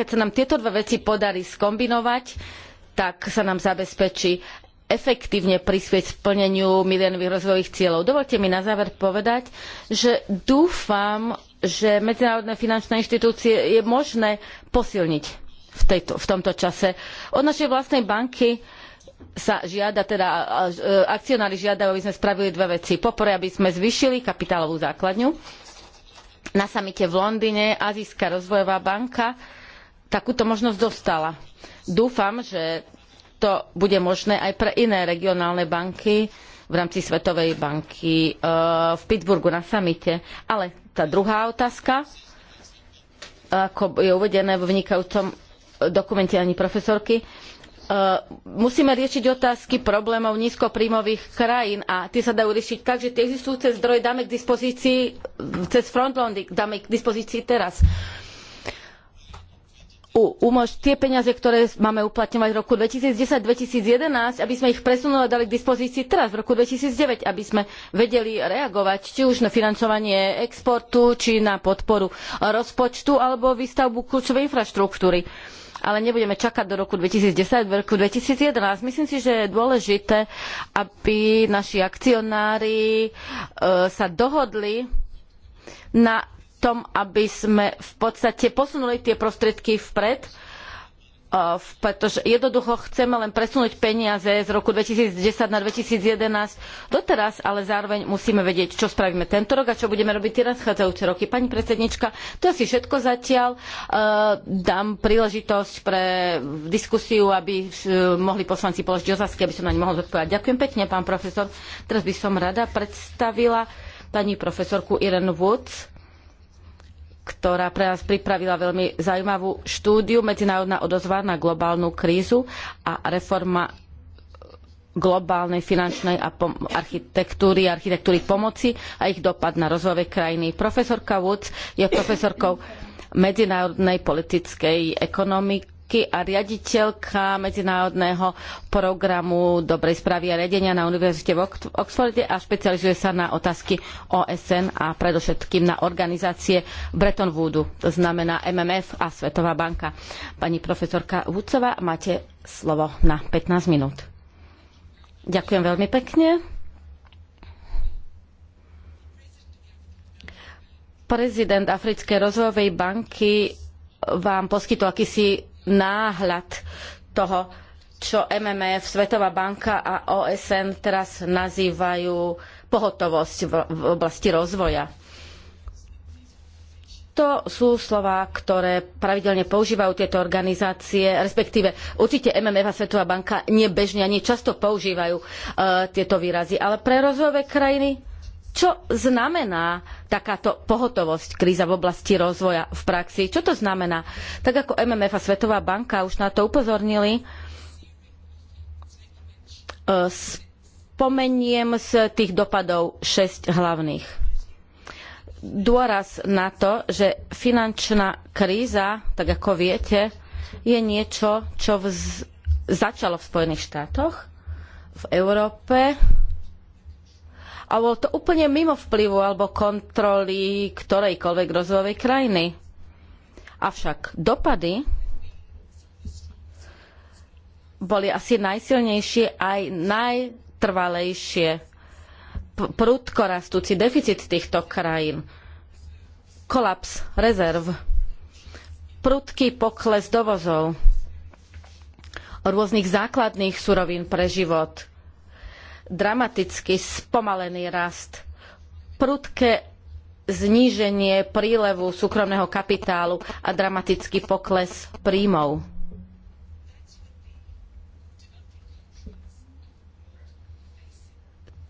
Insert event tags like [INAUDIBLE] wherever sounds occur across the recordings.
Keď sa nám tieto dve veci podarí skombinovať, tak sa nám zabezpečí efektívne prispieť splneniu mileniových rozvojových cieľov. Dovolte mi na záver povedať, že dúfam, že medzinárodné finančné inštitúcie je možné posilniť v, tejto, v tomto čase. Od našej vlastnej banky sa žiada, teda akcionári žiadajú, aby sme spravili dve veci. Poprvé, aby sme zvýšili kapitálovú základňu. Na samite v Londýne Azijská rozvojová banka takúto možnosť dostala. Dúfam, že to bude možné aj pre iné regionálne banky v rámci Svetovej banky e, v Pittsburghu na samite. Ale tá druhá otázka, ako je uvedené v vynikajúcom dokumente ani profesorky, e, musíme riešiť otázky problémov nízkopríjmových krajín a tie sa dajú riešiť tak, že tie existujúce zdroje dáme k dispozícii cez frontloading, dáme k dispozícii teraz. Uh, tie peniaze, ktoré máme uplatňovať v roku 2010-2011, aby sme ich presunuli a dali k dispozícii teraz, v roku 2009, aby sme vedeli reagovať či už na financovanie exportu, či na podporu rozpočtu alebo výstavbu kľúčovej infraštruktúry. Ale nebudeme čakať do roku 2010, do roku 2011. Myslím si, že je dôležité, aby naši akcionári e, sa dohodli na tom, aby sme v podstate posunuli tie prostriedky vpred, pretože jednoducho chceme len presunúť peniaze z roku 2010 na 2011 doteraz, ale zároveň musíme vedieť, čo spravíme tento rok a čo budeme robiť tie nadchádzajúce roky. Pani predsednička, to je asi všetko zatiaľ. E, dám príležitosť pre diskusiu, aby e, mohli poslanci položiť otázky, aby som na ne mohol zodpovedať. Ďakujem pekne, pán profesor. Teraz by som rada predstavila pani profesorku Irene Woods ktorá pre nás pripravila veľmi zaujímavú štúdiu Medzinárodná odozva na globálnu krízu a reforma globálnej finančnej a architektúry, architektúry pomoci a ich dopad na rozvojové krajiny. Profesorka Woods je profesorkou medzinárodnej politickej ekonomiky riaditeľky a riaditeľka medzinárodného programu dobrej správy a riadenia na Univerzite v Oxforde a špecializuje sa na otázky OSN a predovšetkým na organizácie Bretton Woodu, to znamená MMF a Svetová banka. Pani profesorka Vúcová, máte slovo na 15 minút. Ďakujem veľmi pekne. prezident Africkej rozvojovej banky vám poskytol akýsi náhľad toho, čo MMF, Svetová banka a OSN teraz nazývajú pohotovosť v, v oblasti rozvoja. To sú slová, ktoré pravidelne používajú tieto organizácie, respektíve určite MMF a Svetová banka nebežne ani často používajú uh, tieto výrazy, ale pre rozvojové krajiny čo znamená takáto pohotovosť kríza v oblasti rozvoja v praxi? Čo to znamená? Tak ako MMF a Svetová banka už na to upozornili, e, spomeniem z tých dopadov šesť hlavných. Dôraz na to, že finančná kríza, tak ako viete, je niečo, čo vz... začalo v Spojených štátoch, v Európe, a bolo to úplne mimo vplyvu alebo kontroly ktorejkoľvek rozvojovej krajiny. Avšak dopady boli asi najsilnejšie aj najtrvalejšie. Prudko rastúci deficit týchto krajín, kolaps rezerv, prudký pokles dovozov, rôznych základných surovín pre život, dramaticky spomalený rast, prudké zníženie prílevu súkromného kapitálu a dramatický pokles príjmov.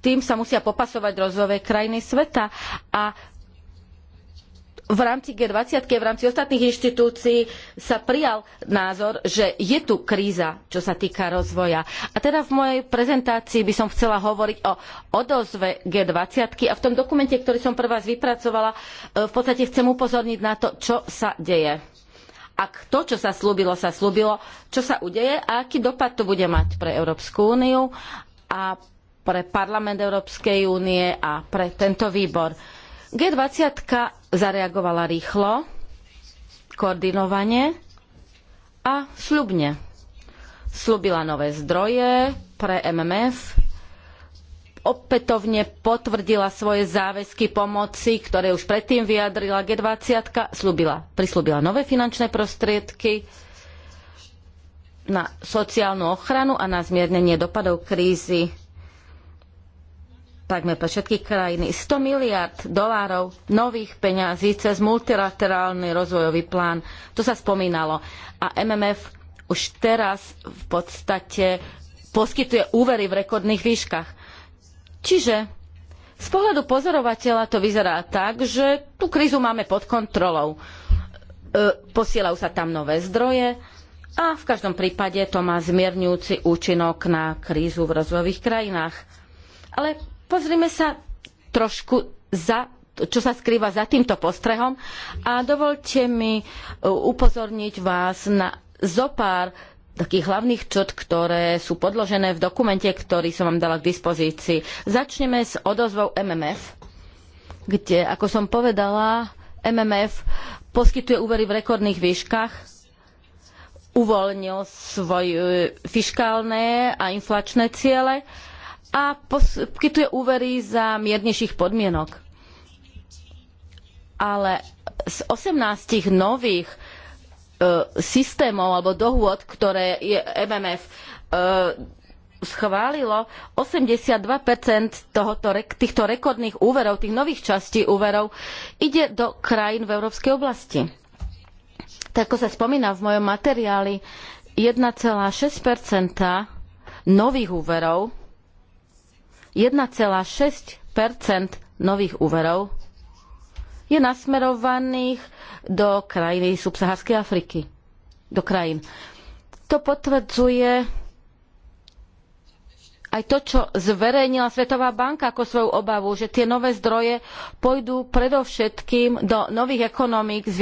Tým sa musia popasovať rozvojové krajiny sveta a v rámci G20 v rámci ostatných inštitúcií sa prijal názor, že je tu kríza, čo sa týka rozvoja. A teda v mojej prezentácii by som chcela hovoriť o odozve G20 a v tom dokumente, ktorý som pre vás vypracovala, e, v podstate chcem upozorniť na to, čo sa deje. Ak to, čo sa slúbilo, sa slúbilo, čo sa udeje a aký dopad to bude mať pre Európsku úniu a pre parlament Európskej únie a pre tento výbor. G20 zareagovala rýchlo, koordinovane a sľubne. Sľubila nové zdroje pre MMF, opätovne potvrdila svoje záväzky pomoci, ktoré už predtým vyjadrila G20, slúbila, prislúbila nové finančné prostriedky na sociálnu ochranu a na zmiernenie dopadov krízy takmer pre všetky krajiny. 100 miliard dolárov nových peňazí cez multilaterálny rozvojový plán. To sa spomínalo. A MMF už teraz v podstate poskytuje úvery v rekordných výškach. Čiže z pohľadu pozorovateľa to vyzerá tak, že tú krízu máme pod kontrolou. E, posielajú sa tam nové zdroje a v každom prípade to má zmierňujúci účinok na krízu v rozvojových krajinách. Ale Pozrime sa trošku za čo sa skrýva za týmto postrehom a dovolte mi e, upozorniť vás na zopár takých hlavných črt, ktoré sú podložené v dokumente, ktorý som vám dala k dispozícii. Začneme s odozvou MMF, kde, ako som povedala, MMF poskytuje úvery v rekordných výškach, uvoľnil svoje fiškálne a inflačné ciele a poskytuje úvery za miernejších podmienok. Ale z 18 nových e, systémov alebo dohôd, ktoré je MMF e, schválilo, 82% tohoto, týchto rekordných úverov, tých nových častí úverov, ide do krajín v európskej oblasti. Tak ako sa spomína v mojom materiáli, 1,6 nových úverov 1,6 nových úverov je nasmerovaných do krajiny subsaharskej Afriky. Do krajín. To potvrdzuje aj to, čo zverejnila Svetová banka ako svoju obavu, že tie nové zdroje pôjdu predovšetkým do nových ekonomík s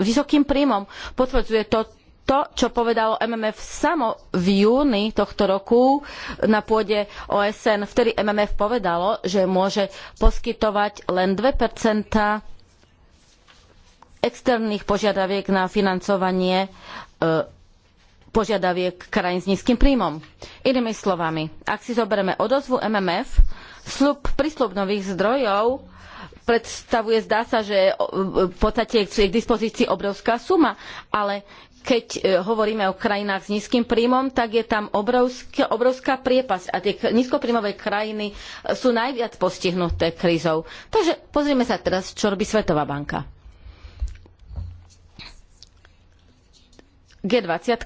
vysokým príjmom. Potvrdzuje to to, čo povedalo MMF samo v júni tohto roku na pôde OSN. Vtedy MMF povedalo, že môže poskytovať len 2 externých požiadaviek na financovanie e, požiadaviek krajín s nízkym príjmom. Inými slovami, ak si zoberieme odozvu MMF, slub, prísľub nových zdrojov predstavuje, zdá sa, že e, v podstate je k dispozícii obrovská suma, ale keď e, hovoríme o krajinách s nízkym príjmom, tak je tam obrovská, obrovská priepasť a tie nízkopríjmové krajiny e, sú najviac postihnuté krízou. Takže pozrieme sa teraz, čo robí Svetová banka. G20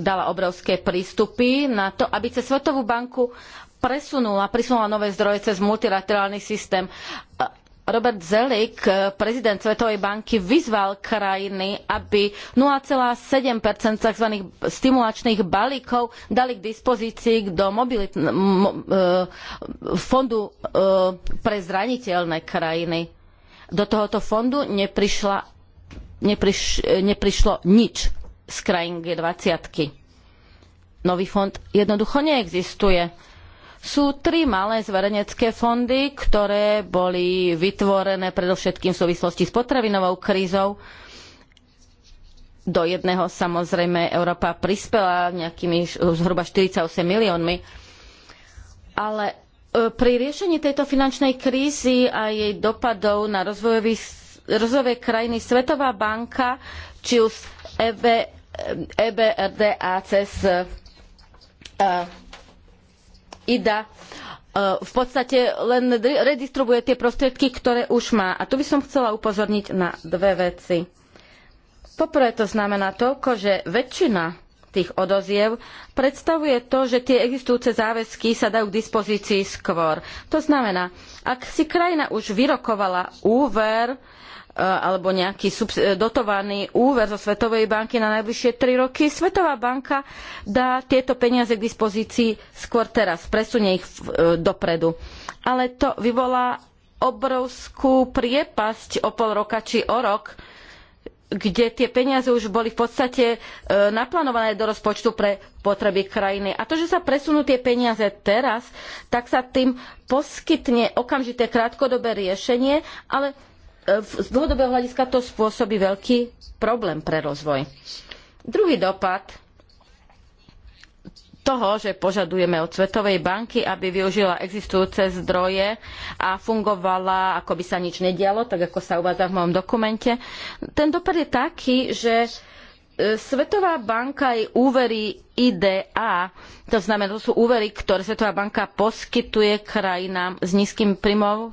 dala obrovské prístupy na to, aby cez Svetovú banku presunula, prisunula nové zdroje cez multilaterálny systém e, Robert Zelik, prezident Svetovej banky, vyzval krajiny, aby 0,7 tzv. stimulačných balíkov dali k dispozícii do mobilit- e, fondu e, pre zraniteľné krajiny. Do tohoto fondu neprišla, nepriš, neprišlo nič z krajín G20. Nový fond jednoducho neexistuje sú tri malé zverejnecké fondy, ktoré boli vytvorené predovšetkým v súvislosti s potravinovou krízou. Do jedného samozrejme Európa prispela nejakými zhruba 48 miliónmi. Ale e, pri riešení tejto finančnej krízy a jej dopadov na rozvojové krajiny Svetová banka, či už EB, EBRD a cez IDA e, v podstate len redistribuje tie prostriedky, ktoré už má. A tu by som chcela upozorniť na dve veci. Poprvé to znamená toľko, že väčšina tých odoziev predstavuje to, že tie existujúce záväzky sa dajú k dispozícii skôr. To znamená, ak si krajina už vyrokovala úver, Eh, alebo nejaký eh, dotovaný úver zo Svetovej banky na najbližšie tri roky. Svetová banka dá tieto peniaze k dispozícii skôr teraz, presunie ich eh, dopredu. Ale to vyvolá obrovskú priepasť o pol roka či o rok, kde tie peniaze už boli v podstate naplánované do rozpočtu pre potreby krajiny. A to, že sa presunú tie peniaze teraz, tak sa tým poskytne okamžité krátkodobé riešenie, ale z dlhodobého hľadiska to spôsobí veľký problém pre rozvoj. Druhý dopad toho, že požadujeme od Svetovej banky, aby využila existujúce zdroje a fungovala, ako by sa nič nedialo, tak ako sa uvádza v mojom dokumente. Ten dopad je taký, že e, Svetová banka aj úvery IDA, to znamená, to sú úvery, ktoré Svetová banka poskytuje krajinám s nízkym príjmom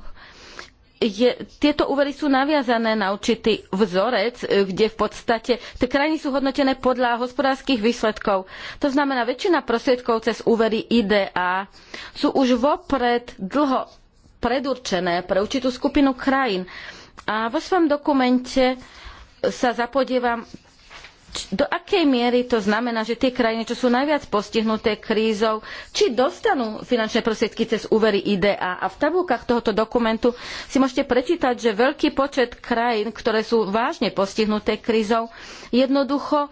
je, tieto úvery sú naviazané na určitý vzorec, e, kde v podstate tie krajiny sú hodnotené podľa hospodárskych výsledkov. To znamená, väčšina prostriedkov cez úvery IDA sú už vopred dlho predurčené pre určitú skupinu krajín. A vo svojom dokumente sa zapodievam do akej miery to znamená, že tie krajiny, čo sú najviac postihnuté krízou, či dostanú finančné prostriedky cez úvery IDA. A v tabulkách tohoto dokumentu si môžete prečítať, že veľký počet krajín, ktoré sú vážne postihnuté krízou, jednoducho e,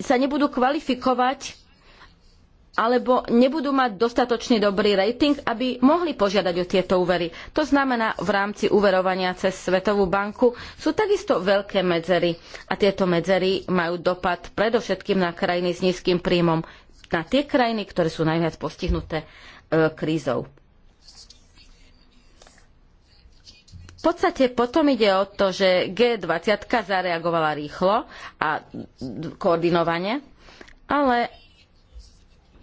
sa nebudú kvalifikovať alebo nebudú mať dostatočne dobrý rating, aby mohli požiadať o tieto úvery. To znamená, v rámci uverovania cez Svetovú banku sú takisto veľké medzery a tieto medzery majú dopad predovšetkým na krajiny s nízkym príjmom, na tie krajiny, ktoré sú najviac postihnuté e, krízou. V podstate potom ide o to, že G20 zareagovala rýchlo a koordinovane, ale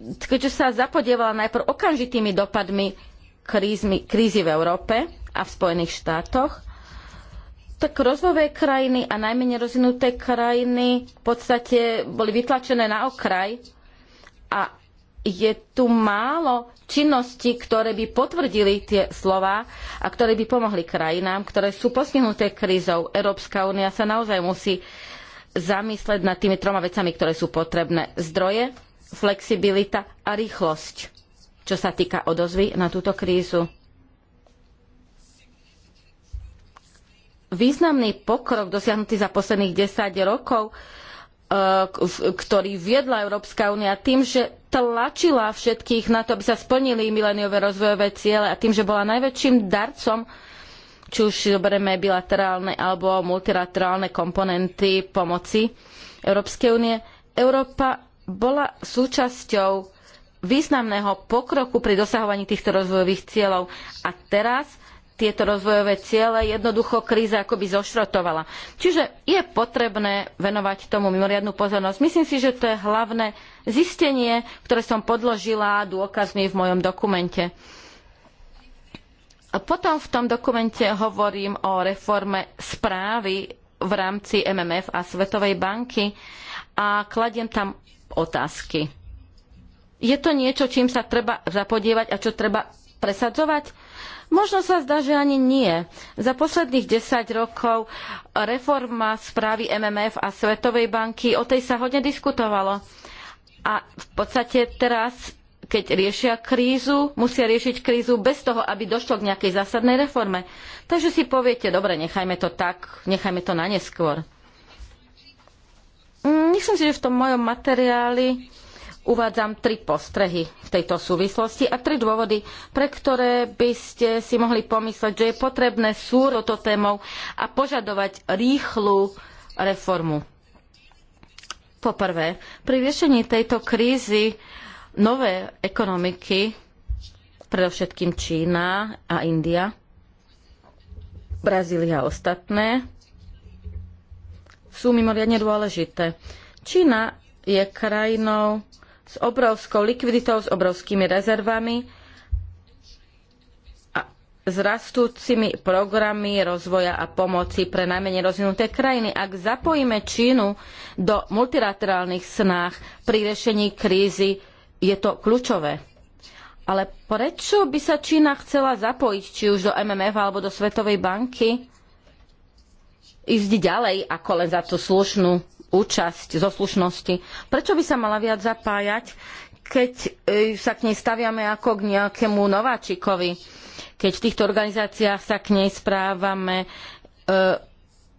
keďže sa zapodievala najprv okamžitými dopadmi krízy v Európe a v Spojených štátoch, tak rozvojové krajiny a najmenej rozvinuté krajiny v podstate boli vytlačené na okraj a je tu málo činností, ktoré by potvrdili tie slova a ktoré by pomohli krajinám, ktoré sú postihnuté krízou. Európska únia sa naozaj musí zamyslieť nad tými troma vecami, ktoré sú potrebné. Zdroje, flexibilita a rýchlosť, čo sa týka odozvy na túto krízu. Významný pokrok dosiahnutý za posledných 10 rokov e, ktorý viedla Európska únia tým, že tlačila všetkých na to, aby sa splnili mileniové rozvojové ciele a tým, že bola najväčším darcom, či už zoberieme bilaterálne alebo multilaterálne komponenty pomoci Európskej únie, Európa bola súčasťou významného pokroku pri dosahovaní týchto rozvojových cieľov. A teraz tieto rozvojové ciele jednoducho kríza akoby zošrotovala. Čiže je potrebné venovať tomu mimoriadnu pozornosť. Myslím si, že to je hlavné zistenie, ktoré som podložila dôkazmi v mojom dokumente. A potom v tom dokumente hovorím o reforme správy v rámci MMF a Svetovej banky a kladiem tam otázky. Je to niečo, čím sa treba zapodievať a čo treba presadzovať? Možno sa zdá, že ani nie. Za posledných 10 rokov reforma správy MMF a Svetovej banky, o tej sa hodne diskutovalo. A v podstate teraz keď riešia krízu, musia riešiť krízu bez toho, aby došlo k nejakej zásadnej reforme. Takže si poviete, dobre, nechajme to tak, nechajme to na neskôr. Myslím si, že v tom mojom materiáli uvádzam tri postrehy v tejto súvislosti a tri dôvody, pre ktoré by ste si mohli pomyslieť, že je potrebné súro to témou a požadovať rýchlu reformu. Poprvé, pri riešení tejto krízy nové ekonomiky, predovšetkým Čína a India, Brazília a ostatné, sú mimoriadne dôležité. Čína je krajinou s obrovskou likviditou, s obrovskými rezervami a s rastúcimi programy rozvoja a pomoci pre najmenej rozvinuté krajiny. Ak zapojíme Čínu do multilaterálnych snách pri riešení krízy, je to kľúčové. Ale prečo by sa Čína chcela zapojiť, či už do MMF alebo do Svetovej banky? ísť ďalej ako len za tú slušnú účasť zo slušnosti. Prečo by sa mala viac zapájať, keď e, sa k nej staviame ako k nejakému nováčikovi? Keď v týchto organizáciách sa k nej správame e,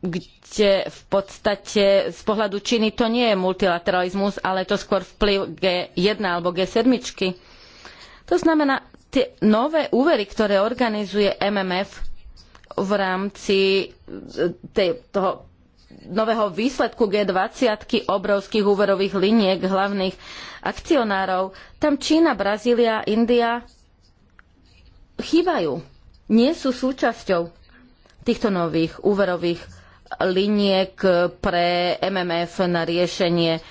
kde v podstate z pohľadu Číny to nie je multilateralizmus, ale to skôr vplyv G1 alebo G7. To znamená, tie nové úvery, ktoré organizuje MMF, v rámci e, tej, toho nového výsledku G20 obrovských úverových liniek hlavných akcionárov. Tam Čína, Brazília, India chýbajú. Nie sú súčasťou týchto nových úverových liniek pre MMF na riešenie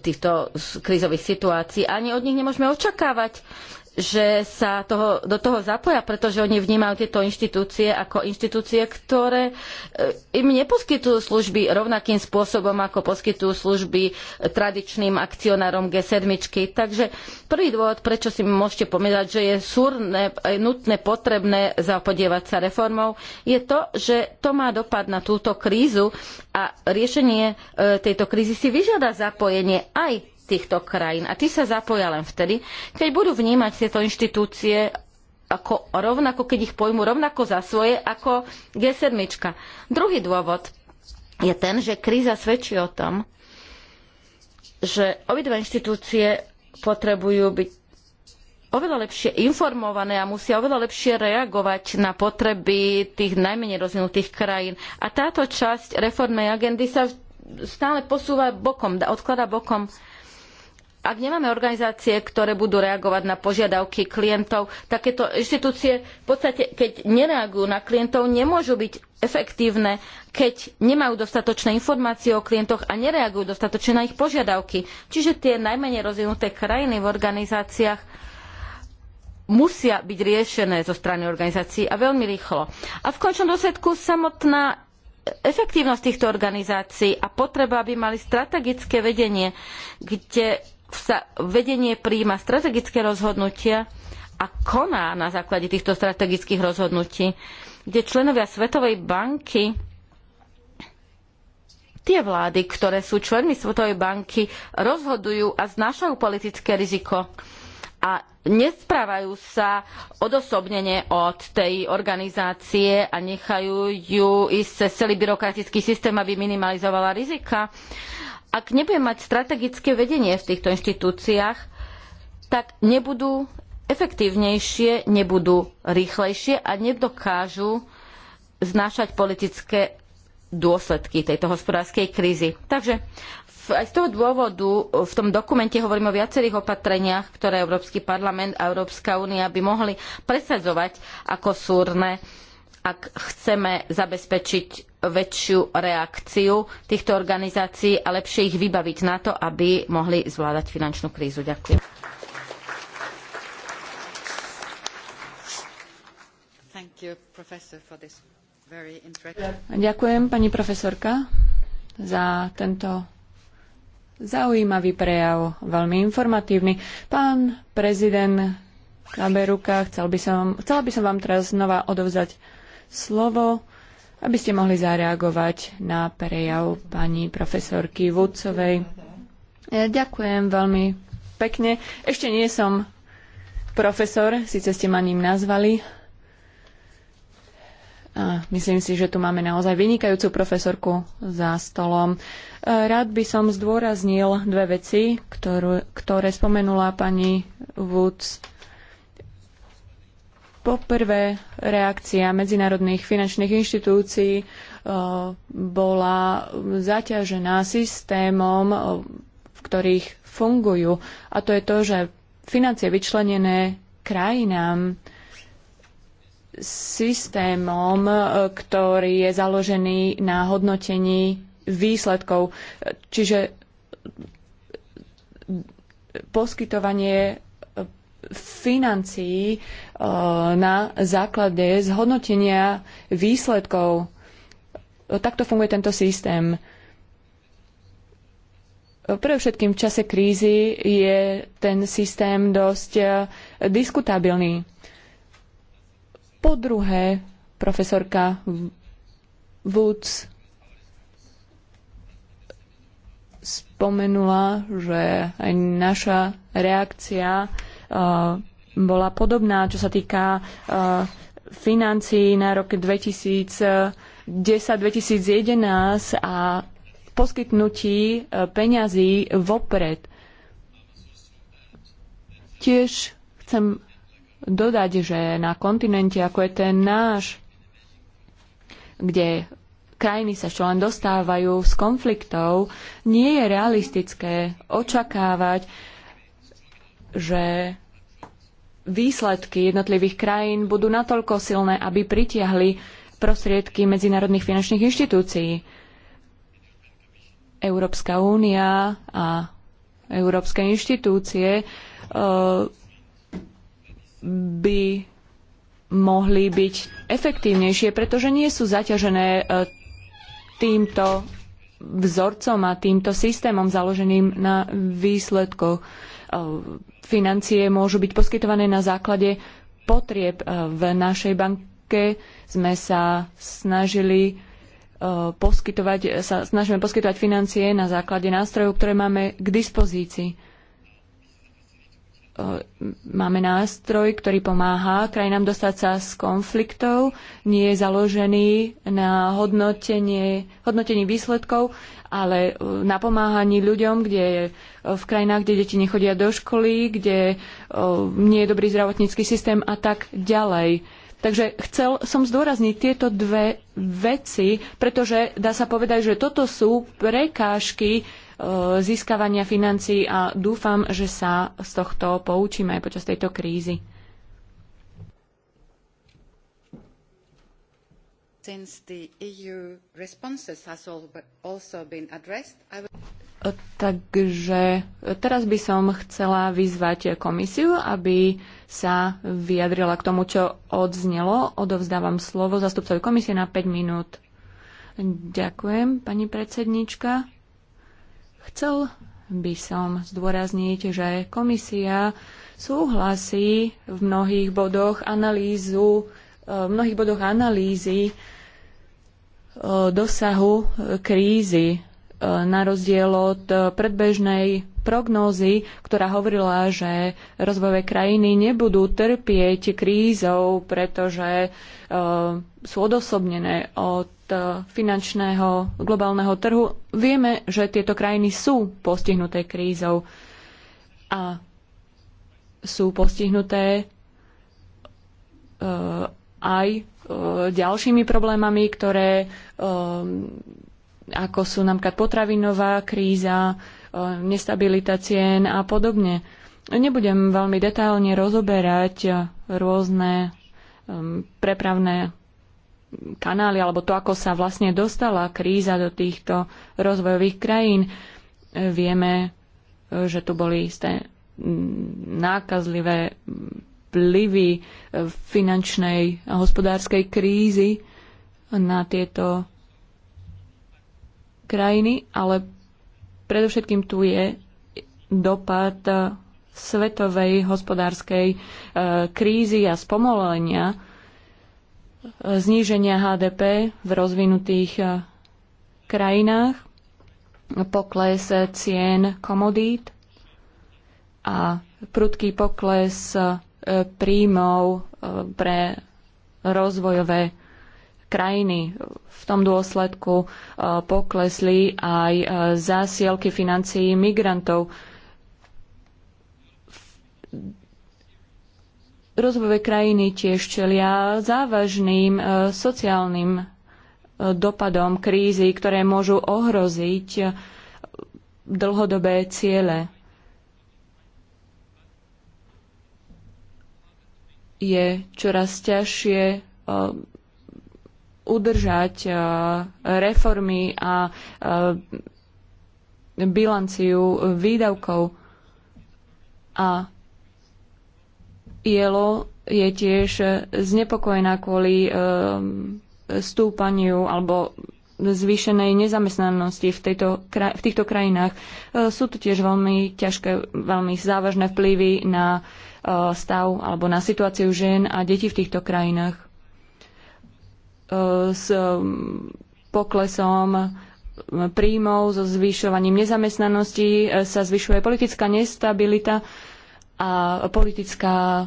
týchto krízových situácií. Ani od nich nemôžeme očakávať že sa toho, do toho zapoja, pretože oni vnímajú tieto inštitúcie ako inštitúcie, ktoré e, im neposkytujú služby rovnakým spôsobom, ako poskytujú služby tradičným akcionárom G7. Takže prvý dôvod, prečo si môžete povedať, že je súrne, nutné, potrebné zapodievať sa reformou, je to, že to má dopad na túto krízu a riešenie e, tejto krízy si vyžiada zapojenie aj týchto krajín. A tí sa zapoja len vtedy, keď budú vnímať tieto inštitúcie ako rovnako, keď ich pojmu rovnako za svoje ako G7. Druhý dôvod je ten, že kríza svedčí o tom, že obidve inštitúcie potrebujú byť oveľa lepšie informované a musia oveľa lepšie reagovať na potreby tých najmenej rozvinutých krajín. A táto časť reformnej agendy sa stále posúva bokom, odklada bokom ak nemáme organizácie, ktoré budú reagovať na požiadavky klientov, takéto inštitúcie v podstate, keď nereagujú na klientov, nemôžu byť efektívne, keď nemajú dostatočné informácie o klientoch a nereagujú dostatočne na ich požiadavky. Čiže tie najmenej rozvinuté krajiny v organizáciách musia byť riešené zo strany organizácií a veľmi rýchlo. A v končnom dôsledku samotná efektívnosť týchto organizácií a potreba, aby mali strategické vedenie, kde sa vedenie prijíma strategické rozhodnutia a koná na základe týchto strategických rozhodnutí, kde členovia Svetovej banky tie vlády, ktoré sú členmi Svetovej banky, rozhodujú a znášajú politické riziko a nesprávajú sa odosobnene od tej organizácie a nechajú ju ísť cez celý byrokratický systém, aby minimalizovala rizika ak nebudeme mať strategické vedenie v týchto inštitúciách, tak nebudú efektívnejšie, nebudú rýchlejšie a nedokážu znášať politické dôsledky tejto hospodárskej krízy. Takže aj z toho dôvodu v tom dokumente hovoríme o viacerých opatreniach, ktoré Európsky parlament a Európska únia by mohli presadzovať ako súrne, ak chceme zabezpečiť väčšiu reakciu týchto organizácií a lepšie ich vybaviť na to, aby mohli zvládať finančnú krízu. Ďakujem. Ďakujem pani profesorka za tento zaujímavý prejav, veľmi informatívny. Pán prezident Kaberuka, chcel by som, chcela by som vám teraz znova odovzdať slovo aby ste mohli zareagovať na prejav pani profesorky Vúcovej. E, ďakujem veľmi pekne. Ešte nie som profesor, síce ste ma ním nazvali. A myslím si, že tu máme naozaj vynikajúcu profesorku za stolom. E, rád by som zdôraznil dve veci, ktorú, ktoré spomenula pani Woods Poprvé, reakcia medzinárodných finančných inštitúcií e, bola zaťažená systémom, e, v ktorých fungujú. A to je to, že financie vyčlenené krajinám systémom, e, ktorý je založený na hodnotení výsledkov. Čiže poskytovanie financií eh, na základe zhodnotenia výsledkov. Takto funguje tento systém. Pre všetkým v čase krízy je ten systém dosť eh, diskutabilný. Po druhé, profesorka Woods spomenula, že aj naša reakcia Eh, bola podobná, čo sa týka eh, financií na rok 2010-2011 eh, a poskytnutí peňazí vopred. Tiež chcem dodať, že na kontinente, ako je ten náš, kde krajiny sa čo len dostávajú z konfliktov, nie je realistické očakávať, že výsledky jednotlivých krajín budú natoľko silné, aby pritiahli prostriedky medzinárodných finančných inštitúcií. Európska únia a európske inštitúcie e, by mohli byť efektívnejšie, pretože nie sú zaťažené e, týmto vzorcom a týmto systémom založeným na výsledkoch. E, financie môžu byť poskytované na základe potrieb e, v našej banke. Sme sa snažili e, poskytovať, sa snažíme poskytovať financie na základe nástrojov, ktoré máme k dispozícii. Máme nástroj, ktorý pomáha krajinám dostať sa z konfliktov, nie je založený na hodnotenie, hodnotení výsledkov, ale e, na pomáhaní ľuďom, kde je e, v krajinách, kde deti nechodia do školy, kde e, nie je dobrý zdravotnícky systém a tak ďalej. Takže chcel som zdôrazniť tieto dve veci, pretože dá sa povedať, že toto sú prekážky získavania financií a dúfam, že sa z tohto poučíme aj počas tejto krízy. since the EU responses has also been addressed, I will... Takže teraz by som chcela vyzvať komisiu, aby sa vyjadrila k tomu, čo odznelo. Odovzdávam slovo zastupcovi komisie na 5 minút. Ďakujem, pani predsednička. Chcel by som zdôrazniť, že komisia súhlasí v mnohých bodoch analýzu v mnohých bodoch analýzy Eh, dosahu eh, krízy eh, na rozdiel od predbežnej prognózy, ktorá hovorila, že rozvojové krajiny nebudú trpieť krízou, pretože sú odosobnené od finančného globálneho trhu. Vieme, že tieto krajiny sú postihnuté krízou a sú postihnuté aj e, ďalšími problémami, ktoré e, ako sú napríklad potravinová kríza, e, nestabilita cien a podobne. Nebudem veľmi detailne rozoberať rôzne prepravné kanály alebo to, ako sa vlastne dostala kríza do týchto rozvojových krajín. Vieme, že tu boli isté nákazlivé vplyvy eh, finančnej a hospodárskej krízy na tieto krajiny, ale predovšetkým tu je dopad eh, svetovej hospodárskej eh, krízy a spomolenia zníženia HDP v rozvinutých krajinách, pokles cien komodít a prudký pokles príjmov eh, pre rozvojové krajiny. V tom dôsledku eh, poklesli aj eh, zásielky financií migrantov. Rozvojové krajiny tiež čelia závažným sociálnym dopadom krízy, ktoré môžu ohroziť dlhodobé ciele je čoraz ťažšie um, udržať uh, reformy a uh, bilanciu výdavkov. A ILO je tiež znepokojená kvôli um, stúpaniu alebo zvýšenej nezamestnanosti v, tejto, v týchto krajinách. Uh, sú tu tiež veľmi ťažké, veľmi závažné vplyvy na uh, Eh, stav alebo na situáciu žien a detí v týchto krajinách. Eh, s mm, poklesom príjmov, so zvyšovaním nezamestnanosti eh, sa zvyšuje politická nestabilita a politická e,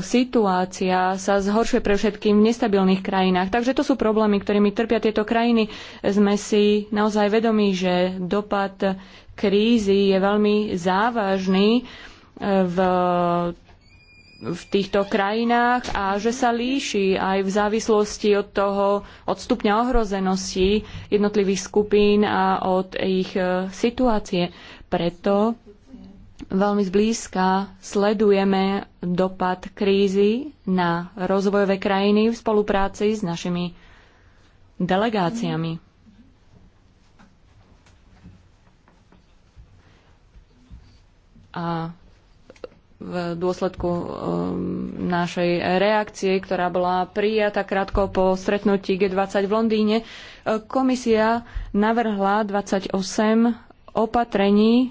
situácia sa zhoršuje pre všetkým v nestabilných krajinách. Takže to sú problémy, ktorými trpia tieto krajiny. Sme si naozaj vedomí, že dopad krízy je veľmi závažný v v týchto krajinách a že sa líši aj v závislosti od toho, od stupňa ohrozenosti jednotlivých skupín a od ich e, situácie. Preto veľmi zblízka sledujeme dopad krízy na rozvojové krajiny v spolupráci s našimi delegáciami. A v dôsledku um, našej reakcie, ktorá bola prijata krátko po stretnutí G20 v Londýne, e, komisia navrhla 28 opatrení e,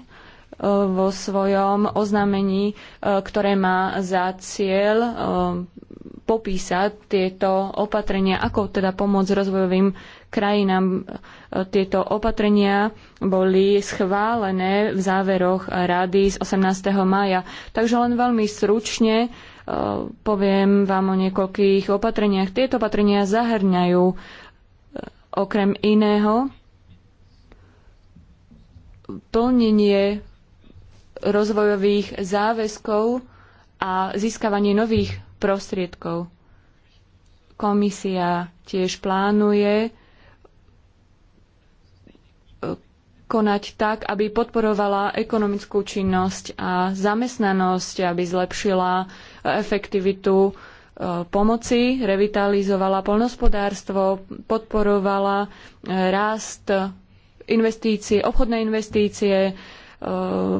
vo svojom oznámení, e, ktoré má za cieľ popísať tieto opatrenia, ako teda pomôcť rozvojovým krajinám. E, tieto opatrenia boli schválené v záveroch rady z 18. maja. Takže len veľmi stručne e, poviem vám o niekoľkých opatreniach. Tieto opatrenia zahrňajú e, okrem iného plnenie rozvojových záväzkov a získavanie nových prostriedkov. Komisia tiež plánuje konať tak, aby podporovala ekonomickú činnosť a zamestnanosť, aby zlepšila efektivitu e, pomoci, revitalizovala poľnohospodárstvo, podporovala e, rast investície, obchodné investície, e,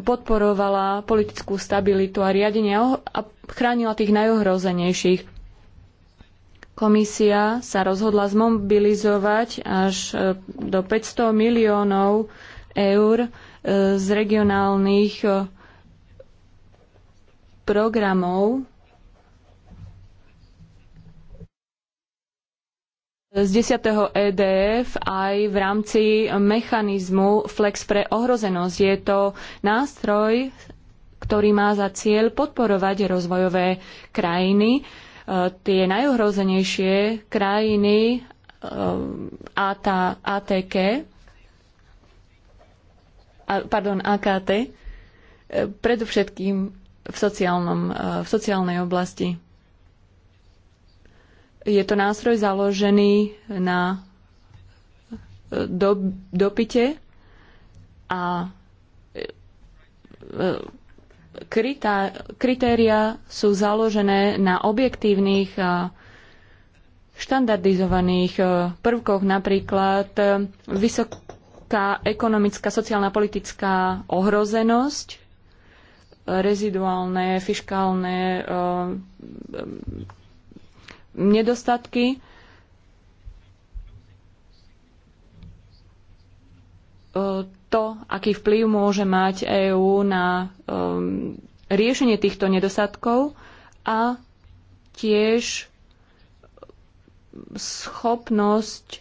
podporovala politickú stabilitu a riadenie a chránila tých najohrozenejších. Komisia sa rozhodla zmobilizovať až do 500 miliónov eur e, z regionálnych e, programov z 10. EDF aj v rámci mechanizmu Flex pre ohrozenosť. Je to nástroj, ktorý má za cieľ podporovať rozvojové krajiny, e, tie najohrozenejšie krajiny ATK, pardon, AKT, e, predovšetkým v, sociálnom, e, v sociálnej oblasti. Je to nástroj založený na e, do, dopite a kritériá kritéria sú založené na objektívnych a štandardizovaných prvkoch, napríklad vysok, obrovská ekonomická, sociálna, politická ohrozenosť, reziduálne, fiškálne um, nedostatky. Uh, to, aký vplyv môže mať EÚ na um, riešenie týchto nedostatkov a tiež schopnosť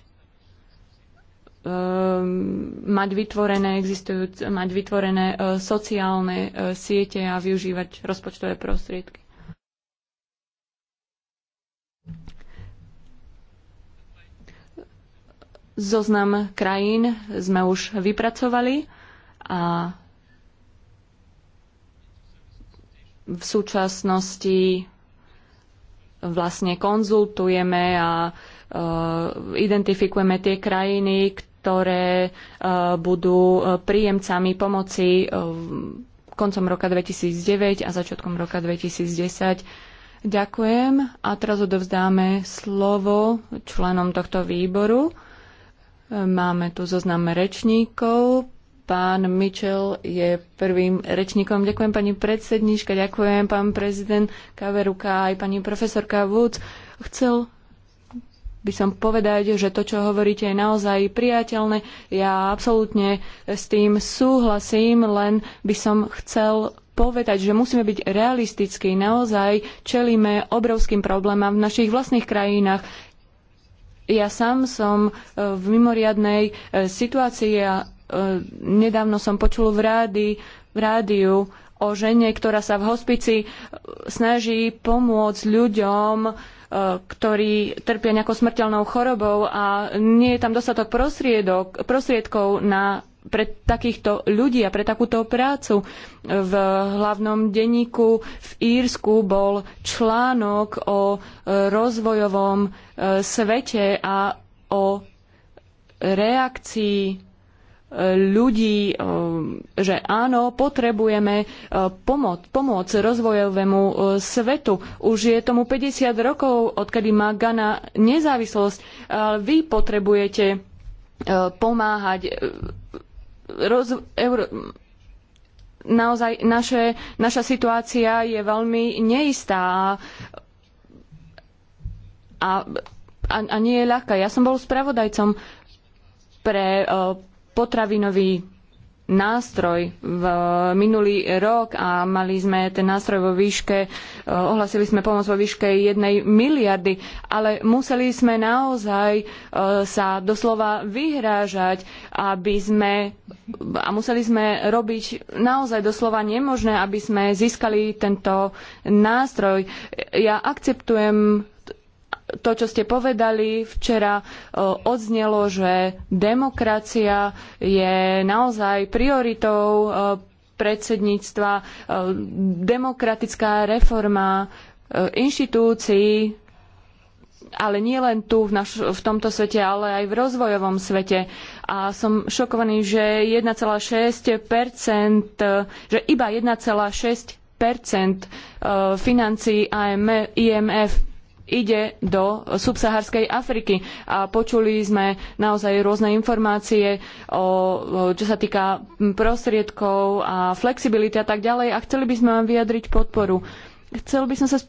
Um, mať vytvorené, existujúc, mať vytvorené uh, sociálne uh, siete a využívať rozpočtové prostriedky. Zoznam krajín sme už vypracovali a v súčasnosti vlastne konzultujeme a uh, identifikujeme tie krajiny, ktoré ktoré eh, budú eh, príjemcami pomoci eh, koncom roka 2009 a začiatkom roka 2010. Ďakujem a teraz odovzdáme slovo členom tohto výboru. Máme tu zoznam rečníkov. Pán Mitchell je prvým rečníkom. Ďakujem pani predsedníčka, ďakujem pán prezident Kaveruka aj pani profesorka Woods. Chcel by som povedať, že to, čo hovoríte, je naozaj priateľné. Ja absolútne s tým súhlasím, len by som chcel povedať, že musíme byť realistickí. Naozaj čelíme obrovským problémom v našich vlastných krajinách. Ja sám som e, v mimoriadnej e, situácii a e, nedávno som počul v, rádi, v rádiu o žene, ktorá sa v hospici snaží pomôcť ľuďom, ktorí trpia nejakou smrteľnou chorobou a nie je tam dostatok prostriedkov na pre takýchto ľudí a pre takúto prácu. V hlavnom denníku v Írsku bol článok o e, rozvojovom e, svete a o reakcii ľudí, eh, že áno, potrebujeme eh, pomoc, pomoc rozvojovému eh, svetu. Už je tomu 50 rokov, odkedy má Ghana nezávislosť. Vy potrebujete pomáhať roz, euro, naozaj naše, naša situácia je veľmi neistá a, a, a nie je ľahká. Ja som bol spravodajcom pre uh, potravinový nástroj v e, minulý rok a mali sme ten nástroj vo výške, e, ohlasili sme pomoc vo výške jednej miliardy, ale museli sme naozaj e, sa doslova vyhrážať, aby sme a museli sme robiť naozaj doslova nemožné, aby sme získali tento nástroj. Ja akceptujem to, čo ste povedali včera, e, odznelo, že demokracia je naozaj prioritou e, predsedníctva, e, demokratická reforma inštitúcií, ale nie len tu v, naš, v tomto svete, ale aj v rozvojovom svete. A som šokovaný, že 1,6%, že iba 1,6% financií IMF ide do subsaharskej Afriky. A počuli sme naozaj rôzne informácie, o, čo sa týka prostriedkov a flexibility a tak ďalej. A chceli by sme vám vyjadriť podporu. Chcel by som sa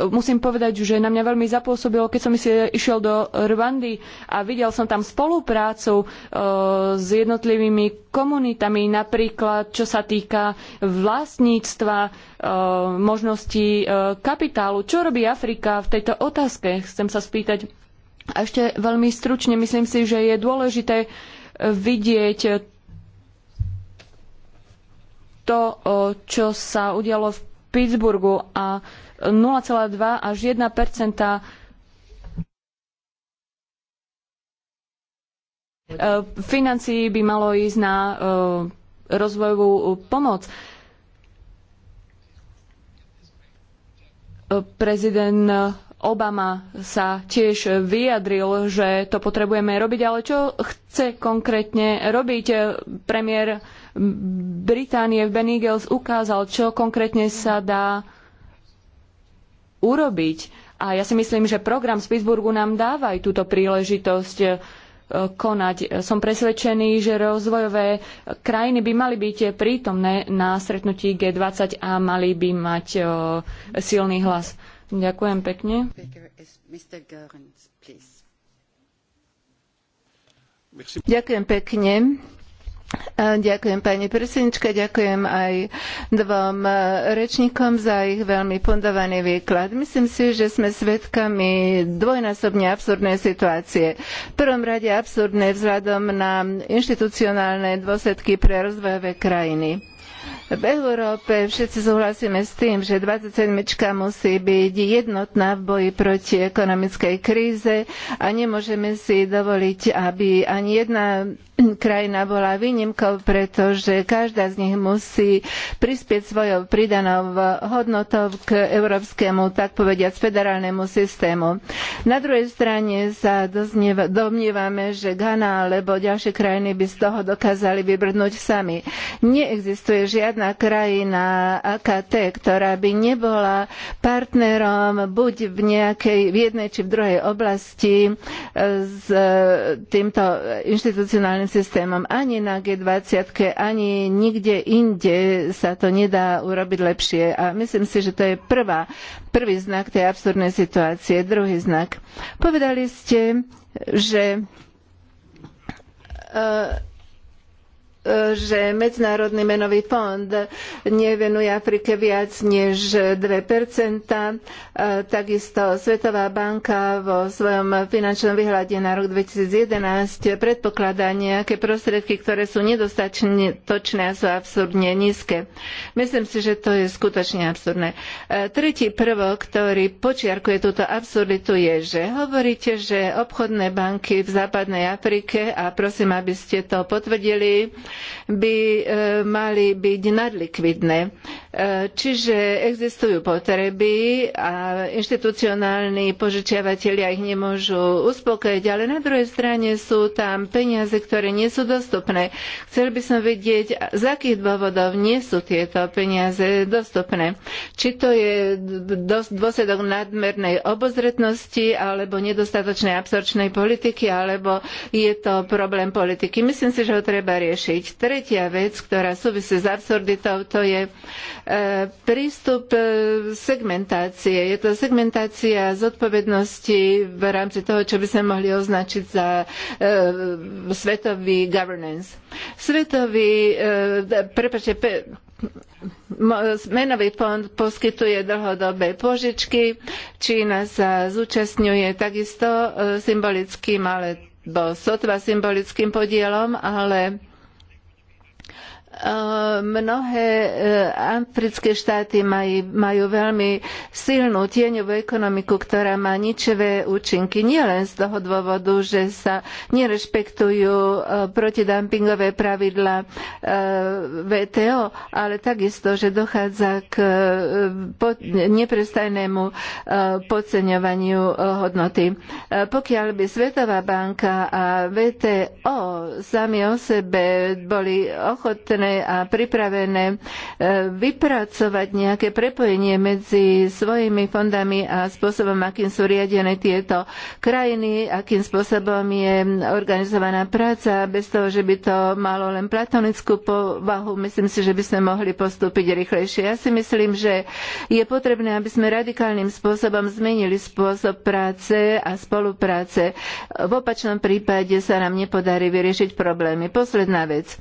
musím povedať, že na mňa veľmi zapôsobilo, keď som išiel do Rwandy a videl som tam spoluprácu e, s jednotlivými komunitami, napríklad čo sa týka vlastníctva, e, možností e, kapitálu. Čo robí Afrika v tejto otázke? Chcem sa spýtať. A ešte veľmi stručne, myslím si, že je dôležité vidieť to, čo sa udialo v Pittsburghu a 0,2 až 1 eh, financií by malo ísť na eh, rozvojovú eh, pomoc. Prezident Obama sa tiež vyjadril, že to potrebujeme robiť, ale čo chce konkrétne robiť? Premiér Británie v Benigels ukázal, čo konkrétne sa dá urobiť. A ja si myslím, že program z Pittsburghu nám dáva aj túto príležitosť e, konať. Som presvedčený, že rozvojové krajiny by mali byť prítomné na stretnutí G20 a mali by mať e, silný hlas. Ďakujem pekne. Ďakujem pekne. Ďakujem pani predsednička, ďakujem aj dvom e, rečníkom za ich veľmi fundovaný výklad. Myslím si, že sme svedkami dvojnásobne absurdnej situácie. V prvom rade absurdnej vzhľadom na inštitucionálne dôsledky pre rozvojové krajiny. V Európe všetci súhlasíme s tým, že 27. musí byť jednotná v boji proti ekonomickej kríze a nemôžeme si dovoliť, aby ani jedna krajina bola výnimkou, pretože každá z nich musí prispieť svojou pridanou hodnotou k európskemu, tak povediať, federálnemu systému. Na druhej strane sa domnievame, že Ghana alebo ďalšie krajiny by z toho dokázali vybrnúť sami. Neexistuje žiadna krajina AKT, ktorá by nebola partnerom buď v nejakej, v jednej či v druhej oblasti eh, s eh, týmto inštitucionálnym svojím systémom. Ani na G20, ani nikde inde sa to nedá urobiť lepšie. A myslím si, že to je prvá, prvý znak tej absurdnej situácie. Druhý znak. Povedali ste, že uh, že Medzinárodný menový fond nevenuje Afrike viac než 2%. E, takisto Svetová banka vo svojom finančnom výhľade na rok 2011 predpokladá nejaké prostriedky, ktoré sú nedostatočné a sú absurdne nízke. Myslím si, že to je skutočne absurdné. E, tretí prvok, ktorý počiarkuje túto absurditu, je, že hovoríte, že obchodné banky v západnej Afrike, a prosím, aby ste to potvrdili, by e, mali byť nadlikvidné. Čiže existujú potreby a inštitucionálni požičiavatelia ich nemôžu uspokojiť, ale na druhej strane sú tam peniaze, ktoré nie sú dostupné. Chcel by som vedieť, z akých dôvodov nie sú tieto peniaze dostupné. Či to je dôsledok nadmernej obozretnosti alebo nedostatočnej absorčnej politiky, alebo je to problém politiky. Myslím si, že ho treba riešiť. Tretia vec, ktorá súvisí s absurditou, to je E, prístup e, segmentácie. Je to segmentácia zodpovednosti v rámci toho, čo by sme mohli označiť za e, svetový governance. Svetový, prepáčte, Menový fond poskytuje dlhodobé požičky, Čína sa zúčastňuje takisto symbolickým, alebo sotva symbolickým podielom, ale Mnohé eh, africké štáty majú, majú veľmi silnú tieňovú ekonomiku, ktorá má ničivé účinky. Nielen z toho dôvodu, že sa nerešpektujú eh, protidumpingové pravidla eh, VTO, ale takisto, že dochádza k neprestajnému podceňovaniu hodnoty. Pokiaľ by Svetová banka a VTO sami o sebe boli ochotné schopné a pripravené e, vypracovať nejaké prepojenie medzi svojimi fondami a spôsobom, akým sú riadené tieto krajiny, akým spôsobom je organizovaná práca, bez toho, že by to malo len platonickú povahu. Myslím si, že by sme mohli postúpiť rýchlejšie. Ja si myslím, že je potrebné, aby sme radikálnym spôsobom zmenili spôsob práce a spolupráce. V opačnom prípade sa nám nepodarí vyriešiť problémy. Posledná vec. E,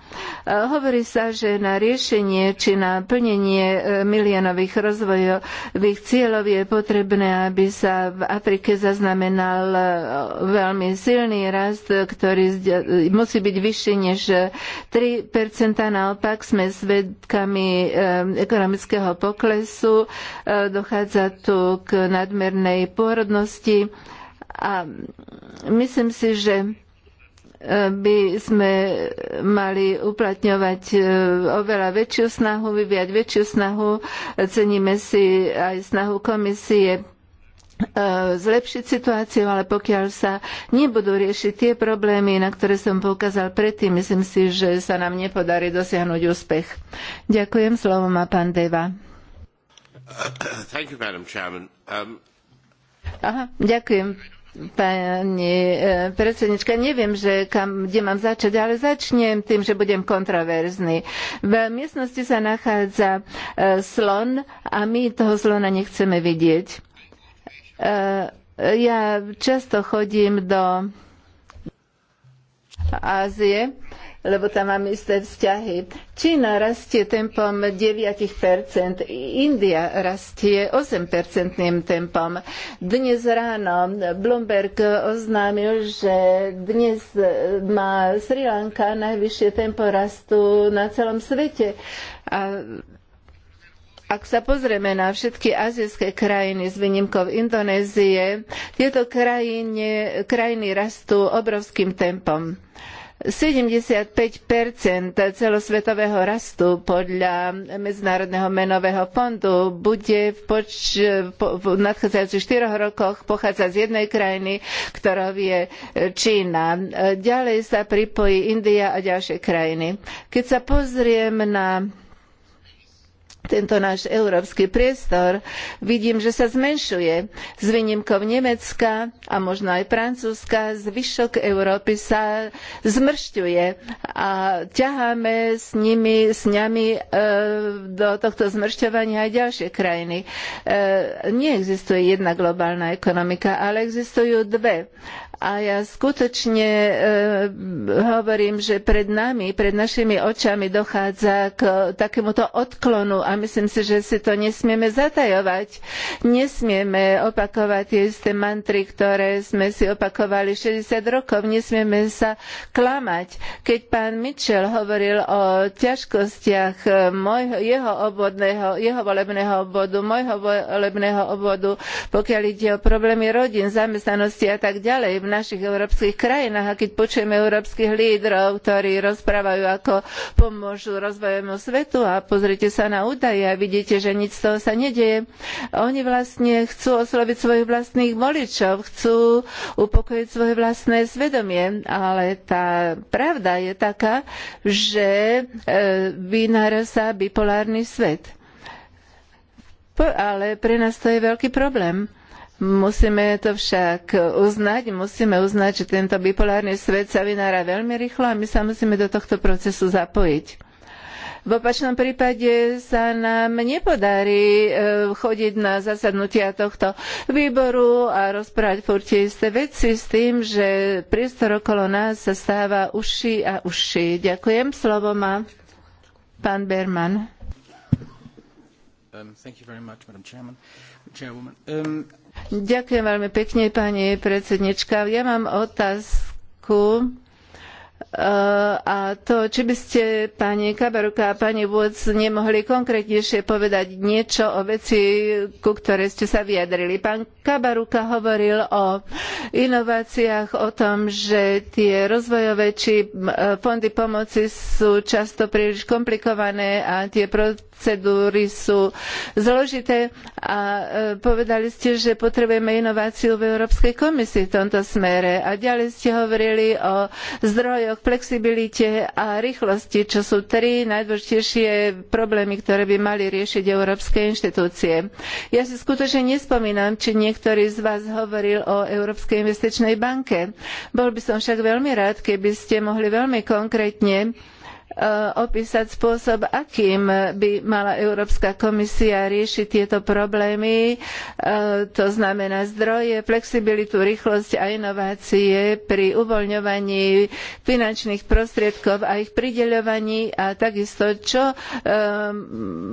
hovorí sa, že na riešenie či na plnenie e, milienových rozvojových cieľov je potrebné, aby sa v Afrike zaznamenal e, veľmi silný rast, ktorý e, musí byť vyšší než 3%. Naopak sme svedkami ekonomického poklesu, dochádza tu k nadmernej pôrodnosti a myslím si, že by sme mali uplatňovať e, oveľa väčšiu snahu, vyviať väčšiu snahu. Ceníme si aj snahu komisie e, zlepšiť situáciu, ale pokiaľ sa nebudú riešiť tie problémy, na ktoré som poukázal predtým, myslím si, že sa nám nepodarí dosiahnuť úspech. Ďakujem, slovo má pán Deva. Um, Aha, ďakujem, Pani e, predsednička, neviem, že kam, kde mám začať, ale začnem tým, že budem kontroverzný. V miestnosti sa nachádza e, slon a my toho slona nechceme vidieť. E, ja často chodím do Ázie lebo tam mám isté vzťahy. Čína rastie tempom 9%, India rastie 8-percentným tempom. Dnes ráno Bloomberg oznámil, že dnes má Sri Lanka najvyššie tempo rastu na celom svete. A ak sa pozrieme na všetky azijské krajiny s výnimkou Indonézie, tieto krajine, krajiny rastú obrovským tempom. 75 celosvetového rastu podľa Medzinárodného menového fondu bude v, poč- v nadchádzajúcich štyroch rokoch pochádza z jednej krajiny, ktorou je Čína. Ďalej sa pripojí India a ďalšie krajiny. Keď sa pozriem na tento náš európsky priestor, vidím, že sa zmenšuje. S výnimkou Nemecka a možno aj Francúzska, zvyšok Európy sa zmršťuje a ťaháme s nimi, s ňami e, do tohto zmršťovania aj ďalšie krajiny. E, neexistuje jedna globálna ekonomika, ale existujú dve. A ja skutočne e, hovorím, že pred nami, pred našimi očami dochádza k e, takémuto odklonu a myslím si, že si to nesmieme zatajovať. Nesmieme opakovať tie isté mantry, ktoré sme si opakovali 60 rokov. Nesmieme sa klamať. Keď pán Mitchell hovoril o ťažkostiach e, môjho, jeho, obvodného, jeho volebného obvodu, môjho volebného obvodu, pokiaľ ide o problémy rodín, zamestnanosti a tak ďalej, našich európskych krajinách. A keď počujeme európskych lídrov, ktorí rozprávajú, ako pomôžu rozvojovému svetu a pozrite sa na údaje a vidíte, že nič z toho sa nedeje, oni vlastne chcú osloviť svojich vlastných voličov, chcú upokojiť svoje vlastné svedomie. Ale tá pravda je taká, že e, vynára sa bipolárny svet. Ale pre nás to je veľký problém Musíme to však uznať, musíme uznať, že tento bipolárny svet sa vynára veľmi rýchlo a my sa musíme do tohto procesu zapojiť. V opačnom prípade sa nám nepodarí e, chodiť na zasadnutia tohto výboru a rozprávať furt tie isté veci s tým, že priestor okolo nás sa stáva uši a uši. Ďakujem. Slovo má pán Berman. Um, Ďakujem veľmi pekne, pani predsednička. Ja mám otázku eh, a to, či by ste, pani Kabaruka a pani Woods, nemohli konkrétnejšie povedať niečo o veci, ku ktorej ste sa vyjadrili. Pán Kabaruka hovoril o inováciách, o tom, že tie rozvojové či eh, fondy pomoci sú často príliš komplikované a tie pro procedúry sú zložité a e, povedali ste, že potrebujeme inováciu v Európskej komisii v tomto smere. A ďalej ste hovorili o zdrojoch, flexibilite a rýchlosti, čo sú tri najdôležitejšie problémy, ktoré by mali riešiť európske inštitúcie. Ja si skutočne nespomínam, či niektorý z vás hovoril o Európskej investičnej banke. Bol by som však veľmi rád, keby ste mohli veľmi konkrétne Eh, opísať spôsob, akým by mala Európska komisia riešiť tieto problémy, eh, to znamená zdroje, flexibilitu, rýchlosť a inovácie pri uvoľňovaní finančných prostriedkov a ich prideľovaní a takisto čo eh,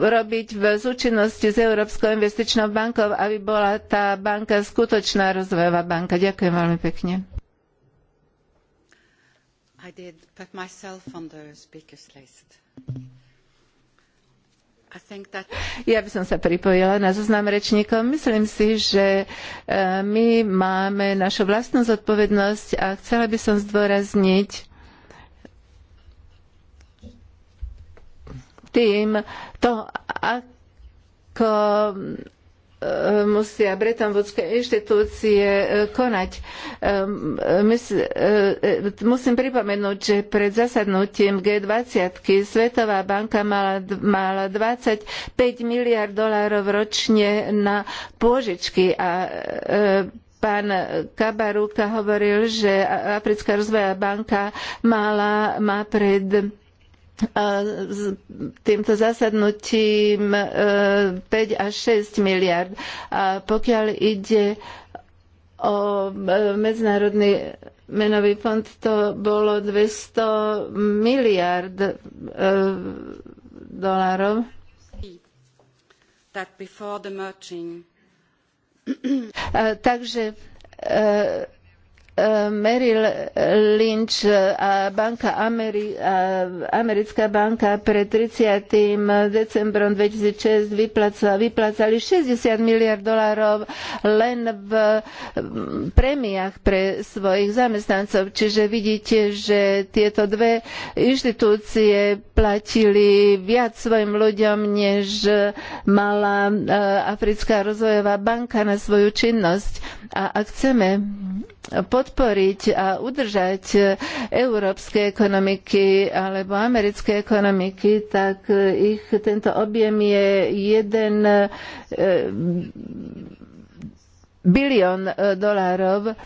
robiť v súčinnosti s Európskou investičnou bankou, aby bola tá banka skutočná rozvojová banka. Ďakujem veľmi pekne. I did put myself on the speakers list. That... Ja by som sa pripojila na zoznam rečníkov. Myslím si, že e, my máme našu vlastnú zodpovednosť a chcela by som zdôrazniť tým to, ako E, musia bretonvodské inštitúcie e, konať. E, musím pripomenúť, že pred zasadnutím G20 Svetová banka mala, mala 25 miliard dolárov ročne na pôžičky a pán Kabaruka hovoril, že Africká rozvojová banka mala, má pred týmto zasadnutím 5 e, až 6 miliard. A pokiaľ ide o e, medzinárodný menový fond, to bolo 200 miliard e, dolárov. E, takže e, E, Merrill Lynch a banka Ameri- a americká banka pred 30. decembrom 2006 vyplaca, vyplacali 60 miliard dolárov len v premiách pre svojich zamestnancov. Čiže vidíte, že tieto dve inštitúcie platili viac svojim ľuďom, než mala e, Africká rozvojová banka na svoju činnosť. A ak chceme podporiť a udržať európske ekonomiky alebo americké ekonomiky, tak ich tento objem je jeden eh, bilión dolárov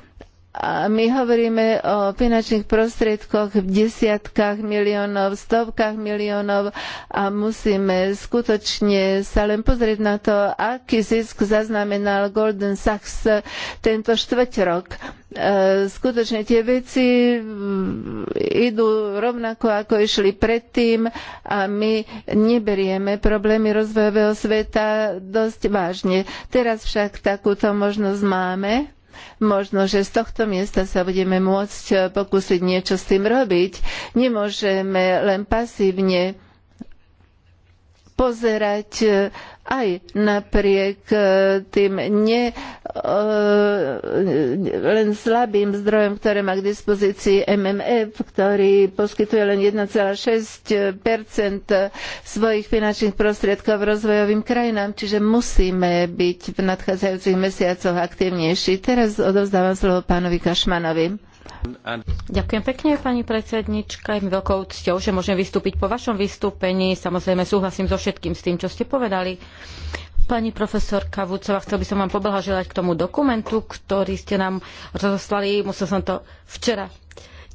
my hovoríme o finančných prostriedkoch v desiatkách miliónov, stovkách miliónov a musíme skutočne sa len pozrieť na to, aký zisk zaznamenal Golden Sachs tento štvrťrok. E, skutočne tie veci mm, idú rovnako, ako išli predtým a my neberieme problémy rozvojového sveta dosť vážne. Teraz však takúto možnosť máme Možno, že z tohto miesta sa budeme môcť eh, pokúsiť niečo s tým robiť. Nemôžeme len pasívne pozerať eh, aj napriek e, tým ne, e, len slabým zdrojom, ktoré má k dispozícii MMF, ktorý poskytuje len 1,6 svojich finančných prostriedkov rozvojovým krajinám, čiže musíme byť v nadchádzajúcich mesiacoch aktivnejší. Teraz odovzdávam slovo pánovi Kašmanovi. Ďakujem pekne, pani predsednička. Je mi veľkou cťou, že môžem vystúpiť po vašom vystúpení. Samozrejme súhlasím so všetkým s tým, čo ste povedali. Pani profesorka Vúcová, chcel by som vám poblahoželať k tomu dokumentu, ktorý ste nám rozoslali. Musel som to včera uh,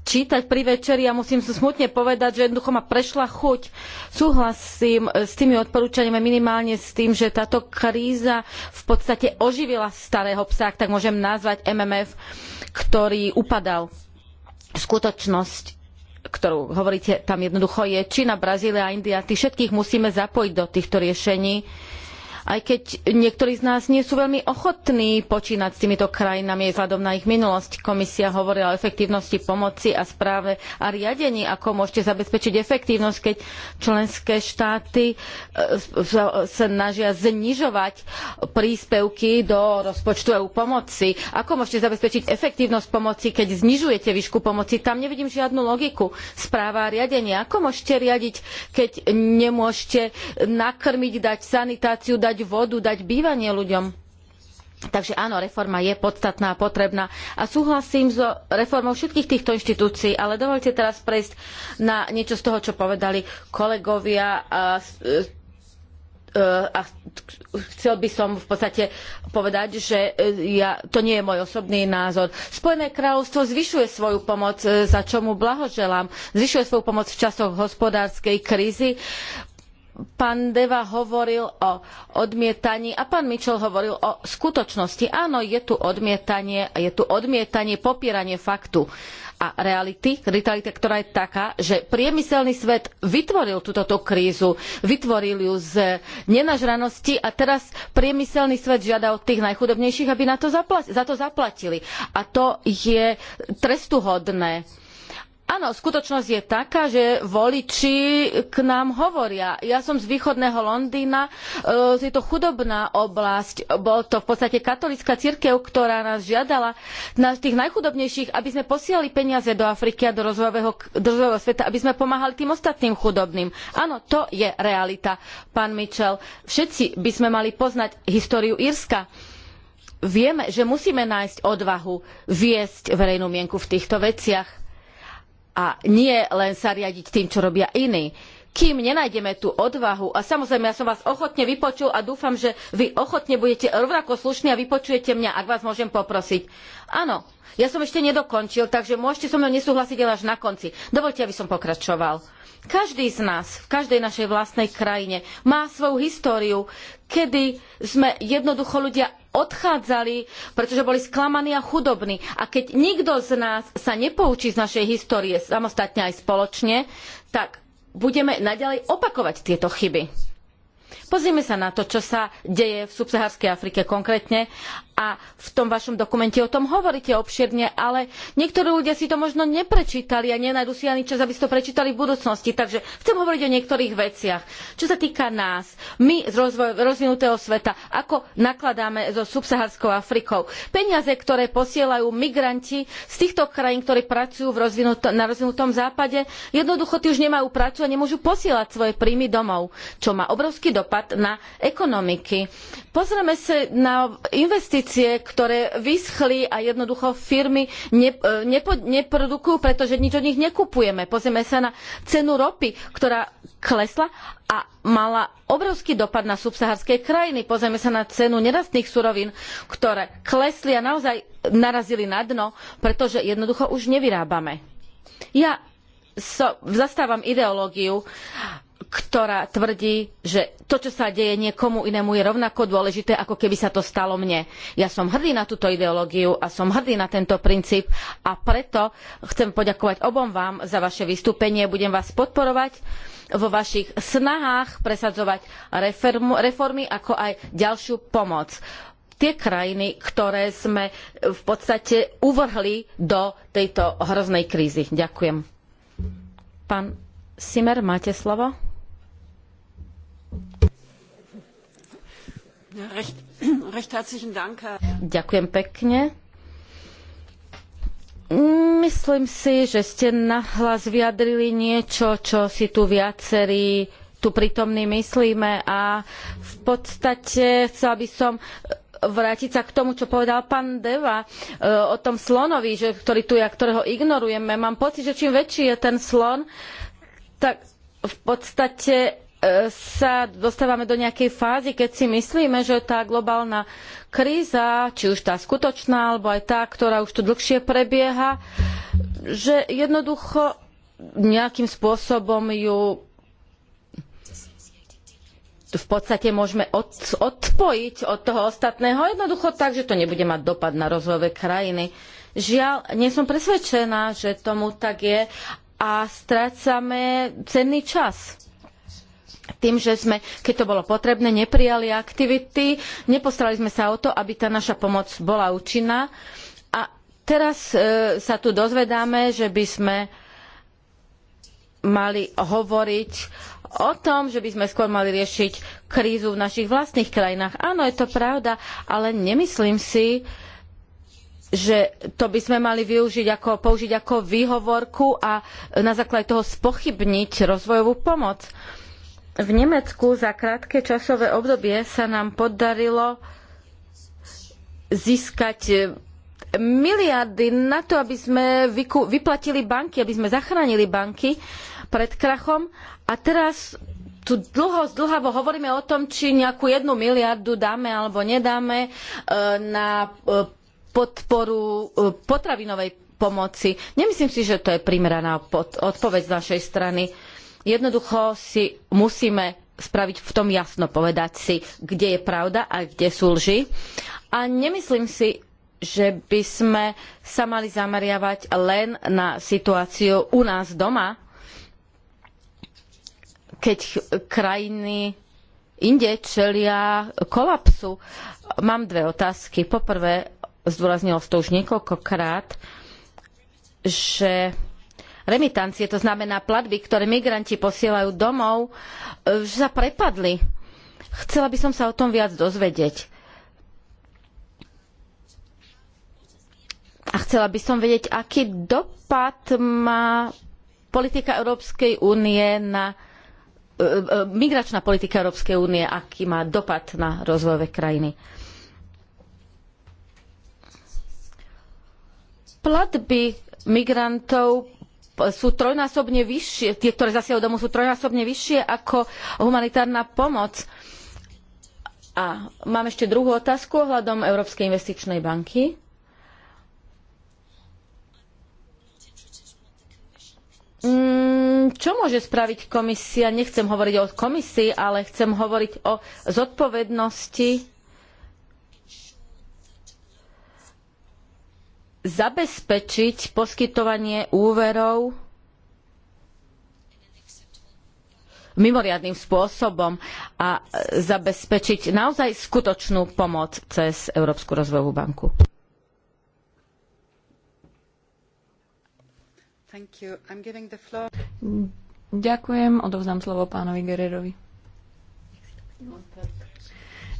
čítať pri večeri a musím smutne povedať, že jednoducho ma prešla chuť. Súhlasím eh, s tými odporúčaniami minimálne s tým, že táto kríza v podstate oživila starého psa, ak tak môžem nazvať MMF, ktorý upadal. Skutočnosť ktorú hovoríte tam jednoducho je Čína, Brazília India. Tých všetkých musíme zapojiť do týchto riešení aj keď niektorí z nás nie sú veľmi ochotní počínať s týmito krajinami vzhľadom na ich minulosť. Komisia hovorila o efektívnosti pomoci a správe a riadení, ako môžete zabezpečiť efektívnosť, keď členské štáty e, e, sa snažia znižovať príspevky do rozpočtu EU pomoci. Ako môžete zabezpečiť efektívnosť pomoci, keď znižujete výšku pomoci? Tam nevidím žiadnu logiku. Správa a riadenie. Ako môžete riadiť, keď nemôžete nakrmiť, dať sanitáciu, dať dať vodu, dať bývanie ľuďom. Takže áno, reforma je podstatná a potrebná. A súhlasím so reformou všetkých týchto inštitúcií, ale dovolte teraz prejsť na niečo z toho, čo povedali kolegovia a e, a chcel by som v podstate povedať, že e, ja, to nie je môj osobný názor. Spojené kráľovstvo zvyšuje svoju pomoc, e, za čo mu blahoželám. Zvyšuje svoju pomoc v časoch hospodárskej krízy pán Deva hovoril o odmietaní a pán Mitchell hovoril o skutočnosti. Áno, je tu odmietanie, je tu odmietanie, popieranie faktu a reality, realita, ktorá je taká, že priemyselný svet vytvoril túto krízu, vytvoril ju z nenažranosti a teraz priemyselný svet žiada od tých najchudobnejších, aby to za to zaplatili. A to je trestuhodné Áno, skutočnosť je taká, že voliči k nám hovoria. Ja som z východného Londýna, e, je to chudobná oblasť, bol to v podstate katolická cirkev, ktorá nás žiadala, na tých najchudobnejších, aby sme posielali peniaze do Afriky a do rozvojového, do rozvojového sveta, aby sme pomáhali tým ostatným chudobným. Áno, to je realita, pán Mitchell. Všetci by sme mali poznať históriu Írska vieme, že musíme nájsť odvahu viesť verejnú mienku v týchto veciach a nie len sa riadiť tým, čo robia iní. Kým nenájdeme tú odvahu, a samozrejme ja som vás ochotne vypočul a dúfam, že vy ochotne budete rovnako slušní a vypočujete mňa, ak vás môžem poprosiť. Áno, ja som ešte nedokončil, takže môžete so mnou nesúhlasiť až na konci. Dovolte, aby som pokračoval. Každý z nás, v každej našej vlastnej krajine má svoju históriu, kedy sme jednoducho ľudia odchádzali, pretože boli sklamaní a chudobní. A keď nikto z nás sa nepoučí z našej histórie samostatne aj spoločne, tak budeme naďalej opakovať tieto chyby. Pozrime sa na to, čo sa deje v subsaharskej Afrike konkrétne a v tom vašom dokumente o tom hovoríte obširne, ale niektorí ľudia si to možno neprečítali a nenajdu si ani čas, aby si to prečítali v budúcnosti. Takže chcem hovoriť o niektorých veciach. Čo sa týka nás, my z rozvoj, rozvinutého sveta, ako nakladáme so subsaharskou Afrikou. Peniaze, ktoré posielajú migranti z týchto krajín, ktorí pracujú na rozvinutom západe, jednoducho tí už nemajú prácu a nemôžu posielať svoje príjmy domov, čo má obrovský dopad na ekonomiky. Pozrieme sa na investície, ktoré vyschli a jednoducho firmy e, neprodukujú, pretože nič od nich nekupujeme. Pozrieme sa na cenu ropy, ktorá klesla a mala obrovský dopad na subsaharské krajiny. Pozrieme sa na cenu nerastných surovín, ktoré klesli a naozaj narazili na dno, pretože jednoducho už nevyrábame. Ja so, zastávam ideológiu ktorá tvrdí, že to, čo sa deje niekomu inému, je rovnako dôležité, ako keby sa to stalo mne. Ja som hrdý na túto ideológiu a som hrdý na tento princíp a preto chcem poďakovať obom vám za vaše vystúpenie. Budem vás podporovať vo vašich snahách presadzovať reformy, ako aj ďalšiu pomoc tie krajiny, ktoré sme v podstate uvrhli do tejto hroznej krízy. Ďakujem. Pán Simer, máte slovo? Ďakujem pekne. Myslím si, že ste nahlas vyjadrili niečo, čo si tu viacerí tu prítomní myslíme a v podstate chcela by som eh, vrátiť sa k tomu, čo povedal pán Deva eh, o tom slonovi, že, ktorý tu je a ktorého ignorujeme. Mám pocit, že čím väčší je ten slon, tak v podstate sa dostávame do nejakej fázy, keď si myslíme, že tá globálna kríza, či už tá skutočná, alebo aj tá, ktorá už tu dlhšie prebieha, že jednoducho nejakým spôsobom ju v podstate môžeme od, odpojiť od toho ostatného jednoducho tak, že to nebude mať dopad na rozvojové krajiny. Žiaľ, nie som presvedčená, že tomu tak je a strácame cenný čas tým, že sme, keď to bolo potrebné, neprijali aktivity, nepostarali sme sa o to, aby tá naša pomoc bola účinná. A teraz e, sa tu dozvedáme, že by sme mali hovoriť o tom, že by sme skôr mali riešiť krízu v našich vlastných krajinách. Áno, je to pravda, ale nemyslím si, že to by sme mali využiť ako, použiť ako výhovorku a na základe toho spochybniť rozvojovú pomoc. V Nemecku za krátke časové obdobie sa nám podarilo získať eh, miliardy na to, aby sme vyplatili banky, aby sme zachránili banky pred krachom. A teraz tu dlho, zdlhavo hovoríme o tom, či nejakú jednu miliardu dáme alebo nedáme eh, na eh, podporu potravinovej pomoci. Nemyslím si, že to je primeraná odpoveď z našej strany Jednoducho si musíme spraviť v tom jasno, povedať si, kde je pravda a kde sú lži. A nemyslím si, že by sme sa mali zameriavať len na situáciu u nás doma, keď krajiny inde čelia kolapsu. Mám dve otázky. Poprvé, zdôraznilo to už niekoľkokrát, že remitancie, to znamená platby, ktoré migranti posielajú domov, e, že sa prepadli. Chcela by som sa o tom viac dozvedieť. A chcela by som vedieť, aký dopad má politika Európskej únie na e, e, migračná politika Európskej únie, aký má dopad na rozvojové krajiny. Platby migrantov sú trojnásobne vyššie, tie, ktoré zasiahujú domov sú trojnásobne vyššie ako humanitárna pomoc. A mám ešte druhú otázku ohľadom Európskej investičnej banky. Mm, čo môže spraviť komisia? Nechcem hovoriť o komisii, ale chcem hovoriť o zodpovednosti zabezpečiť poskytovanie úverov mimoriadnym spôsobom a zabezpečiť naozaj skutočnú pomoc cez Európsku rozvojovú banku. Ďakujem, odovzdám slovo pánovi Gererovi.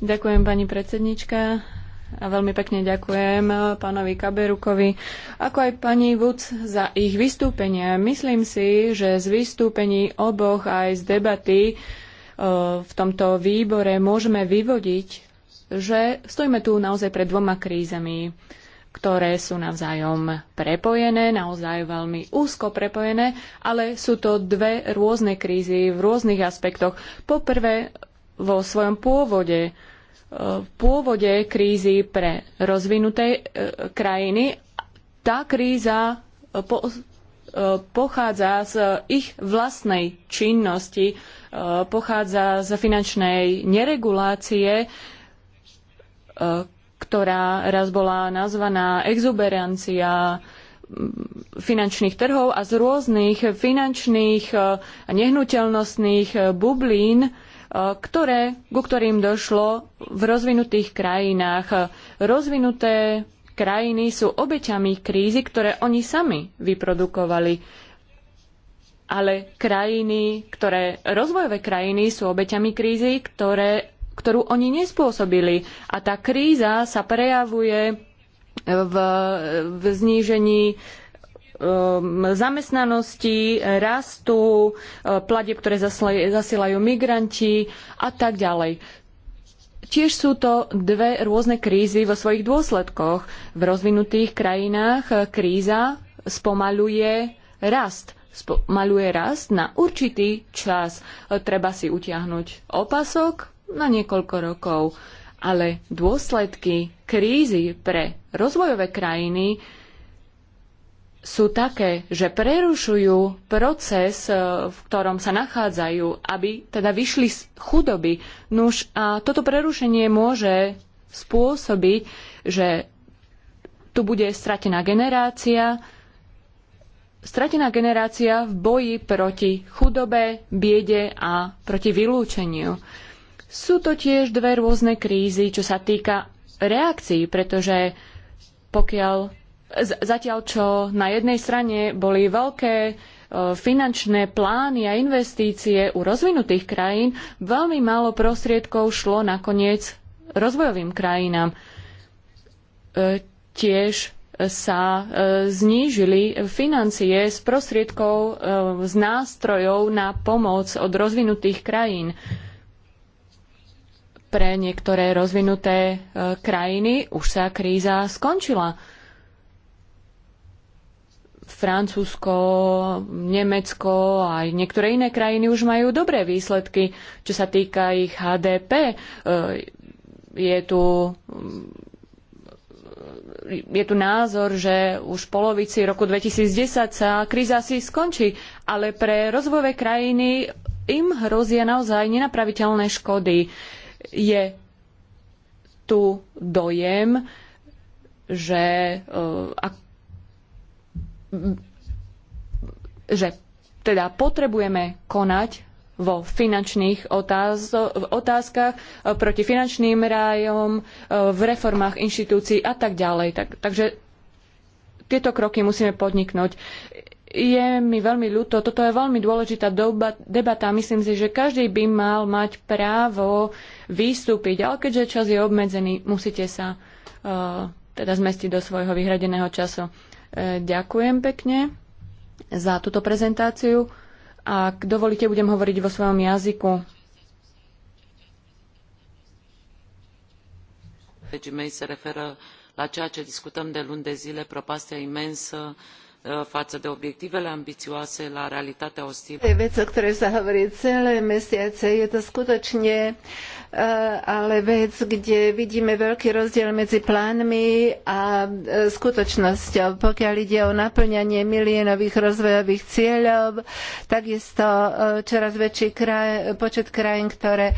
Ďakujem, pani predsednička. A veľmi pekne ďakujem pánovi Kaberukovi, ako aj pani Vúc za ich vystúpenie. Myslím si, že z vystúpení oboch aj z debaty e, v tomto výbore môžeme vyvodiť, že stojíme tu naozaj pred dvoma krízami, ktoré sú navzájom prepojené, naozaj veľmi úzko prepojené, ale sú to dve rôzne krízy v rôznych aspektoch. Poprvé, vo svojom pôvode v pôvode krízy pre rozvinuté e, krajiny. Tá kríza e, e, pochádza z ich vlastnej činnosti, pochádza z finančnej neregulácie, ktorá raz bola nazvaná exuberancia finančných trhov a z rôznych finančných a nehnuteľnostných bublín, ktoré, ku ktorým došlo v rozvinutých krajinách. Rozvinuté krajiny sú obeťami krízy, ktoré oni sami vyprodukovali. Ale krajiny, ktoré, rozvojové krajiny sú obeťami krízy, ktoré, ktorú oni nespôsobili. A tá kríza sa prejavuje v, v znížení Um, zamestnanosti, rastu, uh, platieb, ktoré zasilajú migranti a tak ďalej. Tiež sú to dve rôzne krízy vo svojich dôsledkoch. V rozvinutých krajinách uh, kríza spomaľuje rast. Spomaľuje rast na určitý čas. Uh, treba si utiahnuť opasok na niekoľko rokov. Ale dôsledky krízy pre rozvojové krajiny sú také, že prerušujú proces, e, v ktorom sa nachádzajú, aby teda vyšli z chudoby. Nuž a toto prerušenie môže spôsobiť, že tu bude stratená generácia, stratená generácia v boji proti chudobe, biede a proti vylúčeniu. Sú to tiež dve rôzne krízy, čo sa týka reakcií, pretože pokiaľ Zatiaľ, čo na jednej strane boli veľké e, finančné plány a investície u rozvinutých krajín, veľmi málo prostriedkov šlo nakoniec rozvojovým krajinám. E, tiež sa e, znížili financie z prostriedkov z nástrojov na pomoc od rozvinutých krajín. Pre niektoré rozvinuté krajiny už sa kríza skončila Francúzsko, Nemecko a aj niektoré iné krajiny už majú dobré výsledky, čo sa týka ich HDP. E, je tu mm, je tu názor, že už v polovici roku 2010 sa kríza si skončí, ale pre rozvojové krajiny im hrozia naozaj nenapraviteľné škody. Je tu dojem, že uh, že teda potrebujeme konať vo finančných otáz otázkach, e, proti finančným rájom, e, v reformách inštitúcií a tak ďalej. Tak, takže tieto kroky musíme podniknúť. Je mi veľmi ľúto, toto je veľmi dôležitá debata. Myslím si, že každý by mal mať právo vystúpiť, ale keďže čas je obmedzený, musíte sa uh, teda zmestiť do svojho vyhradeného času. Ďakujem pekne za túto prezentáciu. Ak dovolíte, budem hovoriť vo svojom jazyku. Colegii mei se referă la ceea ce discutăm de luni de zile, propastia imensă față de obiectivele ambițioase la realitatea ostilă. Vec, o ktorej sa hovorí celé mesiace, je to skutočne uh, Eh, ale vec, kde vidíme veľký rozdiel medzi plánmi a eh, skutočnosťou. Pokiaľ ide o naplňanie milienových rozvojových cieľov, takisto eh, čoraz väčší kraj, počet krajín, ktoré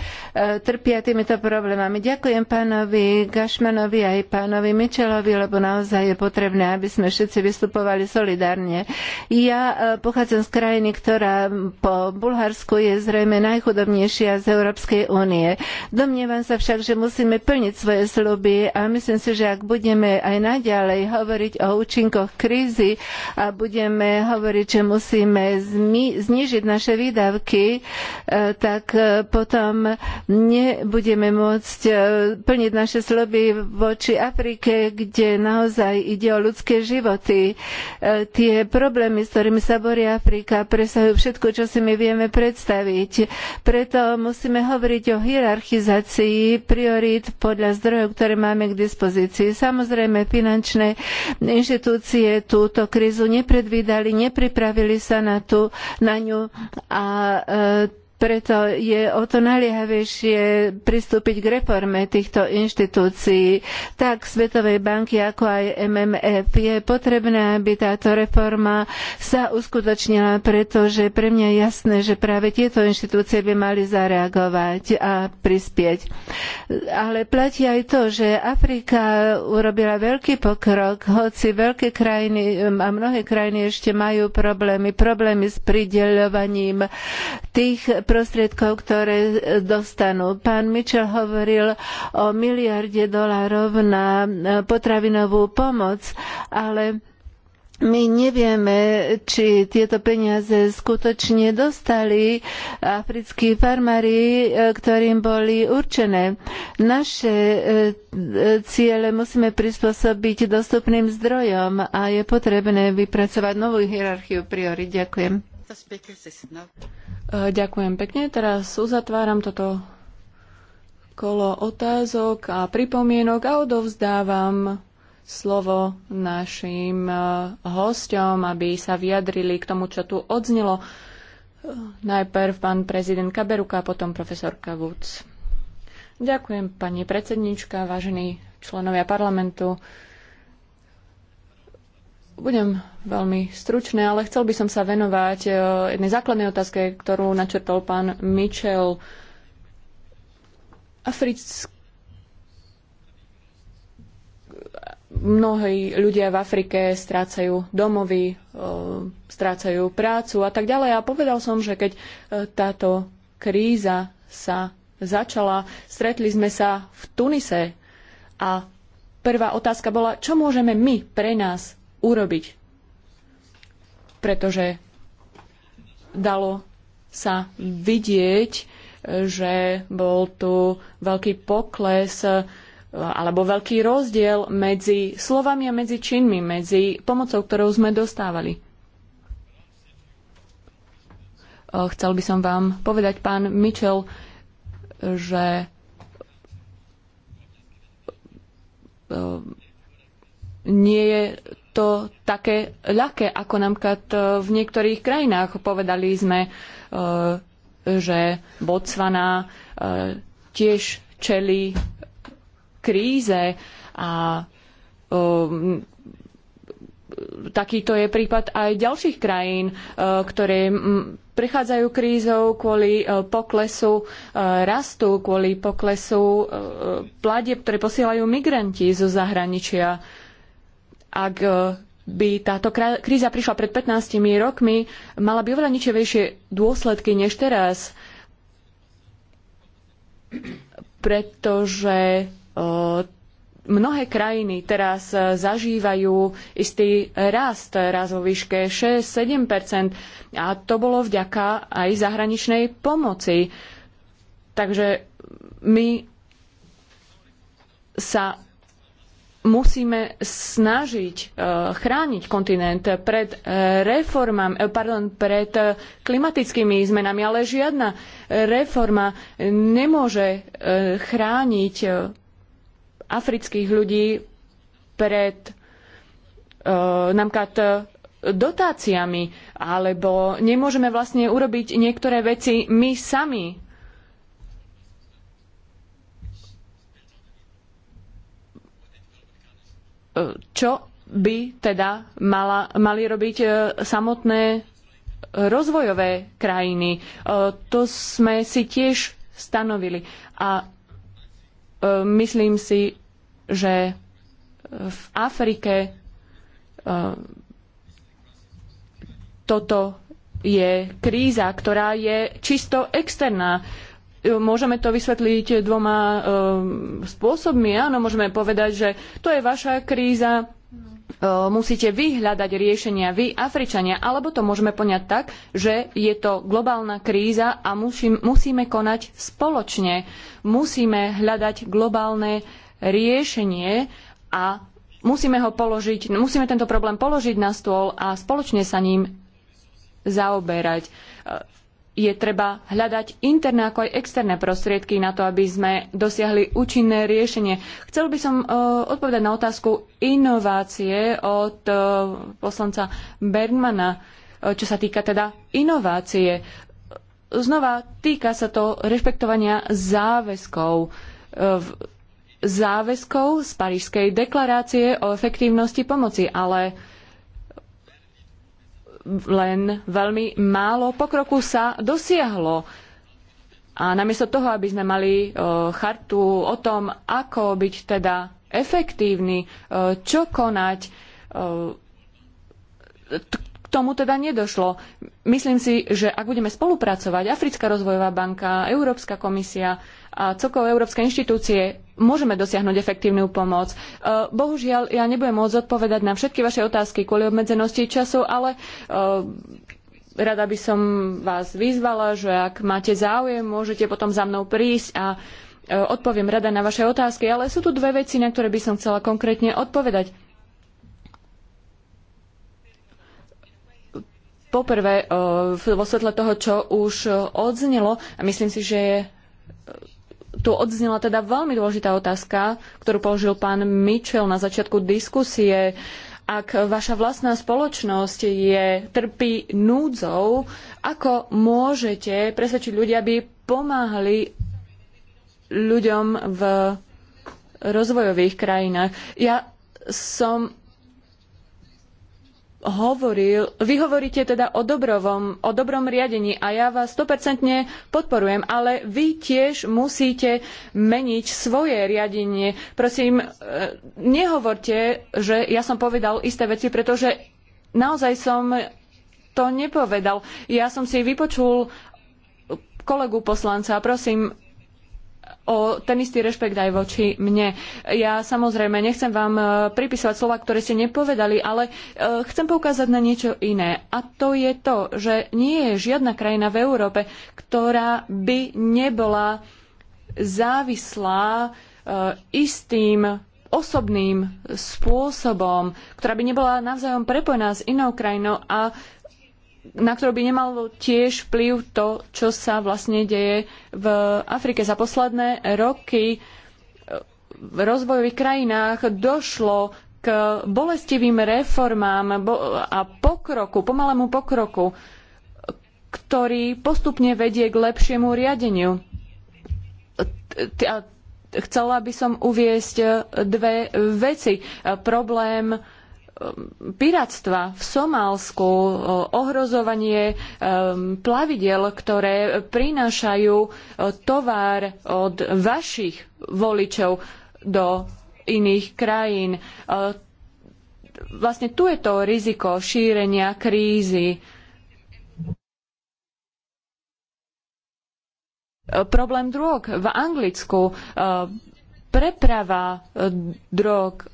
trpia týmito problémami. Ďakujem pánovi Gašmanovi aj pánovi Mičelovi, lebo naozaj je potrebné, aby sme všetci vystupovali solidárne. Ja pochádzam z krajiny, ktorá po Bulharsku je zrejme najchudobnejšia z Európskej únie. Domnievam sa však, že musíme plniť svoje sluby a myslím si, že ak budeme aj naďalej hovoriť o účinkoch krízy a budeme hovoriť, že musíme znížiť naše výdavky, e, tak e, potom nebudeme môcť e, plniť naše sluby voči Afrike, kde naozaj ide o ľudské životy. Tie problémy, s ktorými sa borí Afrika, presahujú všetko, čo si my vieme predstaviť. Preto musíme hovoriť o hierarchii hierarchizácii priorít podľa zdrojov, ktoré máme k dispozícii. Samozrejme, finančné inštitúcie túto krízu nepredvídali, nepripravili sa na, tú, na ňu a e, preto je o to naliehavejšie pristúpiť k reforme týchto inštitúcií, tak Svetovej banky, ako aj MMF. Je potrebné, aby táto reforma sa uskutočnila, pretože pre mňa je jasné, že práve tieto inštitúcie by mali zareagovať a prispieť. Ale platí aj to, že Afrika urobila veľký pokrok, hoci veľké krajiny um, a mnohé krajiny ešte majú problémy, problémy s prideľovaním tých prostriedkov, ktoré e, dostanú. Pán Mitchell hovoril o miliarde dolárov na e, potravinovú pomoc, ale my nevieme, či tieto peniaze skutočne dostali africkí farmári, e, ktorým boli určené. Naše ciele musíme prispôsobiť dostupným zdrojom a je potrebné vypracovať novú hierarchiu priorit. Ďakujem. E, ďakujem pekne. Teraz uzatváram toto kolo otázok a pripomienok a odovzdávam slovo našim e, hosťom, aby sa vyjadrili k tomu, čo tu odznelo. E, najprv pán prezident Kaberuka, potom profesor Kavúc. Ďakujem, pani predsednička, vážení členovia parlamentu. Budem veľmi stručné, ale chcel by som sa venovať e, jednej základnej otázke, ktorú načrtol pán Mitchell. Africk... mnohí ľudia v Afrike strácajú domovy, e, strácajú prácu a tak ďalej. A povedal som, že keď e, táto kríza sa začala, stretli sme sa v Tunise a prvá otázka bola, čo môžeme my pre nás urobiť pretože dalo sa vidieť, že bol tu veľký pokles e, alebo veľký rozdiel medzi slovami a medzi činmi, medzi pomocou, ktorou sme dostávali. E, chcel by som vám povedať, pán Mitchell, že e, nie je to také ľahké, ako napríklad e, v niektorých krajinách. Povedali sme, e, že Botswana e, tiež čeli kríze a takýto je prípad aj ďalších krajín, ktoré prechádzajú krízou kvôli poklesu rastu, kvôli poklesu pladeb, ktoré posielajú migranti zo zahraničia ak e, by táto kríza prišla pred 15 rokmi, mala by oveľa ničivejšie dôsledky než teraz, pretože e, mnohé krajiny teraz zažívajú istý rast, rast vo výške 6-7 a to bolo vďaka aj zahraničnej pomoci. Takže my sa musíme snažiť e, chrániť kontinent pred e, reformám, e, pardon, pred klimatickými zmenami, ale žiadna reforma nemôže chrániť afrických ľudí pred napríklad dotáciami, alebo nemôžeme vlastne urobiť niektoré veci my sami čo by teda mala, mali robiť e, samotné rozvojové krajiny. E, to sme si tiež stanovili. A e, myslím si, že v Afrike toto je kríza, ktorá je čisto externá E, môžeme to vysvetliť dvoma uh, spôsobmi. Áno, môžeme povedať, že to je vaša kríza, e, musíte vy hľadať riešenia, vy Afričania, alebo to môžeme poňať tak, že je to globálna kríza a musím, musíme konať spoločne. Musíme hľadať globálne riešenie a musíme ho položiť, musíme tento problém položiť na stôl a spoločne sa ním zaoberať je treba hľadať interné ako aj externé prostriedky na to, aby sme dosiahli účinné riešenie. Chcel by som uh, odpovedať na otázku inovácie od uh, poslanca Bergmana, e, čo sa týka teda inovácie. Znova týka sa to rešpektovania záväzkov. záväzkov z Parížskej deklarácie o efektívnosti pomoci, ale len veľmi málo pokroku sa dosiahlo. A namiesto toho, aby sme mali e, chartu o tom, ako byť teda efektívny, e, čo konať, e, k tomu teda nedošlo. Myslím si, že ak budeme spolupracovať, Africká rozvojová banka, Európska komisia, a celkovo európske inštitúcie môžeme dosiahnuť efektívnu pomoc. E, bohužiaľ, ja nebudem môcť odpovedať na všetky vaše otázky kvôli obmedzenosti času, ale e, rada by som vás vyzvala, že ak máte záujem, môžete potom za mnou prísť a e, odpoviem rada na vaše otázky, ale sú tu dve veci, na ktoré by som chcela konkrétne odpovedať. Poprvé, vo svetle toho, čo už odznelo, a myslím si, že je tu odznela teda veľmi dôležitá otázka, ktorú položil pán Mitchell na začiatku diskusie. Ak vaša vlastná spoločnosť je, trpí núdzou, ako môžete presvedčiť ľudia, aby pomáhali ľuďom v rozvojových krajinách? Ja som hovoril, vy hovoríte teda o, dobrovom, o dobrom riadení a ja vás 100% podporujem, ale vy tiež musíte meniť svoje riadenie. Prosím, e, nehovorte, že ja som povedal isté veci, pretože naozaj som to nepovedal. Ja som si vypočul kolegu poslanca, prosím, o ten istý rešpekt aj voči mne. Ja samozrejme nechcem vám e, pripisovať slova, ktoré ste nepovedali, ale e, chcem poukázať na niečo iné. A to je to, že nie je žiadna krajina v Európe, ktorá by nebola závislá e, istým osobným spôsobom, ktorá by nebola navzájom prepojená s inou krajinou a na ktorú by nemalo tiež vplyv to, čo sa vlastne deje v Afrike. Za posledné roky v rozvojových krajinách došlo k bolestivým reformám a pokroku, pomalému pokroku, ktorý postupne vedie k lepšiemu riadeniu. Chcela by som uviesť dve veci. Problém Ehm, piratstva v Somálsku, eh, ohrozovanie ehm, plavidiel, ktoré prinášajú eh, tovar od vašich voličov do iných krajín. Eh, vlastne tu je to riziko šírenia krízy. Problém drog v Anglicku, preprava drog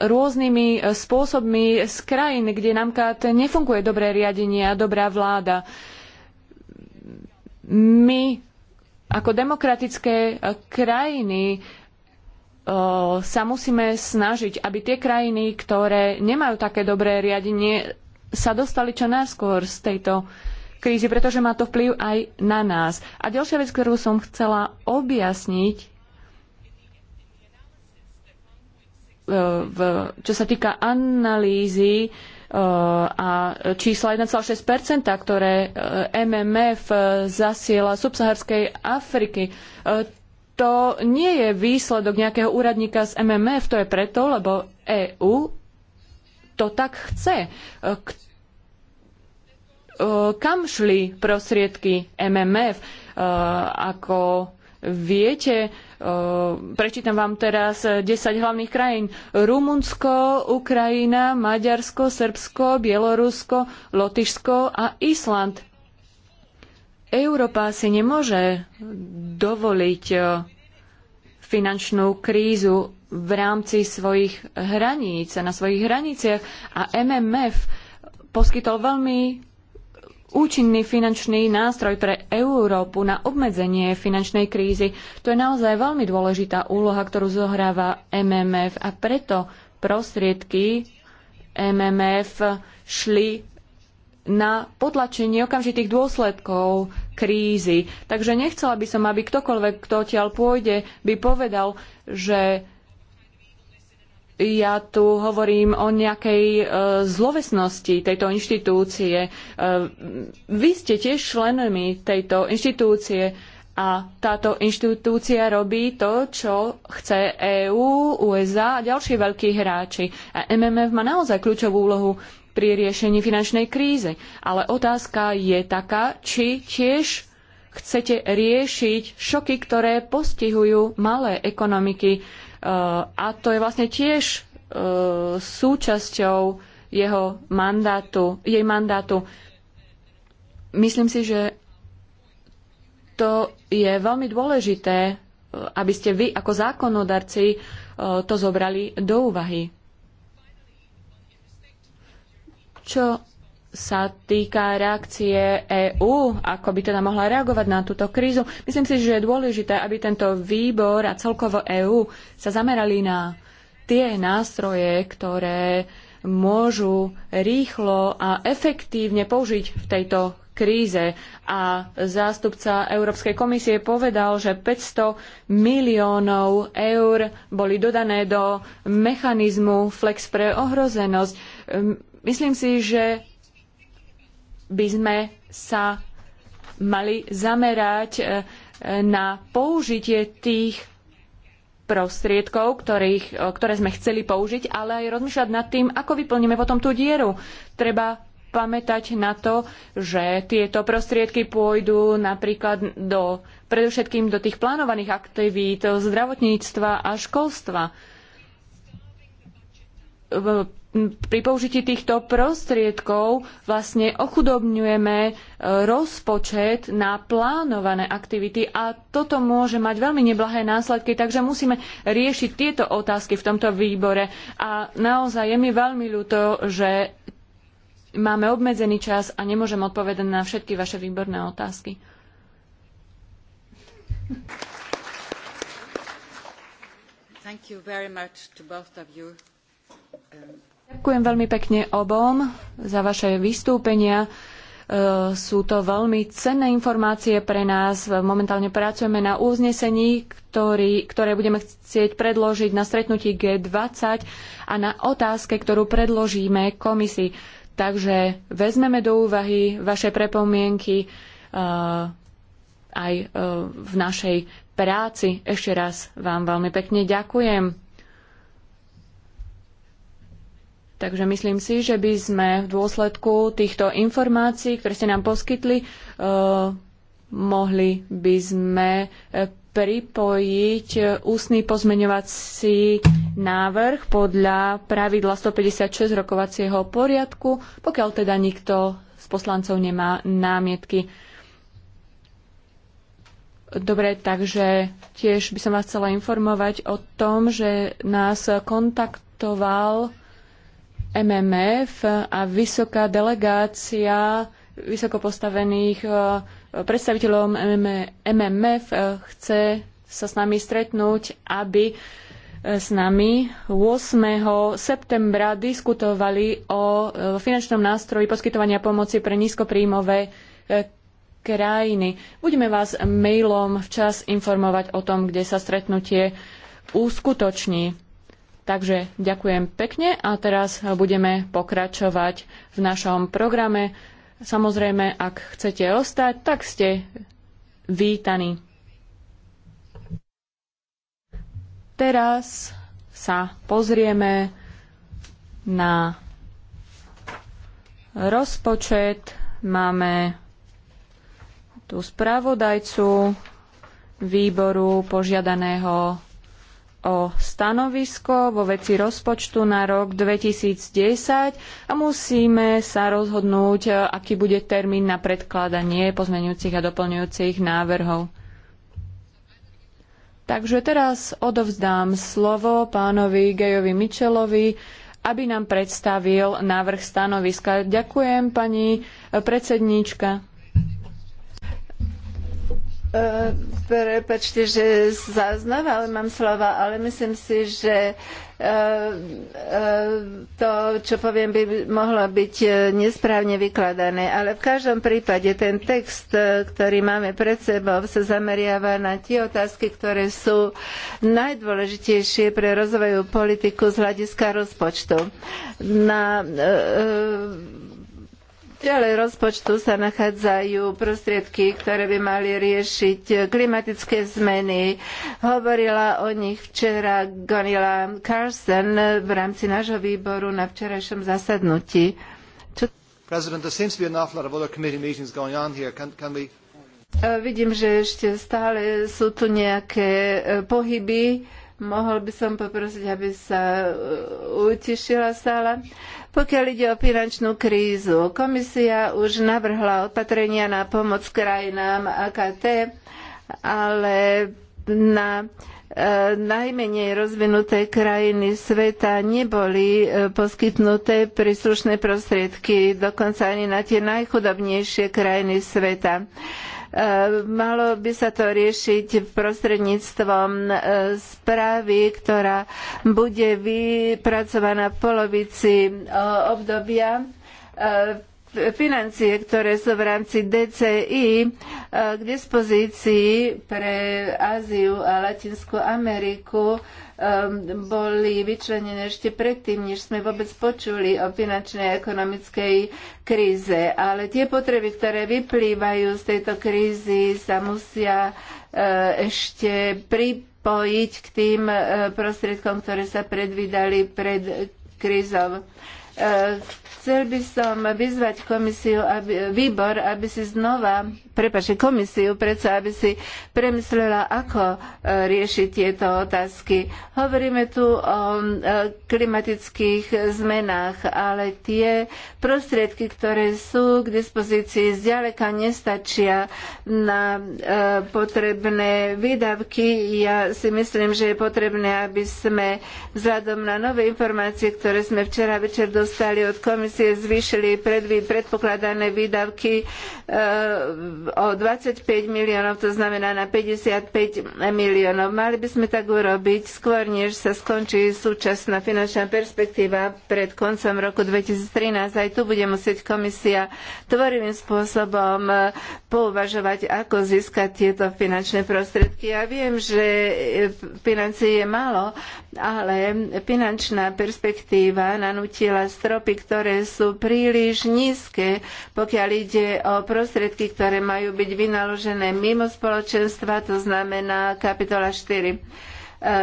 rôznymi e, spôsobmi z krajín, kde nám nefunguje dobré riadenie a dobrá vláda. My ako demokratické e, krajiny e, sa musíme snažiť, aby tie krajiny, ktoré nemajú také dobré riadenie, sa dostali čo najskôr z tejto krízy, pretože má to vplyv aj na nás. A ďalšia vec, ktorú som chcela objasniť, E, v, čo sa týka analýzy e, a čísla 1,6%, ktoré e, MMF zasiela subsaharskej Afriky. To nie je výsledok nejakého úradníka z MMF, to je preto, lebo EÚ to tak chce. Kam šli prostriedky MMF? Ako viete. Eh, prečítam vám teraz 10 eh, hlavných krajín. Rumunsko, Ukrajina, Maďarsko, Srbsko, Bielorusko, Lotyšsko a Island. Európa si nemôže dovoliť eh, finančnú krízu v rámci svojich hraníc a na svojich hraniciach a MMF poskytol veľmi účinný finančný nástroj pre Európu na obmedzenie finančnej krízy. To je naozaj veľmi dôležitá úloha, ktorú zohráva MMF a preto prostriedky MMF šli na potlačenie okamžitých dôsledkov krízy. Takže nechcela by som, aby ktokoľvek, kto tiaľ pôjde, by povedal, že ja tu hovorím o nejakej e, zlovesnosti tejto inštitúcie. E, vy ste tiež členmi tejto inštitúcie a táto inštitúcia robí to, čo chce EÚ, USA a ďalší veľkí hráči. A MMF má naozaj kľúčovú úlohu pri riešení finančnej krízy. Ale otázka je taká, či tiež chcete riešiť šoky, ktoré postihujú malé ekonomiky Eh, a to je vlastne tiež eh, súčasťou jeho mandátu, jej mandátu. Myslím si, že to je veľmi dôležité, eh, aby ste vy ako zákonodarci to zobrali do úvahy. Čo sa týka reakcie EÚ, ako by teda mohla reagovať na túto krízu. Myslím si, že je dôležité, aby tento výbor a celkovo EÚ sa zamerali na tie nástroje, ktoré môžu rýchlo a efektívne použiť v tejto kríze. A zástupca Európskej komisie povedal, že 500 miliónov eur boli dodané do mechanizmu Flex pre ohrozenosť. Myslím si, že by sme sa mali zamerať e, na použitie tých prostriedkov, ktorých, ktoré sme chceli použiť, ale aj rozmýšľať nad tým, ako vyplníme potom tú dieru. Treba pamätať na to, že tieto prostriedky pôjdu napríklad do, predovšetkým do tých plánovaných aktivít zdravotníctva a školstva pri použití týchto prostriedkov vlastne ochudobňujeme e, rozpočet na plánované aktivity a toto môže mať veľmi neblahé následky, takže musíme riešiť tieto otázky v tomto výbore. A naozaj je mi veľmi ľúto, že máme obmedzený čas a nemôžem odpovedať na všetky vaše výborné otázky. Thank you very much to both of you. Um, Ďakujem veľmi pekne obom za vaše vystúpenia. E, sú to veľmi cenné informácie pre nás. Momentálne pracujeme na uznesení, ktorý, ktoré budeme chcieť predložiť na stretnutí G20 a na otázke, ktorú predložíme komisii. Takže vezmeme do úvahy vaše prepomienky e, aj e, v našej práci. Ešte raz vám veľmi pekne ďakujem. Takže myslím si, že by sme v dôsledku týchto informácií, ktoré ste nám poskytli, eh, mohli by sme eh, pripojiť eh, ústny pozmeňovací návrh podľa pravidla 156 rokovacieho poriadku, pokiaľ teda nikto z poslancov nemá námietky. Dobre, takže tiež by som vás chcela informovať o tom, že nás kontaktoval MMF a vysoká delegácia vysoko postavených eh, predstaviteľov MMF eh, chce sa s nami stretnúť, aby eh, s nami 8. septembra diskutovali o finančnom nástroji poskytovania pomoci pre nízkopríjmové krajiny. Budeme vás mailom včas informovať o tom, kde sa stretnutie uskutoční. Takže ďakujem pekne a teraz budeme pokračovať v našom programe. Samozrejme, ak chcete ostať, tak ste vítaní. Teraz sa pozrieme na rozpočet. Máme tu spravodajcu výboru požiadaného o stanovisko vo veci rozpočtu na rok 2010 a musíme sa rozhodnúť, e, aký bude termín na predkladanie pozmeňujúcich a doplňujúcich návrhov. Takže teraz odovzdám slovo pánovi Gejovi Mičelovi, aby nám predstavil návrh stanoviska. Ďakujem, pani predsedníčka. E, Prepačte, že sa ale mám slova, ale myslím si, že e, e, to, čo poviem, by mohlo byť e, nesprávne vykladané. Ale v každom prípade ten text, ktorý máme pred sebou, sa zameriava na tie otázky, ktoré sú najdôležitejšie pre rozvojovú politiku z hľadiska rozpočtu. Na v rozpočtu sa nachádzajú prostriedky, ktoré by mali riešiť klimatické zmeny. Hovorila o nich včera Gonila Carson v rámci nášho výboru na včerajšom zasadnutí. E, vidím, že ešte stále sú tu nejaké e, pohyby. Mohol by som poprosiť, aby sa e, utišila sála. Pokiaľ ide o finančnú krízu, komisia už navrhla opatrenia na pomoc krajinám AKT, ale na e, najmenej rozvinuté krajiny sveta neboli e, poskytnuté príslušné prostriedky, dokonca ani na tie najchudobnejšie krajiny sveta. E, Eh, malo by sa to riešiť prostredníctvom eh, správy, ktorá bude vypracovaná v polovici eh, obdobia financie, ktoré sú v rámci DCI k dispozícii pre Áziu a Latinskú Ameriku Ehm, boli vyčlenené ešte predtým, než sme vôbec počuli o finančnej a ekonomickej kríze. Ale tie potreby, ktoré vyplývajú z tejto krízy, sa musia e, ešte pripojiť k tým e, prostriedkom, ktoré sa predvídali pred krízou. Chcel by som vyzvať komisiu, aby, výbor, aby si znova, prepače, komisiu, predsa, aby si premyslela, ako e, riešiť tieto otázky. Hovoríme tu o e, klimatických zmenách, ale tie prostriedky, ktoré sú k dispozícii, zďaleka nestačia na e, potrebné výdavky. Ja si myslím, že je potrebné, aby sme vzhľadom na nové informácie, ktoré sme včera večer dostali, dostali od komisie, zvýšili predpokladané výdavky e, o 25 miliónov, to znamená na 55 miliónov. Mali by sme tak urobiť skôr, než sa skončí súčasná finančná perspektíva pred koncom roku 2013. Aj tu bude musieť komisia tvorivým spôsobom e, pouvažovať, ako získať tieto finančné prostriedky. Ja viem, že e, financie je málo, ale finančná perspektíva nanútila stropy, ktoré sú príliš nízke, pokiaľ ide o prostriedky, ktoré majú byť vynaložené mimo spoločenstva, to znamená kapitola 4.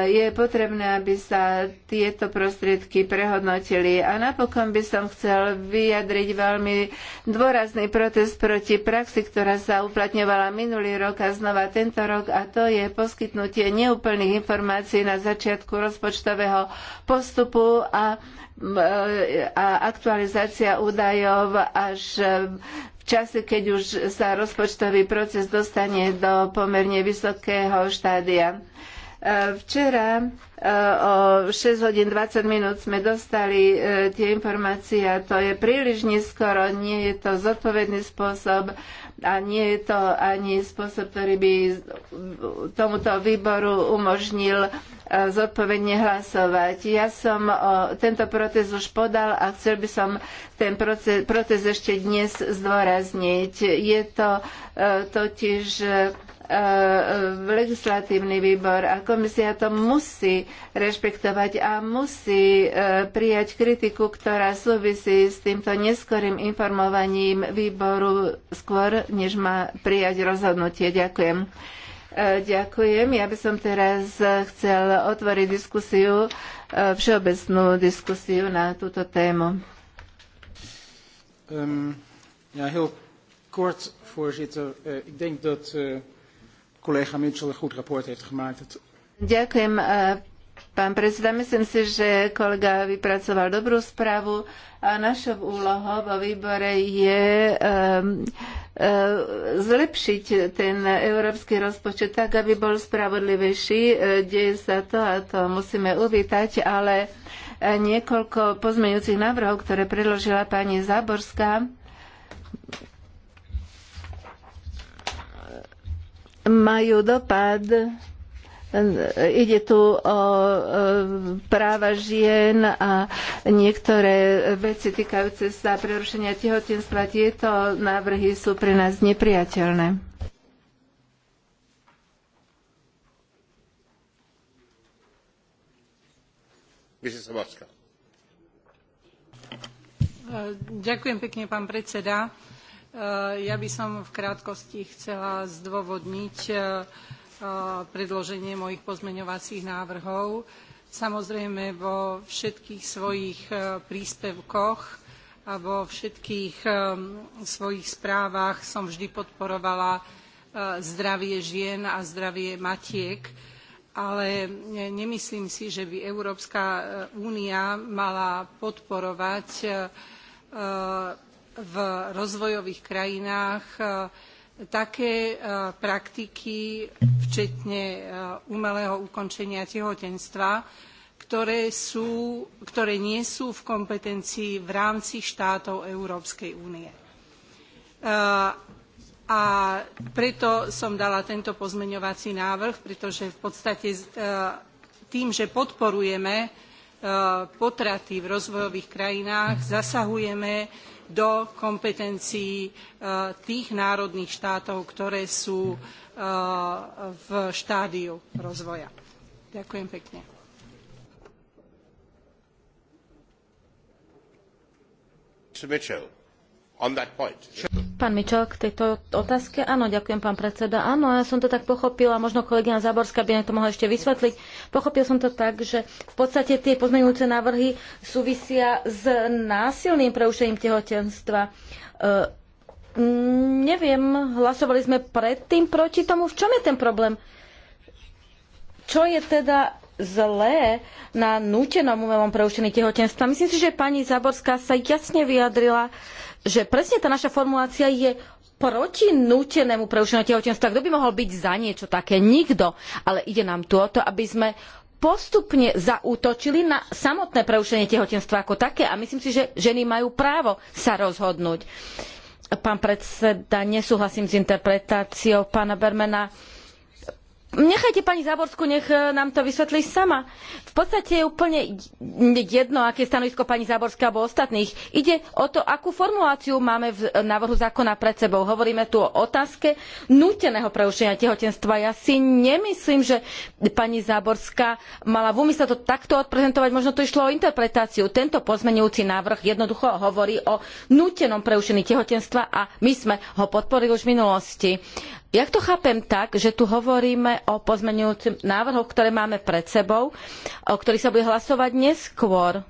Je potrebné, aby sa tieto prostriedky prehodnotili. A napokon by som chcel vyjadriť veľmi dôrazný protest proti praxi, ktorá sa uplatňovala minulý rok a znova tento rok, a to je poskytnutie neúplných informácií na začiatku rozpočtového postupu a a aktualizácia údajov až v čase, keď už sa rozpočtový proces dostane do pomerne vysokého štádia. Eh, včera eh, o 6 hodín 20 minút sme dostali eh, tie informácie a to je príliš neskoro, nie je to zodpovedný spôsob a nie je to ani spôsob, ktorý by tomuto výboru umožnil zodpovedne hlasovať. Ja som o, tento proces už podal a chcel by som ten proces, ešte dnes zdôrazniť. Je to e, totiž E, e, legislatívny výbor a komisia to musí rešpektovať a musí e, prijať kritiku, ktorá súvisí s týmto neskorým informovaním výboru skôr, než má prijať rozhodnutie. Ďakujem. Ďakujem. Ja by som teraz chcel otvoriť diskusiu, všeobecnú diskusiu na túto tému. Um, ja, heel kort, voorzitter. Uh, ik denk dat uh, Mitchell een goed rapport heeft gemaakt. Het... Ďakujem, eh, pán predseda. Myslím si, že kolega vypracoval dobrú správu a našou úlohou vo výbore je um, zlepšiť ten európsky rozpočet tak, aby bol spravodlivejší. Eh, deje sa to a to musíme uvítať, ale niekoľko pozmeňujúcich návrhov, ktoré predložila pani Záborská, majú dopad Ide tu o práva žien a niektoré veci týkajúce sa prerušenia tehotenstva. Tieto návrhy sú pre nás nepriateľné. Ďakujem pekne, pán predseda Eh, ja by som v krátkosti chcela zdôvodniť eh, eh, predloženie mojich pozmeňovacích návrhov. Samozrejme vo všetkých svojich príspevkoch a vo všetkých svojich správach som vždy podporovala zdravie žien a zdravie matiek, ale nemyslím si, že by Európska únia mala podporovať v rozvojových krajinách e, také e, praktiky, včetne e, umelého ukončenia tehotenstva, ktoré, sú, ktoré nie sú v kompetencii v rámci štátov Európskej únie. A preto som dala tento pozmeňovací návrh, pretože v podstate tým, že podporujeme potraty v rozvojových krajinách, zasahujeme do kompetencií e, tých národných štátov, ktoré sú e, v štádiu rozvoja. Ďakujem pekne. Mitchell, on that point. Pán Mičel, k tejto otázke. Áno, ďakujem, pán predseda. Áno, ja som to tak pochopila, možno kolegyňa Záborská by to mohla ešte vysvetliť. Pochopil som to tak, že v podstate tie pozmeňujúce návrhy súvisia s násilným preušením tehotenstva. E, neviem, hlasovali sme predtým proti tomu. V čom je ten problém? Čo je teda zlé na nútenom umelom preušení tehotenstva. Myslím si, že pani Záborská sa jasne vyjadrila, že presne tá naša formulácia je proti nútenému preušeniu tehotenstva. Kto by mohol byť za niečo také? Nikto. Ale ide nám tu o to, aby sme postupne zaútočili na samotné preušenie tehotenstva ako také a myslím si, že ženy majú právo sa rozhodnúť. Pán predseda, nesúhlasím s interpretáciou pána Bermena. Nechajte pani Záborskú, nech nám to vysvetlí sama v podstate je úplne jedno, aké je stanovisko pani Záborskej alebo ostatných. Ide o to, akú formuláciu máme v návrhu zákona pred sebou. Hovoríme tu o otázke núteného preušenia tehotenstva. Ja si nemyslím, že pani Záborská mala v úmysle to takto odprezentovať. Možno to išlo o interpretáciu. Tento pozmenujúci návrh jednoducho hovorí o nútenom preušení tehotenstva a my sme ho podporili už v minulosti. Ja to chápem tak, že tu hovoríme o pozmenujúcich návrhoch, ktoré máme pred sebou o ktorých sa bude hlasovať neskôr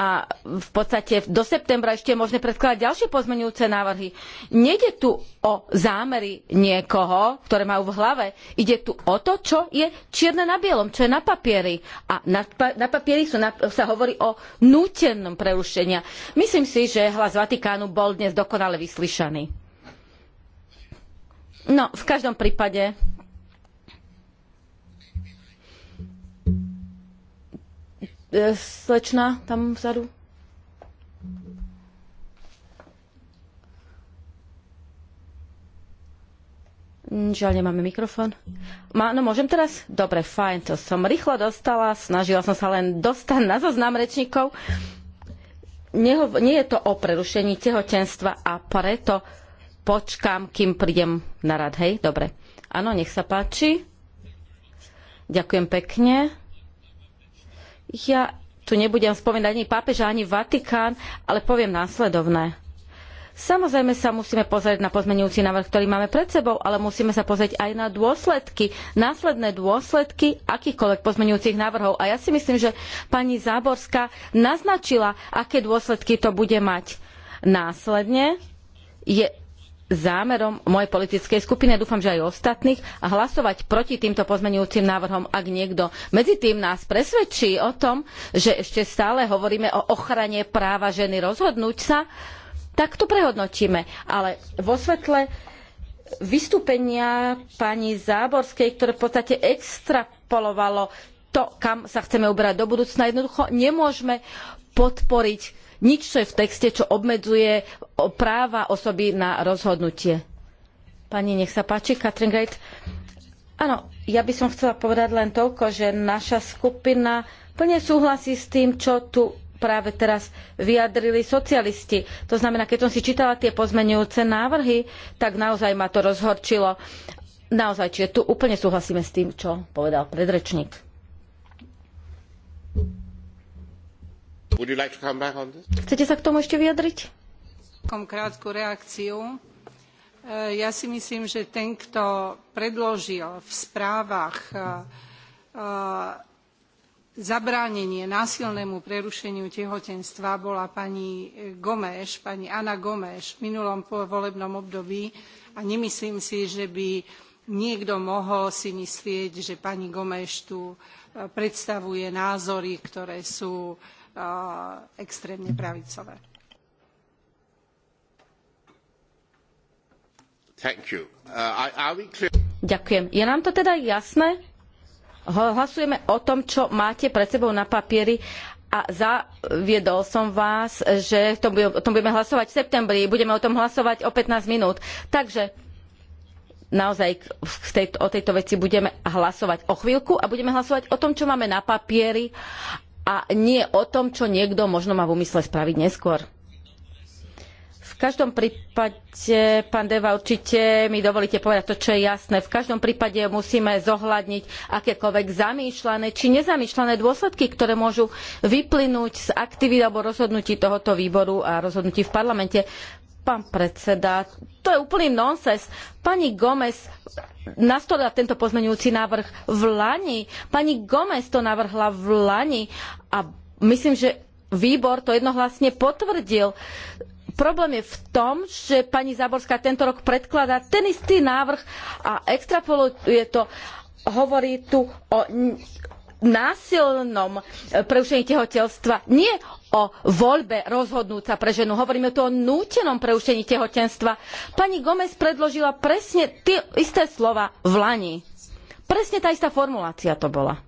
a v podstate do septembra ešte je možné predkladať ďalšie pozmenujúce návrhy. Nejde tu o zámery niekoho, ktoré majú v hlave. Ide tu o to, čo je čierne na bielom, čo je na papieri. A na, na papieri sú, na, sa hovorí o nútenom prerušenia. Myslím si, že hlas Vatikánu bol dnes dokonale vyslyšaný. No, v každom prípade E, slečna tam vzadu? Mm, žiaľ, nemáme mikrofón. Má, no môžem teraz? Dobre, fajn, to som rýchlo dostala. Snažila som sa len dostať na zoznam rečníkov. Neho, nie je to o prerušení tehotenstva a preto počkám, kým prídem na rad. Hej, dobre. Áno, nech sa páči. Ďakujem pekne. Ja tu nebudem spomínať ani pápeža, ani Vatikán, ale poviem následovné. Samozrejme sa musíme pozrieť na pozmenujúci návrh, ktorý máme pred sebou, ale musíme sa pozrieť aj na dôsledky, následné dôsledky akýchkoľvek pozmenujúcich návrhov. A ja si myslím, že pani Záborská naznačila, aké dôsledky to bude mať. Následne je zámerom mojej politickej skupiny, dúfam, že aj ostatných, a hlasovať proti týmto pozmenujúcim návrhom, ak niekto medzi tým nás presvedčí o tom, že ešte stále hovoríme o ochrane práva ženy rozhodnúť sa, tak to prehodnotíme. Ale vo svetle vystúpenia pani Záborskej, ktoré v podstate extrapolovalo to, kam sa chceme uberať do budúcna, jednoducho nemôžeme podporiť nič, čo je v texte, čo obmedzuje práva osoby na rozhodnutie. Pani, nech sa páči, Katrin Gajt. Áno, ja by som chcela povedať len toľko, že naša skupina plne súhlasí s tým, čo tu práve teraz vyjadrili socialisti. To znamená, keď som si čítala tie pozmenujúce návrhy, tak naozaj ma to rozhorčilo. Naozaj, čiže tu úplne súhlasíme s tým, čo povedal predrečník. Chcete sa k tomu ešte vyjadriť? Krátku reakciu. E, ja si myslím, že ten, kto predložil v správach e, e, zabránenie násilnému prerušeniu tehotenstva bola pani Gomeš, pani Anna Gomeš v minulom volebnom období a nemyslím si, že by niekto mohol si myslieť, že pani Gomeš tu predstavuje názory, ktoré sú uh, Uh, extrémne pravicové. Uh, Ďakujem. Je nám to teda jasné? Hlasujeme o tom, čo máte pred sebou na papieri a zaviedol som vás, že o tom budeme hlasovať v septembri. Budeme o tom hlasovať o 15 minút. Takže naozaj tejto, o tejto veci budeme hlasovať o chvíľku a budeme hlasovať o tom, čo máme na papieri a nie o tom, čo niekto možno má v úmysle spraviť neskôr. V každom prípade, pán Deva, určite mi dovolíte povedať to, čo je jasné. V každom prípade musíme zohľadniť akékoľvek zamýšľané či nezamýšľané dôsledky, ktoré môžu vyplynúť z aktivít alebo rozhodnutí tohoto výboru a rozhodnutí v parlamente. Pán predseda, to je úplný nonsens. Pani Gomez nastolila tento pozmeňujúci návrh v Lani. Pani Gomez to navrhla v Lani a myslím, že výbor to jednohlasne potvrdil. Problém je v tom, že pani Záborská tento rok predkladá ten istý návrh a extrapoluje to. Hovorí tu o násilnom e, prerušení tehotenstva. Nie o voľbe rozhodnúť sa pre ženu. Hovoríme tu o nútenom prerušení tehotenstva. Pani Gomez predložila presne tie isté slova v Lani. Presne tá istá formulácia to bola.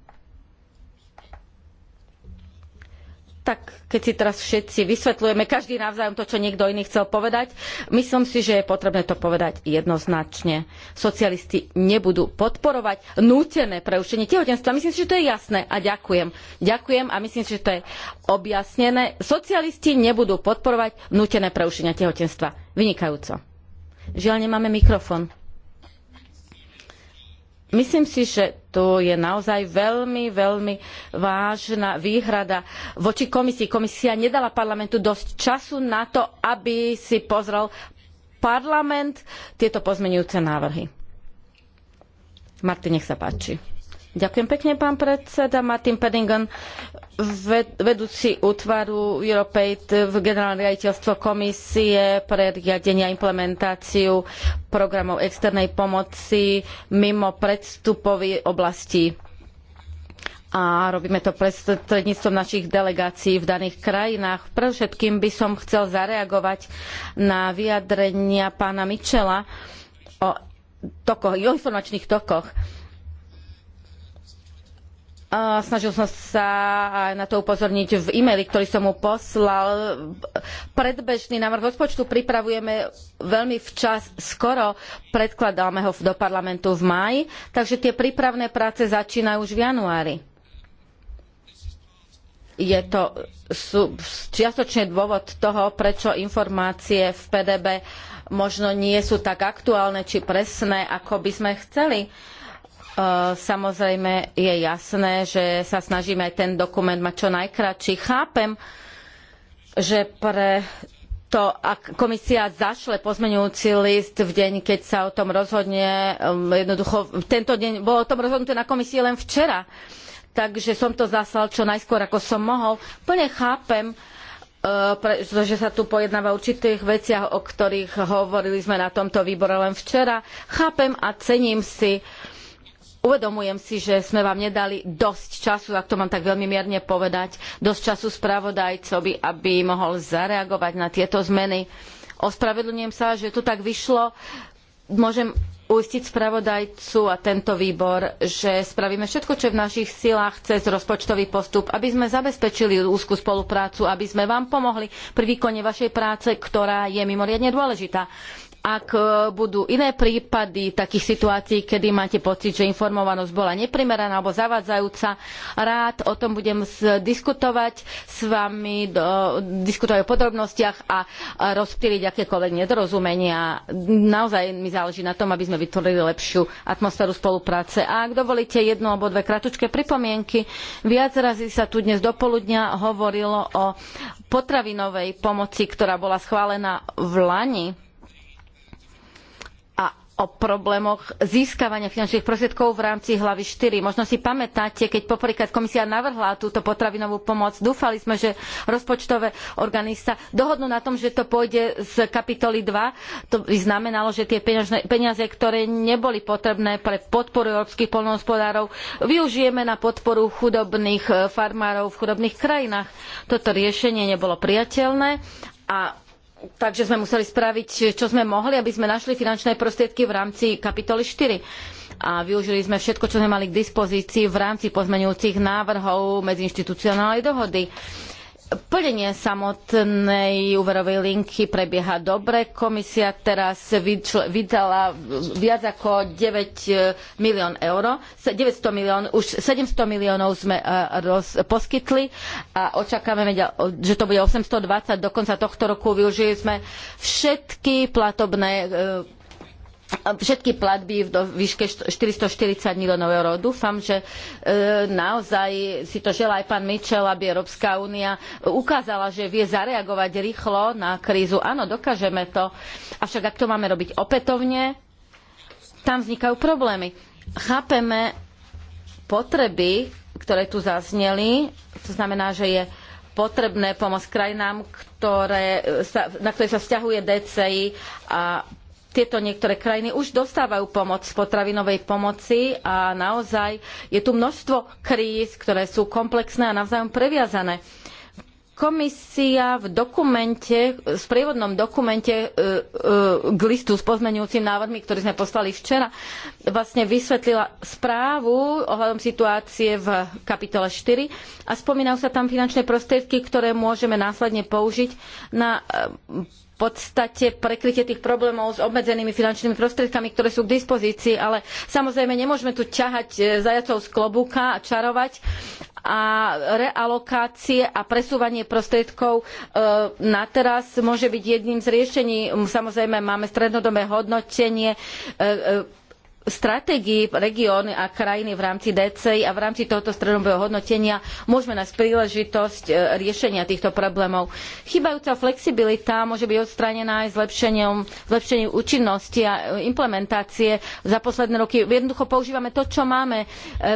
tak keď si teraz všetci vysvetľujeme každý navzájom to, čo niekto iný chcel povedať, myslím si, že je potrebné to povedať jednoznačne. Socialisti nebudú podporovať nútené preušenie tehotenstva. Myslím si, že to je jasné a ďakujem. Ďakujem a myslím si, že to je objasnené. Socialisti nebudú podporovať nútené preušenia tehotenstva. Vynikajúco. Žiaľ, nemáme mikrofón. Myslím si, že tu je naozaj veľmi, veľmi vážna výhrada voči komisii. Komisia nedala parlamentu dosť času na to, aby si pozrel parlament tieto pozmenujúce návrhy. Martin, nech sa páči. Ďakujem pekne, pán predseda. Martin Peddingon, vedúci útvaru Europaid v generálne riaditeľstvo komisie pre riadenie a implementáciu programov externej pomoci mimo predstupovej oblasti a robíme to prostredníctvom našich delegácií v daných krajinách. Predovšetkým by som chcel zareagovať na vyjadrenia pána Michela o, tokoch, o informačných tokoch snažil som sa aj na to upozorniť v e-maili, ktorý som mu poslal. Predbežný návrh rozpočtu pripravujeme veľmi včas, skoro predkladáme ho do parlamentu v máji, takže tie prípravné práce začínajú už v januári. Je to sú, čiastočne dôvod toho, prečo informácie v PDB možno nie sú tak aktuálne či presné, ako by sme chceli. Uh, E, samozrejme je jasné, že sa snažíme aj ten dokument mať čo najkratší. Chápem, že pre to, ak komisia zašle pozmeňujúci list v deň, keď sa o tom rozhodne, um, jednoducho tento deň, bolo o tom rozhodnuté na komisii len včera, takže som to zaslal čo najskôr, ako som mohol. Plne chápem, e, pretože sa tu pojednáva o určitých veciach, o ktorých hovorili sme na tomto výbore len včera. Chápem a cením si uh, Uvedomujem si, že sme vám nedali dosť času, ak to mám tak veľmi mierne povedať, dosť času spravodajcovi, aby mohol zareagovať na tieto zmeny. Ospravedlňujem sa, že to tak vyšlo. Môžem uistiť spravodajcu a tento výbor, že spravíme všetko, čo je v našich silách cez rozpočtový postup, aby sme zabezpečili úzku spoluprácu, aby sme vám pomohli pri výkone vašej práce, ktorá je mimoriadne dôležitá ak e, budú iné prípady takých situácií, kedy máte pocit, že informovanosť bola neprimeraná alebo zavádzajúca, rád o tom budem diskutovať s vami, do, diskutovať o podrobnostiach a rozptýliť akékoľvek nedorozumenia. Naozaj mi záleží na tom, aby sme vytvorili lepšiu atmosféru spolupráce. A ak dovolíte jednu alebo dve kratučké pripomienky, viac razy sa tu dnes dopoludňa hovorilo o potravinovej pomoci, ktorá bola schválená v Lani o problémoch získavania finančných prostriedkov v rámci hlavy 4. Možno si pamätáte, keď poprvýkrát komisia navrhla túto potravinovú pomoc, dúfali sme, že rozpočtové orgány sa dohodnú na tom, že to pôjde z kapitoly 2. To by znamenalo, že tie peniaze, ktoré neboli potrebné pre podporu európskych poľnohospodárov, využijeme na podporu chudobných eh, farmárov v chudobných krajinách. Toto riešenie nebolo prijateľné a takže sme museli spraviť, čo sme mohli, aby sme našli finančné prostriedky v rámci kapitoly 4. A využili sme všetko, čo sme mali k dispozícii v rámci pozmenujúcich návrhov medziinštitucionálnej dohody. Uh, Plnenie samotnej úverovej linky prebieha dobre. Komisia teraz vydala viac ako 9 e, milión eur. 900 milión, už 700 miliónov sme e, roz, poskytli a očakávame, že to bude 820 do konca tohto roku. Využili sme všetky platobné e, všetky platby v výške 440 miliónov eur. Dúfam, že e, naozaj si to želá aj pán Mitchell, aby Európska únia ukázala, že vie zareagovať rýchlo na krízu. Áno, dokážeme to. Avšak ak to máme robiť opätovne, tam vznikajú problémy. Chápeme potreby, ktoré tu zazneli, to znamená, že je potrebné pomôcť krajinám, ktoré sa, na ktoré sa vzťahuje DCI a tieto niektoré krajiny už dostávajú pomoc z potravinovej pomoci a naozaj je tu množstvo kríz, ktoré sú komplexné a navzájom previazané. Komisia v dokumente, v sprievodnom dokumente e, e, k listu s pozmenujúcim návrhmi, ktorý sme poslali včera, vlastne vysvetlila správu ohľadom situácie v kapitole 4 a spomínajú sa tam finančné prostriedky, ktoré môžeme následne použiť na e, podstate prekrytie tých problémov s obmedzenými finančnými prostriedkami, ktoré sú k dispozícii, ale samozrejme nemôžeme tu ťahať e, zajacov z klobúka a čarovať a realokácie a presúvanie prostriedkov e, na teraz môže byť jedným z riešení. Samozrejme máme strednodobé hodnotenie e, stratégii región a krajiny v rámci DCI a v rámci tohto strednodobého hodnotenia môžeme nájsť príležitosť e, riešenia týchto problémov. Chýbajúca flexibilita môže byť odstránená aj zlepšením, zlepšením účinnosti a e, implementácie za posledné roky. Jednoducho používame to, čo máme. E,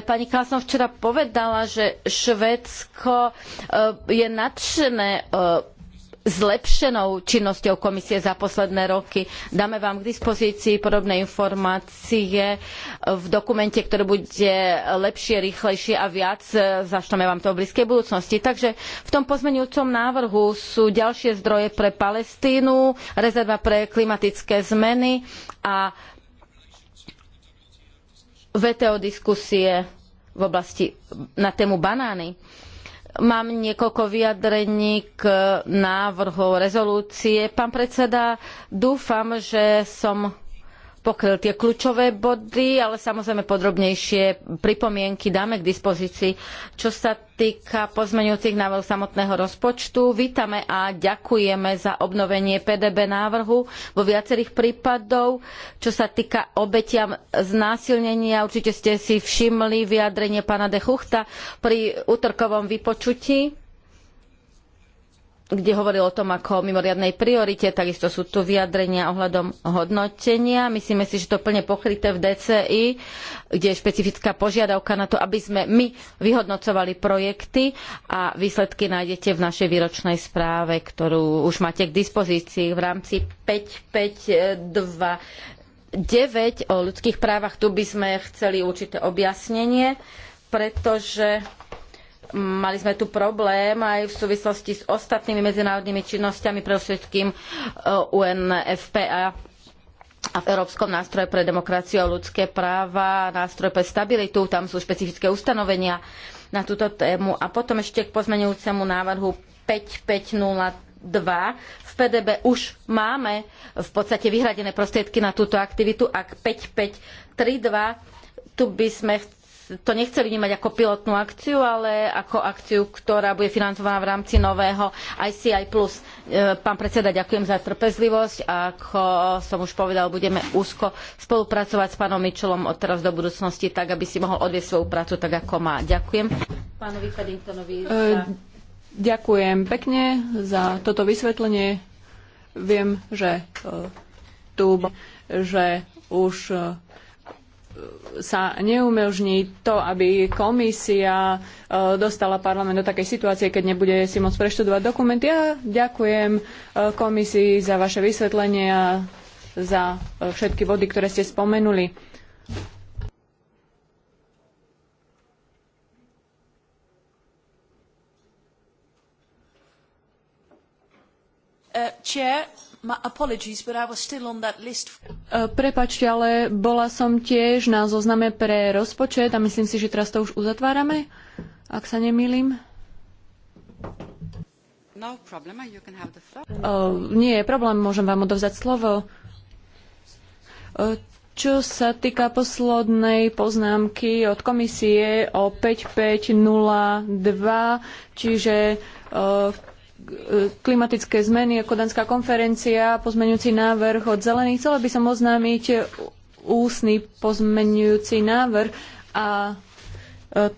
pani Klasom včera povedala, že Švédsko je nadšené zlepšenou činnosťou komisie za posledné roky. Dáme vám k dispozícii podobné informácie v dokumente, ktoré bude lepšie, rýchlejšie a viac. Zašleme vám to v blízkej budúcnosti. Takže v tom pozmenujúcom návrhu sú ďalšie zdroje pre Palestínu, rezerva pre klimatické zmeny a VTO diskusie v oblasti na tému banány Mám niekoľko vyjadrení k návrhov rezolúcie. Pán predseda, dúfam, že som pokryl tie kľúčové body, ale samozrejme podrobnejšie pripomienky dáme k dispozícii. Čo sa týka pozmeňujúcich návrhov samotného rozpočtu, vítame a ďakujeme za obnovenie PDB návrhu vo viacerých prípadov. Čo sa týka obetiam znásilnenia, určite ste si všimli vyjadrenie pána Dechuchta pri útorkovom vypočutí kde hovoril o tom ako o mimoriadnej priorite, takisto sú tu vyjadrenia ohľadom hodnotenia. Myslíme si, že to plne pokryté v DCI, kde je špecifická požiadavka na to, aby sme my vyhodnocovali projekty a výsledky nájdete v našej výročnej správe, ktorú už máte k dispozícii v rámci 552 o ľudských právach. Tu by sme chceli určité objasnenie, pretože Mali sme tu problém aj v súvislosti s ostatnými medzinárodnými činnosťami, pre všetkým eh, UNFPA a v Európskom nástroje pre demokraciu a ľudské práva, nástroj pre stabilitu, tam sú špecifické ustanovenia na túto tému. A potom ešte k pozmenujúcemu návrhu 5503 2. V PDB už máme v podstate vyhradené prostriedky na túto aktivitu. Ak 5532, tu by sme to nechceli vnímať ako pilotnú akciu, ale ako akciu, ktorá bude financovaná v rámci nového ICI+. E, pán predseda, ďakujem za trpezlivosť. A ako som už povedal, budeme úzko spolupracovať s pánom Mičelom od teraz do budúcnosti, tak aby si mohol odviesť svoju prácu tak, ako má. Ďakujem pánovi Paddingtonovi. E, za... Ďakujem pekne za toto vysvetlenie. Viem, že e, tu, že už sa neumožní to, aby komisia e, dostala parlament do takej situácie, keď nebude si môcť preštudovať dokumenty. Ja ďakujem e, komisii za vaše vysvetlenie a za e, všetky body, ktoré ste spomenuli. chair, E, prepačte, ale bola som tiež na zozname pre rozpočet a myslím si, že teraz to už uzatvárame, ak sa nemýlim. No problem, e, nie je problém, môžem vám odovzdať slovo. E, čo sa týka poslednej poznámky od komisie o 5502, čiže uh, klimatické zmeny, Kodanská konferencia, pozmeňujúci návrh od zelených. Chcela by som oznámiť ústny pozmeňujúci návrh a e,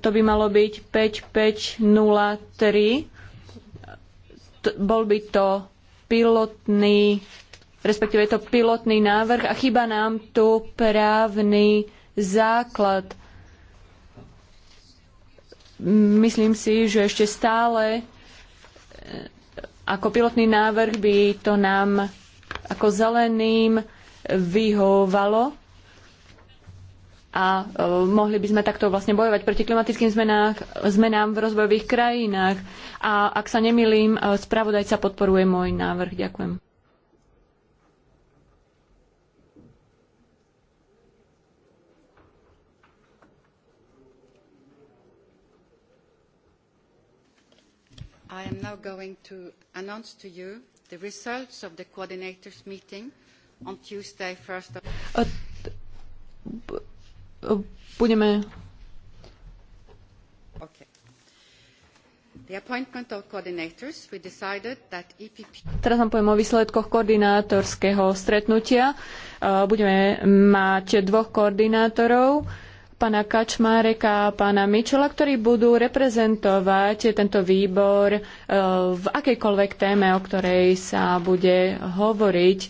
to by malo byť 5503. Bol by to pilotný, respektíve je to pilotný návrh a chýba nám tu právny základ. Myslím si, že ešte stále e, ako pilotný návrh by to nám ako zeleným vyhovalo a e, mohli by sme takto vlastne bojovať proti klimatickým zmenách, zmenám v rozvojových krajinách. A ak sa nemilím, e, spravodajca podporuje môj návrh. Ďakujem. I am now going to announce to you the results of the coordinators meeting on Tuesday 1st of budeme okay. The appointment of coordinators, we decided that EPP... Teraz vám poviem o výsledkoch koordinátorského stretnutia. Budeme mať dvoch koordinátorov pána Kačmáreka a pána Mičela, ktorí budú reprezentovať tento výbor e, v akejkoľvek téme, o ktorej sa bude hovoriť.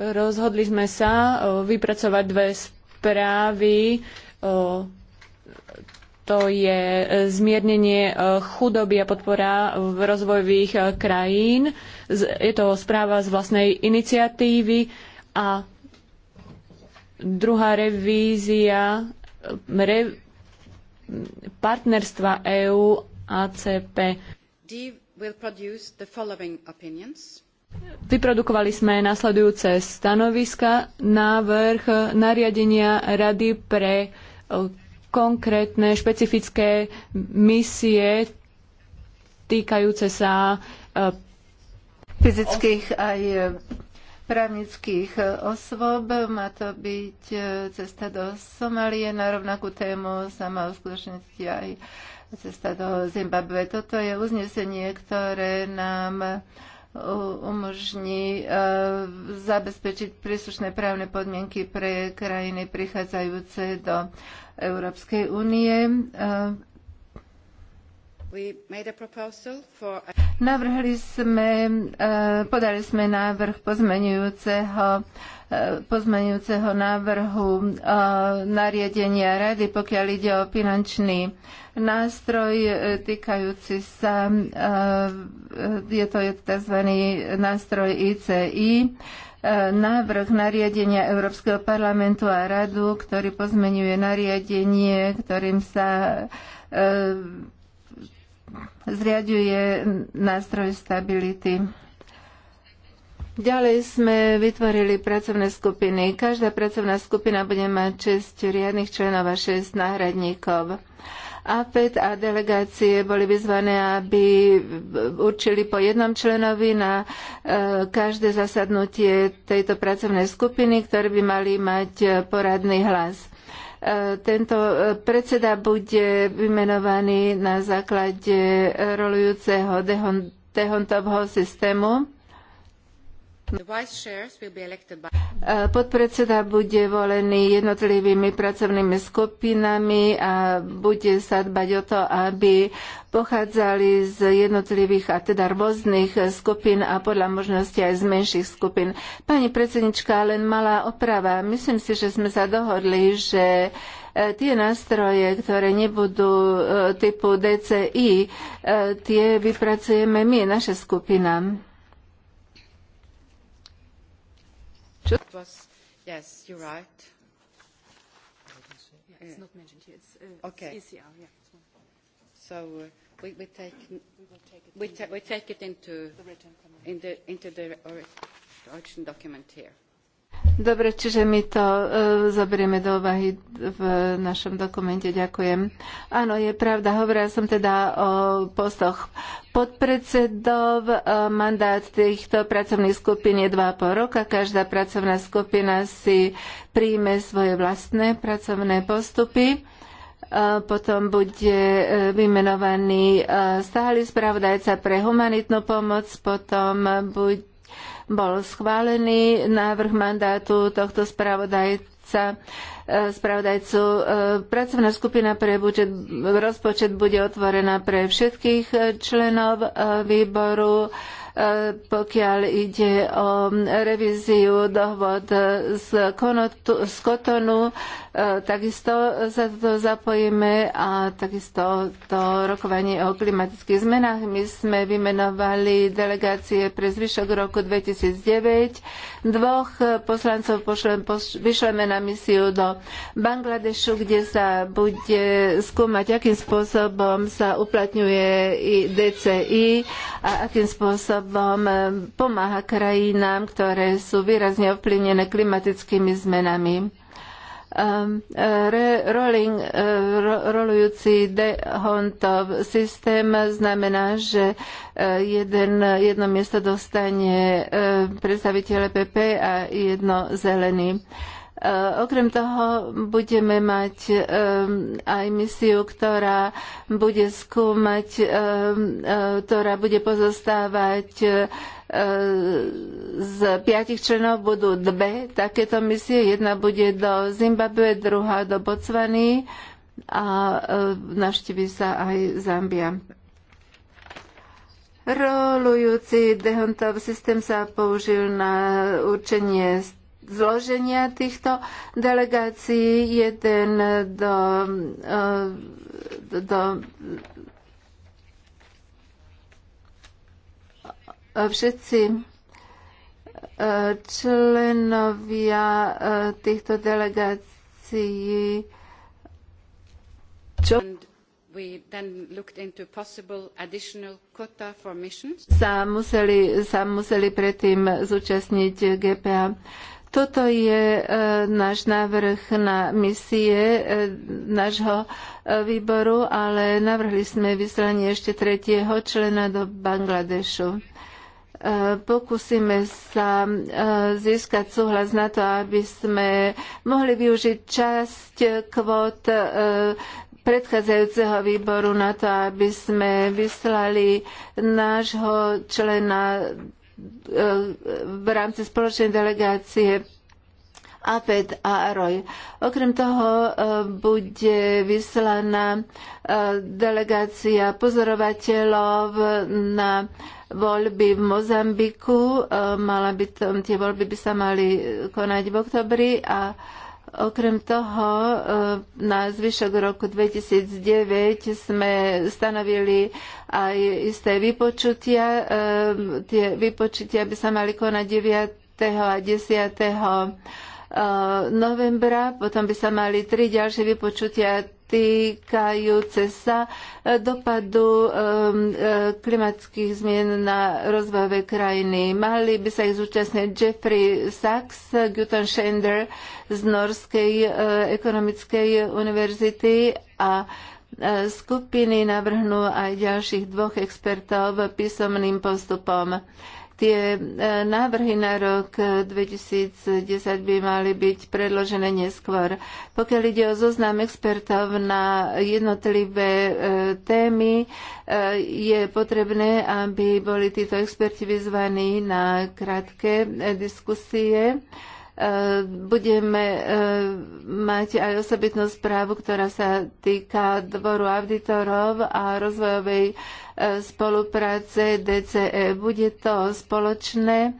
Rozhodli sme sa e, vypracovať dve správy. E, to je zmiernenie chudoby a podpora v rozvojových krajín. Je to správa z vlastnej iniciatívy a Druhá revízia re, partnerstva EU ACP. Vyprodukovali sme nasledujúce stanoviska, návrh nariadenia Rady pre e, konkrétne špecifické misie týkajúce sa e, fyzických aj právnických e, osôb. Má to byť e, cesta do Somalie. Na rovnakú tému sama uskutočniť aj cesta do Zimbabwe. Toto je uznesenie, ktoré nám umožní e, zabezpečiť príslušné právne podmienky pre krajiny prichádzajúce do Európskej únie. Navrhli sme, e, podali sme návrh pozmenujúceho e, pozmeňujúceho návrhu e, nariadenia rady, pokiaľ ide o finančný nástroj týkajúci sa, je to tzv. nástroj ICI, návrh nariadenia Európskeho parlamentu a radu, ktorý pozmenuje nariadenie, ktorým sa zriaďuje nástroj stability. Ďalej sme vytvorili pracovné skupiny. Každá pracovná skupina bude mať 6 riadnych členov a 6 náhradníkov. APET a delegácie boli vyzvané, aby určili po jednom členovi na e, každé zasadnutie tejto pracovnej skupiny, ktoré by mali mať e, poradný hlas. E, tento e, predseda bude vymenovaný na základe e, rolujúceho dehontovho systému Podpredseda bude volený jednotlivými pracovnými skupinami a bude sa dbať o to, aby pochádzali z jednotlivých a teda rôznych skupín a podľa možnosti aj z menších skupín. Pani predsednička, len malá oprava. Myslím si, že sme sa dohodli, že e, tie nástroje, ktoré nebudú e, typu DCI, e, tie vypracujeme my, naša skupina. So uh, we, we take it we, ta we take it into the written comment. into the origin document here. Dobre, čiže my to e, zoberieme do úvahy v našom dokumente. Ďakujem. Áno, je pravda, hovorila som teda o postoch podpredsedov. E, mandát týchto pracovných skupín je 2,5 roka. Každá pracovná skupina si príjme svoje vlastné pracovné postupy e, potom bude e, vymenovaný e, stály spravodajca pre humanitnú pomoc, potom bude bol schválený. Návrh mandátu tohto spravodajca e, spravodajcu. E, pracovná skupina pre budžet, rozpočet bude otvorená pre všetkých e, členov výboru pokiaľ ide o revíziu dohod z, Konotu, z Kotonu, e, takisto sa to zapojíme a takisto to rokovanie o klimatických zmenách. My sme vymenovali delegácie pre zvyšok roku 2009 Dvoch poslancov pošlem, poš, vyšleme na misiu do Bangladešu, kde sa bude skúmať, akým spôsobom sa uplatňuje i DCI a akým spôsobom e, pomáha krajinám, ktoré sú výrazne ovplyvnené klimatickými zmenami. Um, re, rolling, uh, ro, rolujúci dehontov systém znamená, že uh, jeden, jedno miesto dostane uh, predstaviteľ PP e a jedno zelený. Eh, okrem toho budeme mať eh, aj misiu, ktorá bude skúmať, eh, ktorá bude pozostávať z piatich členov budú dve takéto misie. Jedna bude do Zimbabwe, druhá do Botswany a navštívi sa aj Zambia. Rolujúci Dehontov systém sa použil na určenie zloženia týchto delegácií. Jeden do, eh, do, do eh, všetci eh, členovia týchto delegácií čo sa museli, sa museli predtým zúčastniť GPA. Toto je e, náš návrh na misie e, nášho e, výboru, ale navrhli sme vyslanie ešte tretieho člena do Bangladešu. Pokúsime sa získať súhlas na to, aby sme mohli využiť časť kvót predchádzajúceho výboru na to, aby sme vyslali nášho člena v rámci spoločnej delegácie APED a AROJ. Okrem toho e, bude vyslaná e, delegácia pozorovateľov na voľby v Mozambiku. E, mala by tam tie voľby by sa mali konať v oktobri a Okrem toho e, na zvyšok roku 2009 sme stanovili aj isté vypočutia. E, tie vypočutia by sa mali konať 9. a 10. E, novembra, potom by sa mali tri ďalšie vypočutia týkajúce sa e, dopadu e, klimatických zmien na rozvojové krajiny. Mali by sa ich zúčastniť Jeffrey Sachs, Guten Schender z Norskej e, ekonomickej univerzity a skupiny navrhnú aj ďalších dvoch expertov písomným postupom. Tie e, návrhy na rok 2010 by mali byť predložené neskôr. Pokiaľ ide o zoznam expertov na jednotlivé e, témy, e, je potrebné, aby boli títo experti vyzvaní na krátke diskusie. Eh, budeme eh, mať aj osobitnú správu, ktorá sa týka dvoru auditorov a rozvojovej eh, spolupráce DCE. Bude to spoločné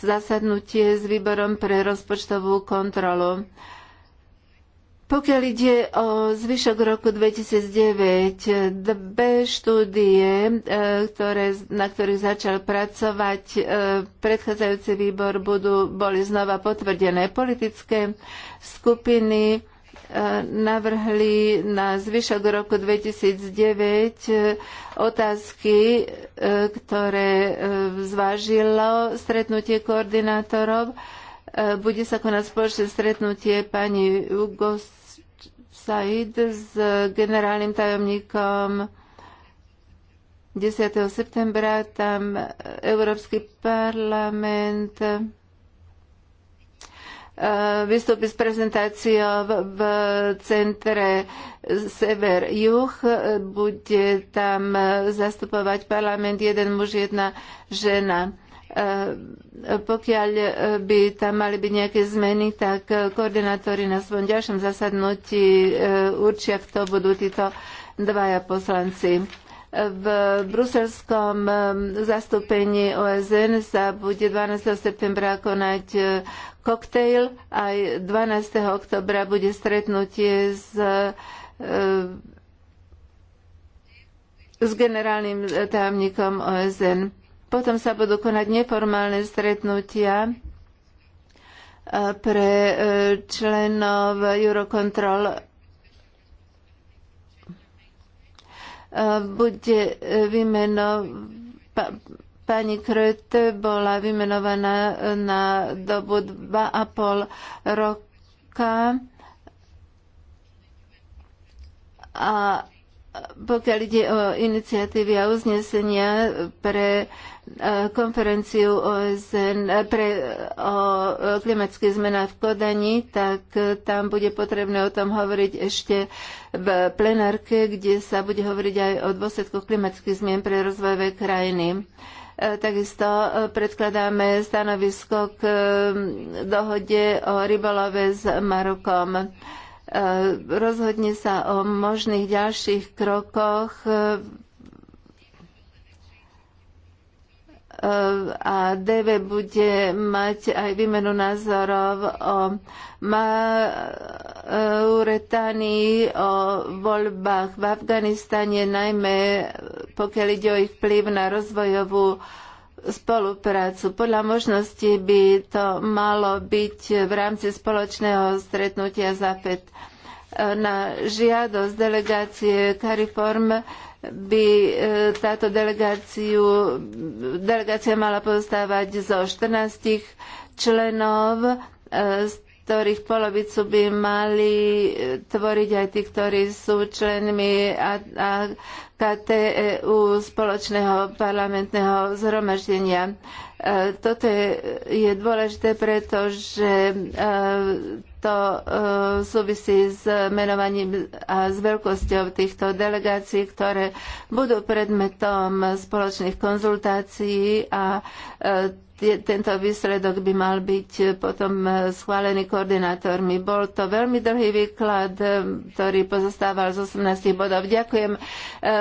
zasadnutie s výborom pre rozpočtovú kontrolu. Pokiaľ ide o zvyšok roku 2009, dve štúdie, e, ktoré, na ktorých začal pracovať e, predchádzajúci výbor, budú, boli znova potvrdené. Politické skupiny e, navrhli na zvyšok roku 2009 otázky, ktoré zvážilo stretnutie koordinátorov bude sa konať spoločné stretnutie pani Ugos Said s generálnym tajomníkom 10. septembra. Tam Európsky parlament e, vystúpi s prezentáciou v v centre Sever-Juh. Bude tam zastupovať parlament jeden muž, jedna žena pokiaľ e, by tam mali byť nejaké zmeny, tak e, koordinátori na svojom ďalšom zasadnutí e, určia, kto budú títo dvaja poslanci. V bruselskom zastúpení OSN sa bude 12. septembra konať koktejl, aj 12. oktobra bude stretnutie s s generálnym tajomníkom OSN. Potom sa budú konať neformálne stretnutia e, pre e, členov Eurocontrol e, bude vymenov... Pani Kröte bola vymenovaná na dobu 2,5 roka a pokiaľ ide o iniciatívy a uznesenia pre konferenciu OSN pre, o klimatických zmenách v Kodani, tak tam bude potrebné o tom hovoriť ešte v plenárke, kde sa bude hovoriť aj o dôsledkoch klimatických zmien pre rozvojové krajiny. E, takisto e, predkladáme stanovisko k e, dohode o rybolove s Marokom. Rozhodne sa o možných ďalších krokoch a DV bude mať aj výmenu názorov o Mauretánii, o voľbách v Afganistane, najmä pokiaľ ide o ich vplyv na rozvojovú spoluprácu. Podľa možnosti by to malo byť v rámci spoločného stretnutia 5 e Na žiadosť delegácie CARIFORM by e, táto delegáciu, delegácia mala pozostávať zo 14 členov, e, z ktorých polovicu by mali e, tvoriť aj tí, ktorí sú členmi A KTEU spoločného parlamentného zhromaždenia. Toto je, je dôležité, pretože to e, súvisí s menovaním a s veľkosťou týchto delegácií, ktoré budú predmetom spoločných konzultácií a e, tento výsledok by mal byť potom schválený koordinátormi. Bol to veľmi dlhý výklad, e, ktorý pozostával z 18 bodov. Ďakujem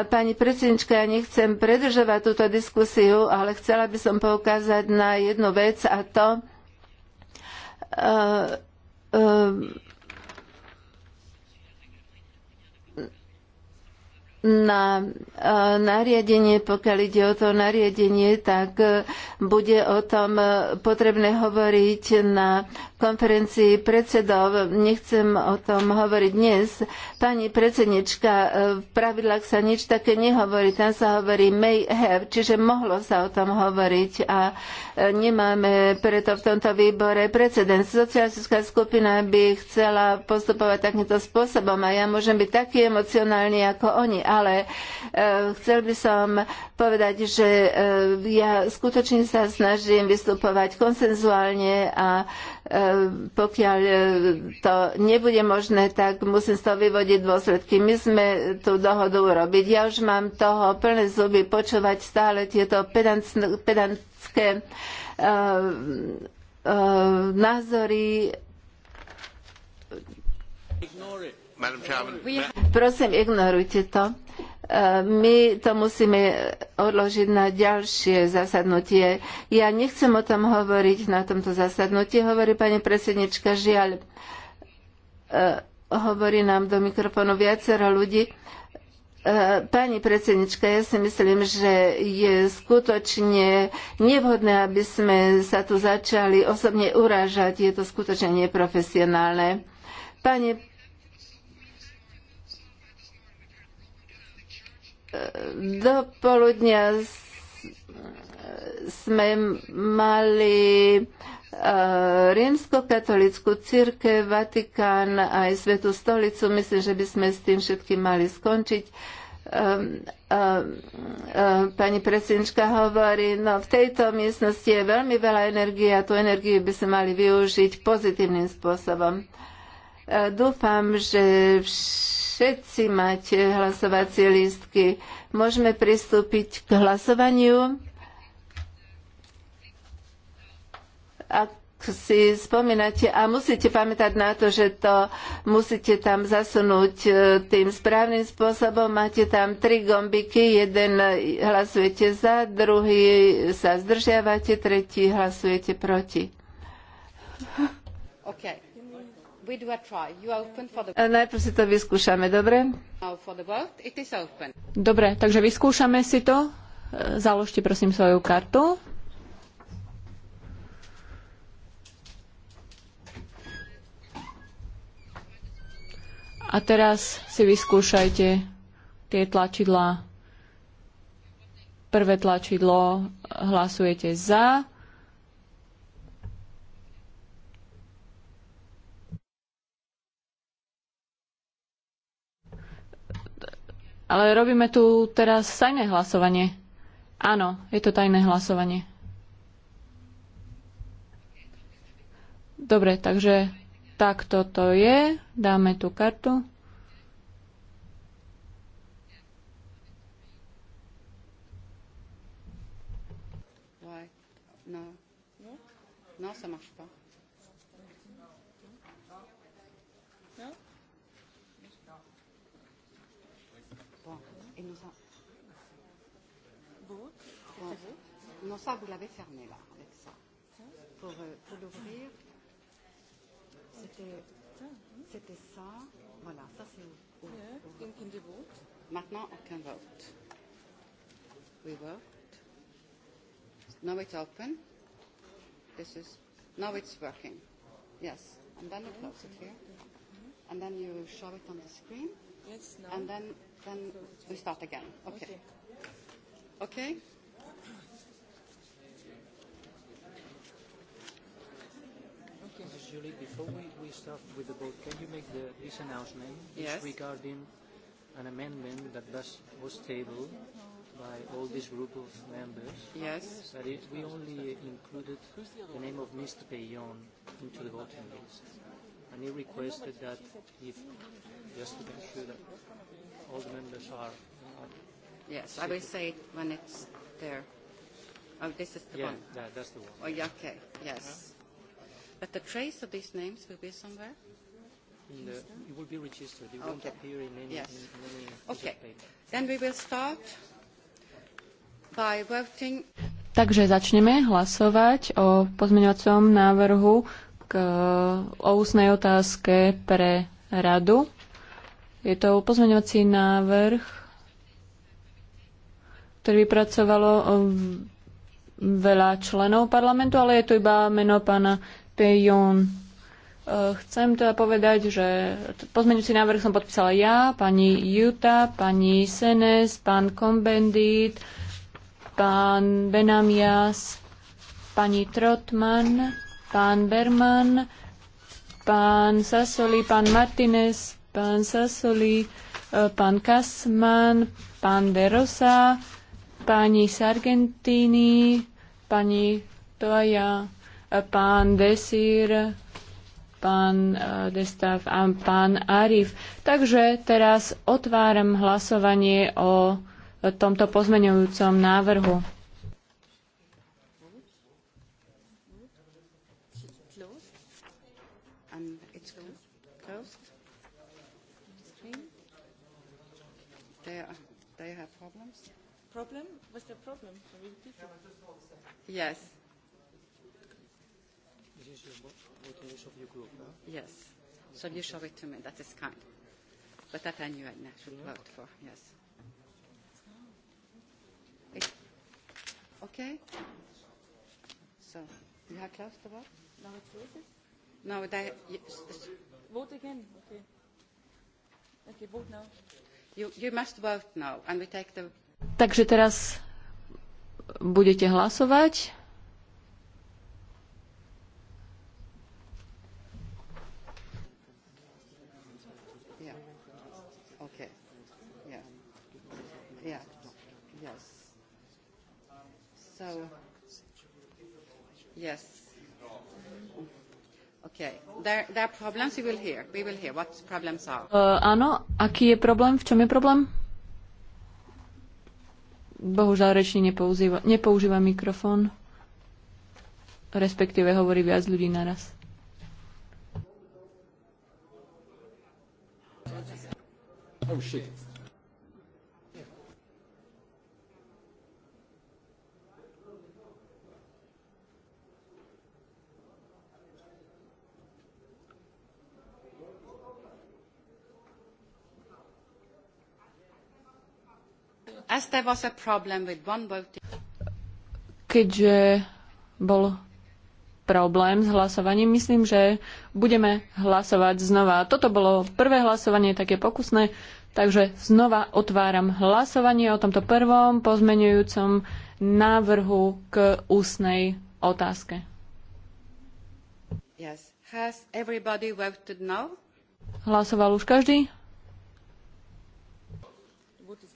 pani predsednička, ja nechcem predržovať túto diskusiu, ale chcela by som poukázať na jednu vec a to, Ehm, na e, nariadenie, pokiaľ ide o to nariadenie, tak e, bude o tom e, potrebné hovoriť na konferencii predsedov. Nechcem o tom hovoriť dnes. Pani predsednička, e, v pravidlách sa nič také nehovorí. Tam sa hovorí may have, čiže mohlo sa o tom hovoriť a e, nemáme preto v tomto výbore precedens. Socialistická skupina by chcela postupovať takýmto spôsobom a ja môžem byť taký emocionálny ako oni, ale e, chcel by som povedať, že ja skutočne sa snažím vystupovať konsenzuálne a E, pokiaľ e, to nebude možné, tak musím z toho vyvodiť dôsledky. My sme tú dohodu urobiť. Ja už mám toho plné zuby počúvať stále tieto pedantské e, názory. Prosím, ignorujte to. E, my to musíme odložiť na ďalšie zasadnutie. Ja nechcem o tom hovoriť na tomto zasadnutí, hovorí pani predsednička, žiaľ, e, hovorí nám do mikrofónu viacero ľudí. E, pani predsednička, ja si myslím, že je skutočne nevhodné, aby sme sa tu začali osobne urážať. Je to skutočne neprofesionálne. Pani do poludnia sme mali e, rímsko-katolickú církev, Vatikán aj Svetú stolicu. Myslím, že by sme s tým všetkým mali skončiť. Ehm, ehm, ehm, pani predsednička hovorí, no v tejto miestnosti je veľmi veľa energie a tú energiu by sme mali využiť pozitívnym spôsobom. E, dúfam, že vš- všetci máte eh, hlasovacie lístky. Môžeme pristúpiť k hlasovaniu. Ak si spomínate a musíte pamätať na to, že to musíte tam zasunúť eh, tým správnym spôsobom. Máte tam tri gombiky, jeden hlasujete za, druhý sa zdržiavate, tretí hlasujete proti. Okay. E, najprv si to vyskúšame, dobre? Dobre, takže vyskúšame si to. E, založte prosím svoju kartu. A teraz si vyskúšajte tie tlačidlá. Prvé tlačidlo hlasujete za, Ale robíme tu teraz tajné hlasovanie. Áno, je to tajné hlasovanie. Dobre, takže takto to je. Dáme tú kartu. No, ça no, no, marche. Non, ça, vous l'avez fermé, là, avec ça. Pour, euh, pour l'ouvrir, c'était, ça. Voilà, ça, c'est ouvert. Yeah, donc, vote. Maintenant, aucun vote. We vote. Now it's open. This is, now it's working. Yes. And then you close it here. And then you show it on the screen. Yes, now. And then, then we start again. Okay. Okay. okay. Julie, before we, we start with the vote, can you make the, this announcement yes. regarding an amendment that was, was tabled by all this group of members? Yes. That it, we only included the name of Mr. Payon into the voting list. And he requested that if, just to make sure that all the members are. are uh, yes, I will say it when it's there. Oh, this is the yeah, one. Yeah, that, that's the one. Oh, yeah, okay, yes. Yeah. Uh-huh. But the trace of these names will be somewhere? it will be registered. It okay. won't appear in any, yes. in, in any okay. paper. Then we will start by voting. Takže začneme hlasovať o pozmeňovacom návrhu k, o ústnej otázke pre radu. Je to pozmeňovací návrh, ktorý vypracovalo um, veľa členov parlamentu, ale je to iba meno pána Pejon. Chcem teda povedať, že pozmeňujúci návrh som podpísala ja, pani Juta, pani Senes, pán Kombendit, pán Benamias, pani Trotman, pán Berman, pán Sasoli, pán Martinez, pán Sasoli, pán Kasman, pán Rosa, pani Sargentini, pani Toja, pán Desír, pán eh, Destav a pán Arif. Takže teraz otváram hlasovanie o tomto pozmeňujúcom návrhu. Yes. So you show it to me. That is kind. But that I knew I should vote for. Yes. It, eh, okay. So you have closed the vote. Now it's closes. No, that. Yes, vote again. Okay. Okay, vote now. You, you must vote now, and we take the. Takže teraz budete hlasovať. So, oh. yes. Okay. There, there are problems. We will hear. We will hear what problems are. Uh, áno. Aký je problém? V čom je problém? Bohužiaľ, rečne nepoužíva, nepoužíva mikrofón. Respektíve hovorí viac ľudí naraz. Oh shit. Keďže bol problém s hlasovaním, myslím, že budeme hlasovať znova. Toto bolo prvé hlasovanie, také pokusné, takže znova otváram hlasovanie o tomto prvom pozmenujúcom návrhu k ústnej otázke. Yes. Hlasoval už každý?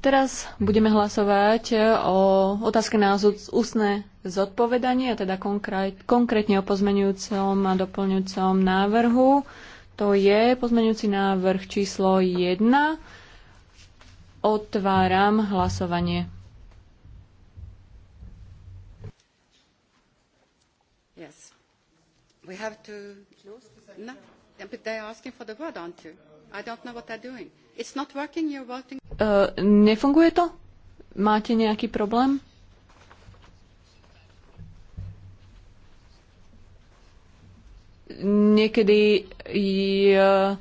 Teraz budeme hlasovať e, o otázke na ústne zodpovedanie, a teda konkrétne o pozmenujúcom a doplňujúcom návrhu. To je pozmenujúci návrh číslo 1. Otváram hlasovanie. Yes. We have to... No? asking for the word, aren't you? I don't know what they're doing. It's not working, you're voting. Uh, nefunguje to? Máte nejaký problém? Niekedy je, uh,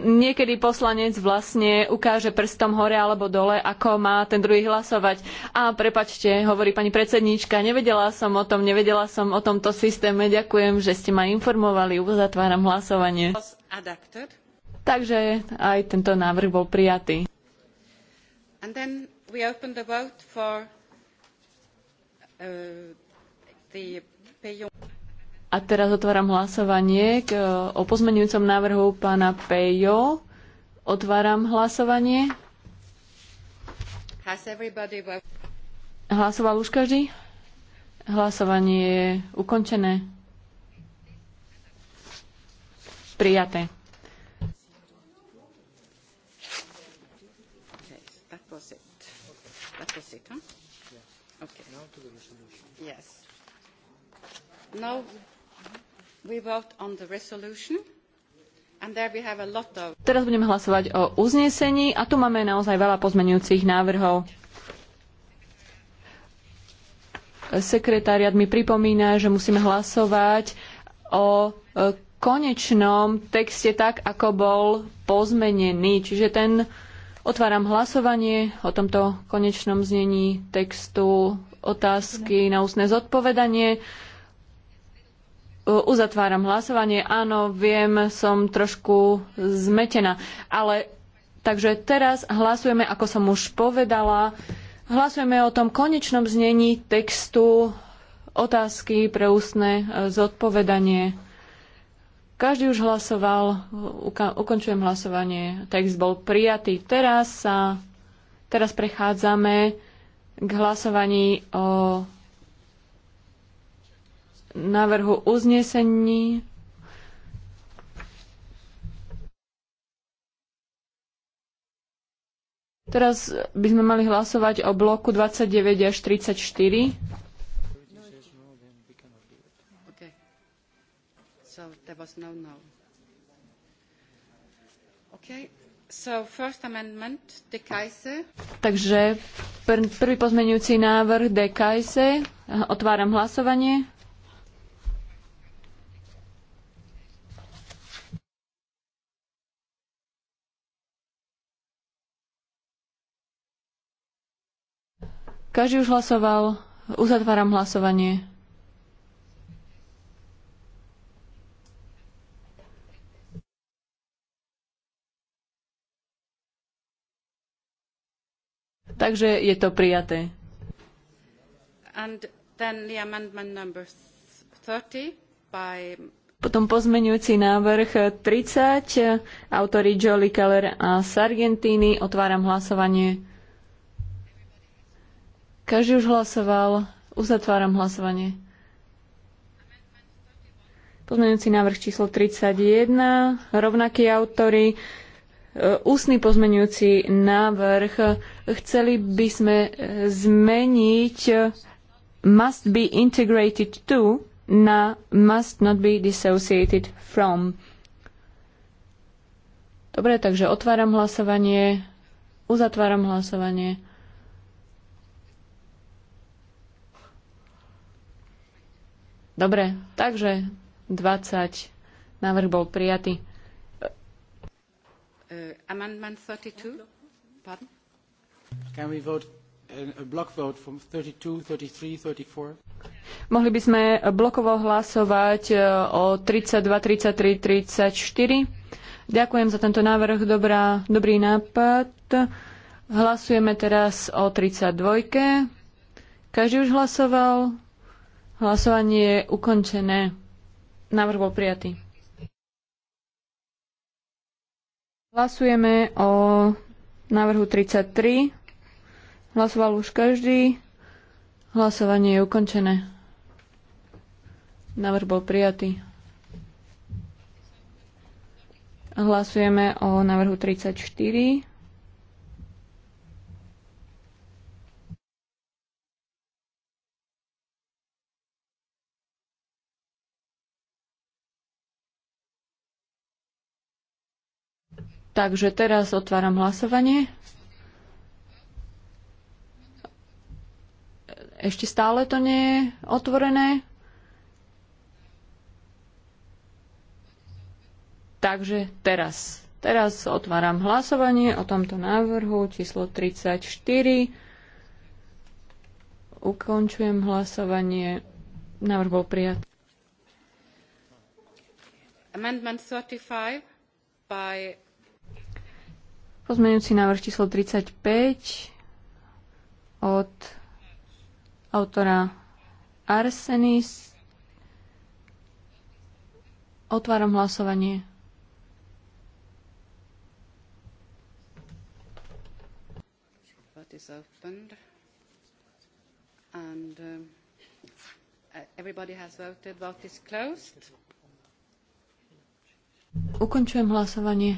niekedy poslanec vlastne ukáže prstom hore alebo dole, ako má ten druhý hlasovať. A prepačte, hovorí pani predsedníčka, nevedela som o tom, nevedela som o tomto systéme. Ďakujem, že ste ma informovali. Uzatváram hlasovanie. Takže aj tento návrh bol prijatý. And then we the vote for uh, A teraz otváram hlasovanie k, uh, o pozmenujúcom návrhu pána Pejo. Otváram hlasovanie. Hlasoval už každý? Hlasovanie je ukončené. Prijaté. Now we vote on the resolution. Teraz budeme hlasovať o uznesení a tu máme naozaj veľa pozmenujúcich návrhov. Sekretariat mi pripomína, že musíme hlasovať o e, konečnom texte tak, ako bol pozmenený. Čiže ten otváram hlasovanie o tomto konečnom znení textu otázky na ústne zodpovedanie. Uzatváram hlasovanie. Áno, viem, som trošku zmetená. Ale takže teraz hlasujeme, ako som už povedala, hlasujeme o tom konečnom znení textu otázky pre ústne e, zodpovedanie. Každý už hlasoval, ukončujem hlasovanie, text bol prijatý. Teraz sa, teraz prechádzame k hlasovaní o návrhu uznesení. Teraz by sme mali hlasovať o bloku 29 až 34. Okay. So there was no no. Okay. So first amendment, de Kaiser. Takže prvý pozmeňujúci návrh de Kaiser. Otváram hlasovanie. Každý už hlasoval. Uzatváram hlasovanie. Takže je to prijaté. Potom pozmenujúci návrh 30, autory Jolly Keller a Sargentini. Otváram hlasovanie. Každý už hlasoval. Uzatváram hlasovanie. Pozmeňujúci návrh číslo 31, rovnakí autory. E, ústny pozmeňujúci návrh. Chceli by sme e, zmeniť e, must be integrated to na must not be dissociated from. Dobre, takže otváram hlasovanie, uzatváram hlasovanie. Dobre, takže 20. Návrh bol prijatý. Uh, amendment 32. Pardon? Can we vote uh, a block vote from 32, 33, 34? Mohli by sme blokovo hlasovať uh, o 32, 33, 34. Ďakujem za tento návrh, dobrá, dobrý nápad. Hlasujeme teraz o 32. Každý už hlasoval? Hlasovanie je ukončené. Návrh bol prijatý. Hlasujeme o návrhu 33. Hlasoval už každý. Hlasovanie je ukončené. Návrh bol prijatý. Hlasujeme o návrhu 34. Takže teraz otváram hlasovanie. Ešte stále to nie je otvorené. Takže teraz. Teraz otváram hlasovanie o tomto návrhu číslo 34. Ukončujem hlasovanie. Návrh bol prijat. Amendment 35 by Pozmeňujúci návrh číslo 35 od autora Arsenis. Otváram hlasovanie. Um, uh, Ukončujem hlasovanie.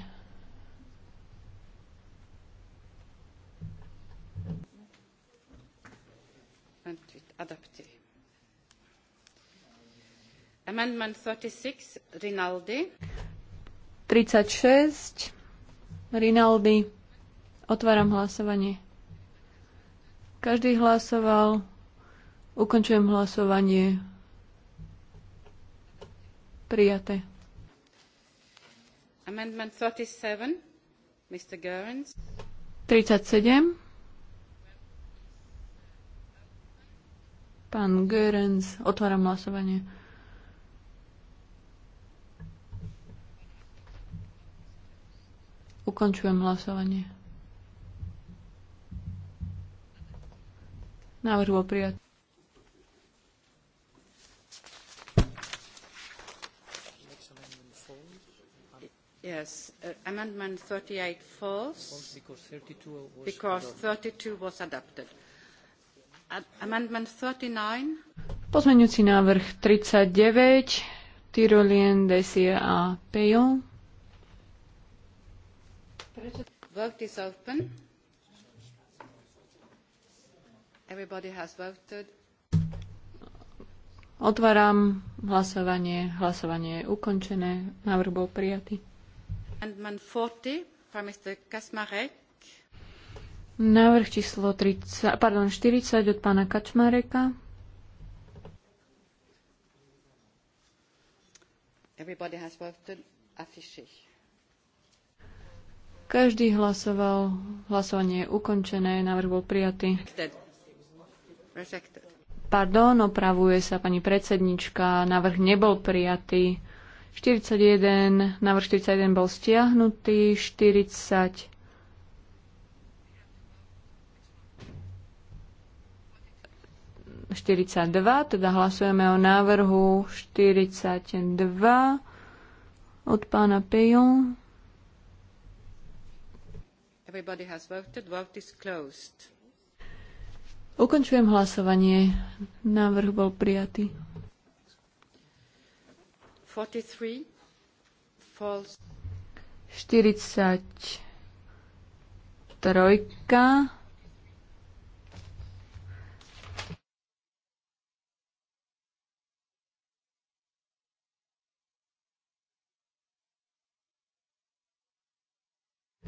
28 adopté. Amendment 36, Rinaldi. 36, Rinaldi. Otváram hlasovanie. Každý hlasoval. Ukončujem hlasovanie. Prijaté. Amendment 37, Mr. Goerens. 37, Pán Görens, otváram hlasovanie. Ukončujem hlasovanie. Návrh bol prijatý. Yes, uh, Amendment 38 falls because 32 was, because 32 was adopted. Amendment 39. Pozmeňujúci návrh 39, Tyrolien, Desia a Pejon. Vote is open. Everybody has voted. Otváram hlasovanie. Hlasovanie je ukončené. Návrh bol prijatý. Amendment 40 from Mr. Kasmarek. Návrh číslo 30, pardon, 40 od pána Kačmareka. Každý hlasoval. Hlasovanie je ukončené. Návrh bol prijatý. Pardon, opravuje sa pani predsednička. Návrh nebol prijatý. 41, návrh 41 bol stiahnutý. 40 42, teda hlasujeme o návrhu 42 od pána Pejon. Everybody has voted. Vote is closed. Ukončujem hlasovanie. Návrh bol prijatý. 43 false. 43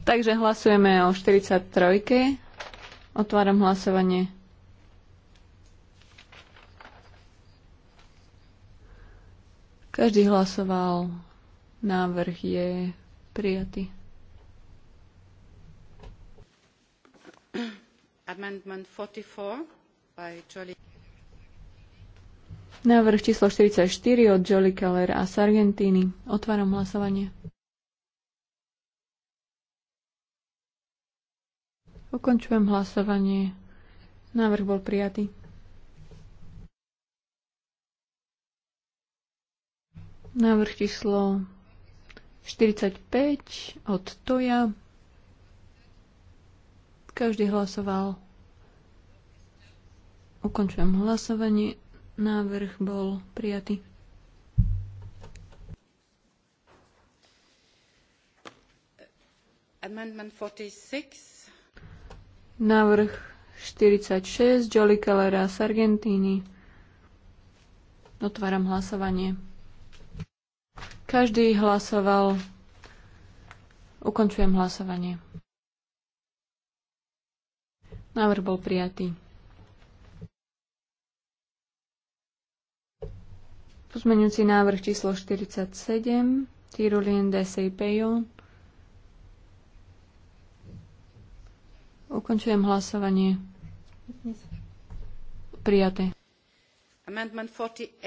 Takže hlasujeme o 43. Otváram hlasovanie. Každý hlasoval. Návrh je prijatý. Amendment 44 by Návrh číslo 44 od Jolly Keller a Sargentini. Otváram hlasovanie. Ukončujem hlasovanie. Návrh bol prijatý. Návrh číslo 45 od Toja. Každý hlasoval. Ukončujem hlasovanie. Návrh bol prijatý. Amendment 46. Návrh 46 Jolly Kellera z Argentíny. Otváram hlasovanie. Každý hlasoval. Ukončujem hlasovanie. Návrh bol prijatý. Pozmeňujúci návrh číslo 47 Tyrulien de Seipejon. Ukončujem hlasovanie. Prijaté. Amendment 48,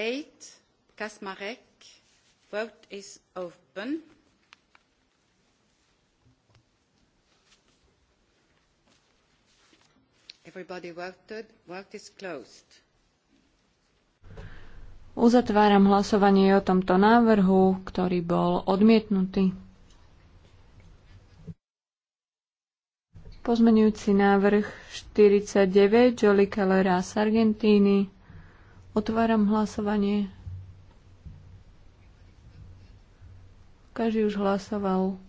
Kasmarek. Vote is open. Everybody voted. Vote is closed. Uzatváram hlasovanie o tomto návrhu, ktorý bol odmietnutý. Pozmenujúci návrh 49 Jolly Kellera z Argentíny. Otváram hlasovanie. Každý už hlasoval.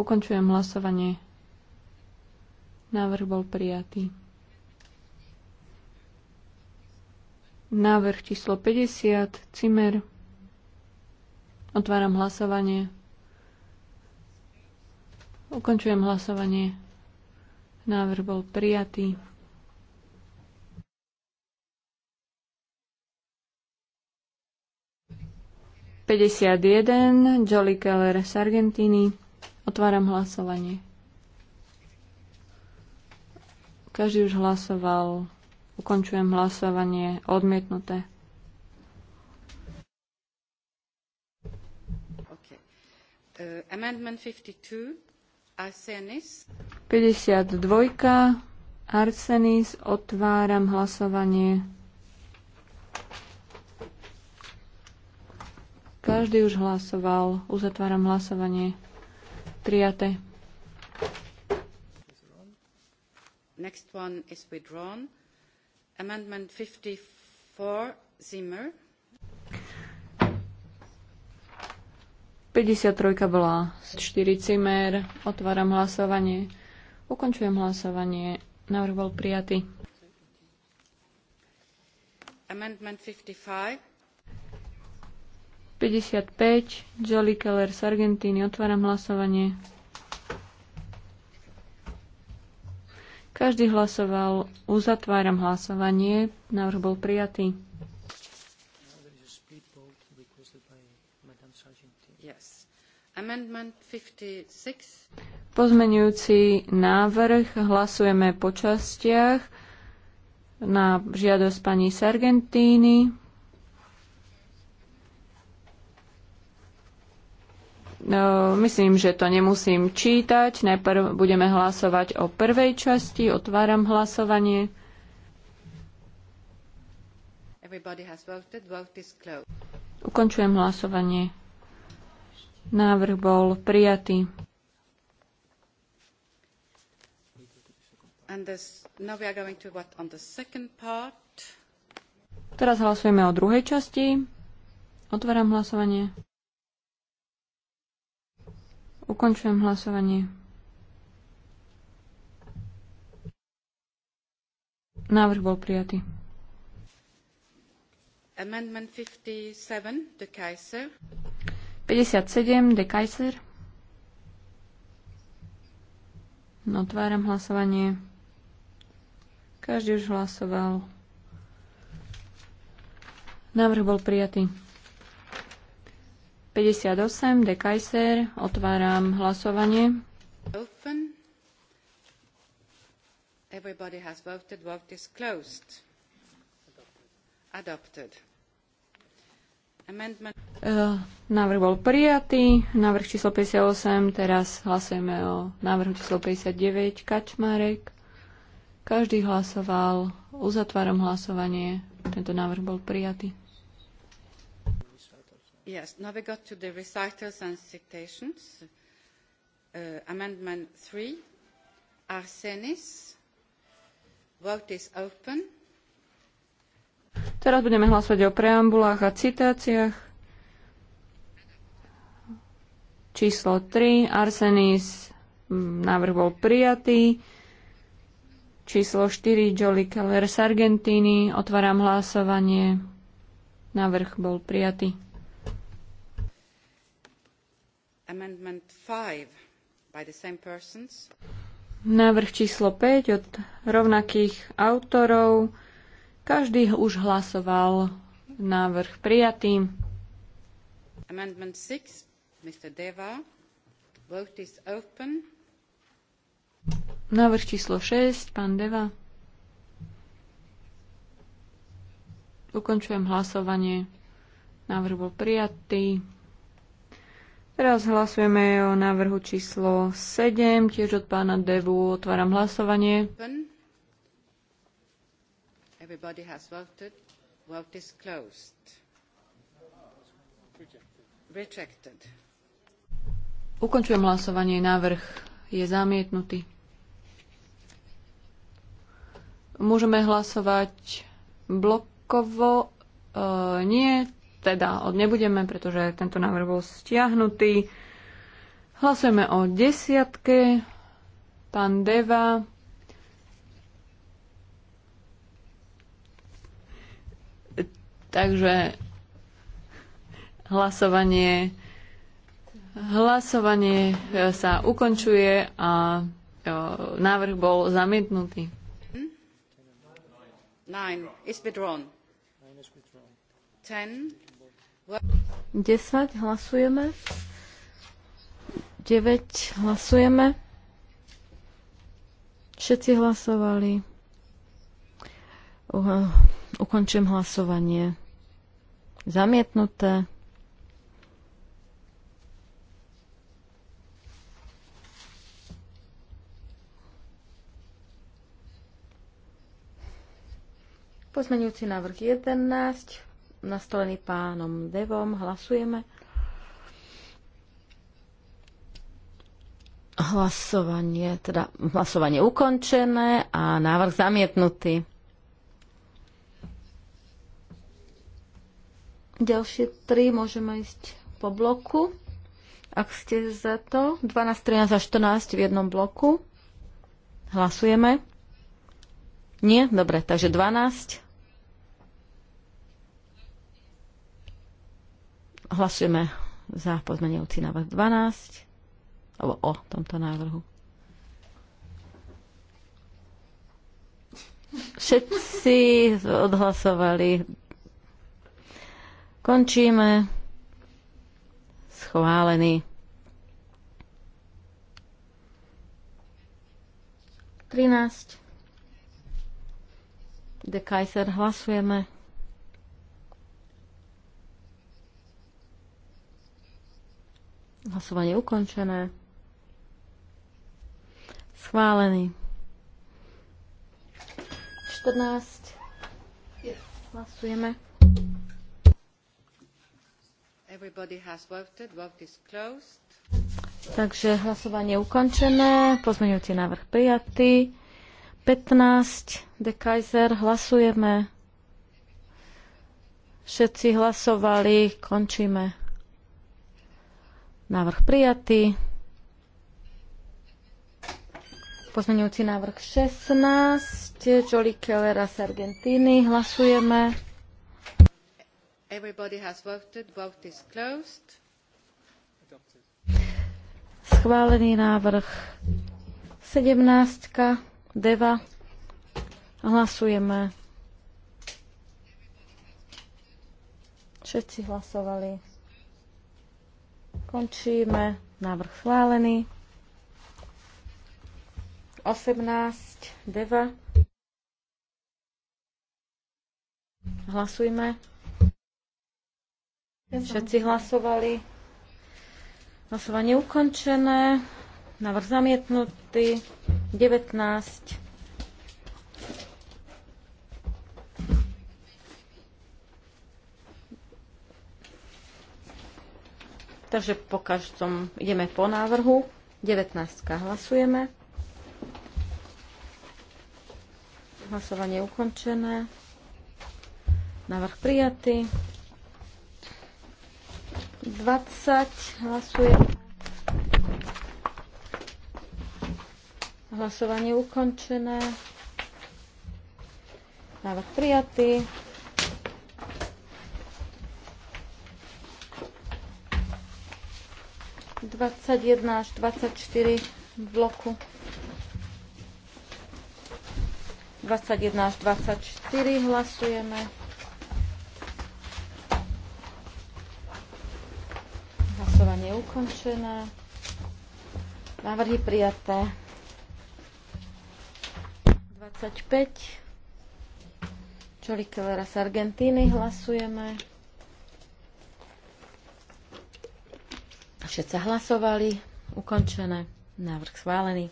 Ukončujem hlasovanie. Návrh bol prijatý. Návrh číslo 50 Cimer. Otváram hlasovanie. Ukončujem hlasovanie. Návrh bol prijatý. Päťdesiat jeden, Jolly Keller z Argentíny. Otváram hlasovanie. Každý už hlasoval. Ukončujem hlasovanie. Odmietnuté. Okay. Uh, amendment 52. Arsenis. 52. Arsenis. Otváram hlasovanie. Každý už hlasoval. Uzatváram hlasovanie. Triate. Next one is withdrawn. Amendment 54, Zimmer. 53 bola 4 cimer. Otváram hlasovanie. Ukončujem hlasovanie. Návrh bol prijatý. Amendment 55. 55. Jolly Keller z Argentíny. Otváram hlasovanie. Každý hlasoval. Uzatváram hlasovanie. Návrh bol prijatý. Pozmeňujúci návrh hlasujeme po častiach na žiadosť pani Sargentini. No, myslím, že to nemusím čítať. Najprv budeme hlasovať o prvej časti. Otváram hlasovanie. Ukončujem hlasovanie. Návrh bol prijatý. Teraz hlasujeme o druhej časti. Otváram hlasovanie. Ukončujem hlasovanie. Návrh bol prijatý. 57, De Kaiser. Otváram hlasovanie. Každý už hlasoval. Návrh bol prijatý. 58, De Kaiser. Otváram hlasovanie. Open. Everybody has voted. Vote is closed. Adopted. Adopted. E, návrh bol prijatý. Návrh číslo 58. Teraz hlasujeme o návrhu číslo 59. Kačmarek. Každý hlasoval. Uzatváram hlasovanie. Tento návrh bol prijatý. Yes, now we got to the recitals and citations. Uh, amendment 3. Arsenis. Vote is open. Teraz budeme hlasovať o preambulách a citáciách. Číslo 3. Arsenis. Návrh bol prijatý. Číslo 4. Jolly Keller z Argentíny. Otváram hlasovanie. Návrh bol prijatý. Amendment 5 by the same persons. Návrh číslo 5 od rovnakých autorov. Každý už hlasoval návrh prijatý. Amendment 6, Mr. Deva. Vote is open. Návrh číslo 6, pán Deva. Ukončujem hlasovanie. Návrh bol prijatý. Teraz hlasujeme o návrhu číslo 7, tiež od pána Devu. Otváram hlasovanie. Open. Everybody has voted. Vote is closed. Rejected. Ukončujem hlasovanie. Návrh je zamietnutý. Môžeme hlasovať blokovo. E, nie, teda od nebudeme, pretože tento návrh bol stiahnutý. Hlasujeme o desiatke. Pán Deva. Takže hlasovanie, hlasovanie e, sa ukončuje a e, návrh bol zamietnutý. Desať hlasujeme. 9 hlasujeme. Všetci hlasovali. Ukončím hlasovanie. Zamietnuté. Pozmeňujúci návrh 11, nastolený pánom Devom, hlasujeme. Hlasovanie, teda hlasovanie ukončené a návrh zamietnutý. Ďalšie tri môžeme ísť po bloku. Ak ste za to, 12, 13 a 14 v jednom bloku. Hlasujeme. Nie? Dobre, takže 12. Hlasujeme za pozmenujúci návrh 12. Alebo o tomto návrhu. Všetci odhlasovali Končíme. Schválený. Trináct. De Kaiser, hlasujeme. Hlasovanie ukončené. Schválený. 14. Hlasujeme. Takže hlasovanie je ukončené, pozmeňujúci návrh prijatý. 15, De Kaiser, hlasujeme. Všetci hlasovali, končíme. Návrh prijatý. Pozmeňujúci návrh 16, Jolie Keller z hlasujeme. hlasujeme. Everybody has voted. Vote is closed. Schválený návrh 17. Deva. Hlasujeme. Všetci hlasovali. Končíme. Návrh schválený. 18. Deva. Hlasujme. Všetci hlasovali. Hlasovanie ukončené. Návrh zamietnutý. 19. Takže po každom ideme po návrhu. 19. Hlasujeme. Hlasovanie ukončené. Návrh prijatý. 20. hlasuje. Hlasovanie ukončené. Návrh prijatý. Dvadsať jedna až dvadsať štyri v bloku. 21 až 24 hlasujeme. ukončené. Návrhy prijaté. 25. Čoli Kelera z Argentíny hlasujeme. Všetci hlasovali. Ukončené. Návrh schválený.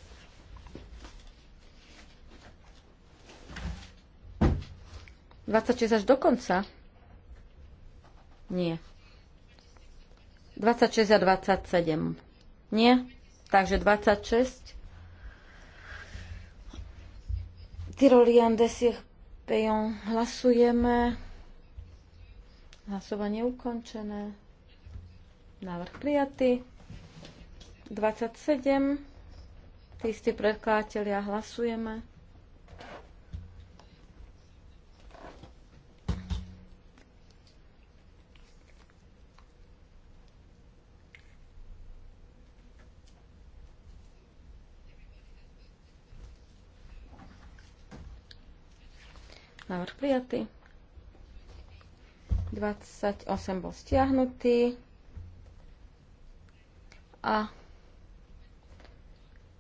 Dvadsaťšesť až do konca? Nie. 26 a 27. Nie? Takže 26. Tyrolian Desiech Pejon. Hlasujeme. Hlasovanie ukončené. Návrh prijatý. 27. Tí istí predkladateľia hlasujeme. návrh prijatý. 28 bol stiahnutý. A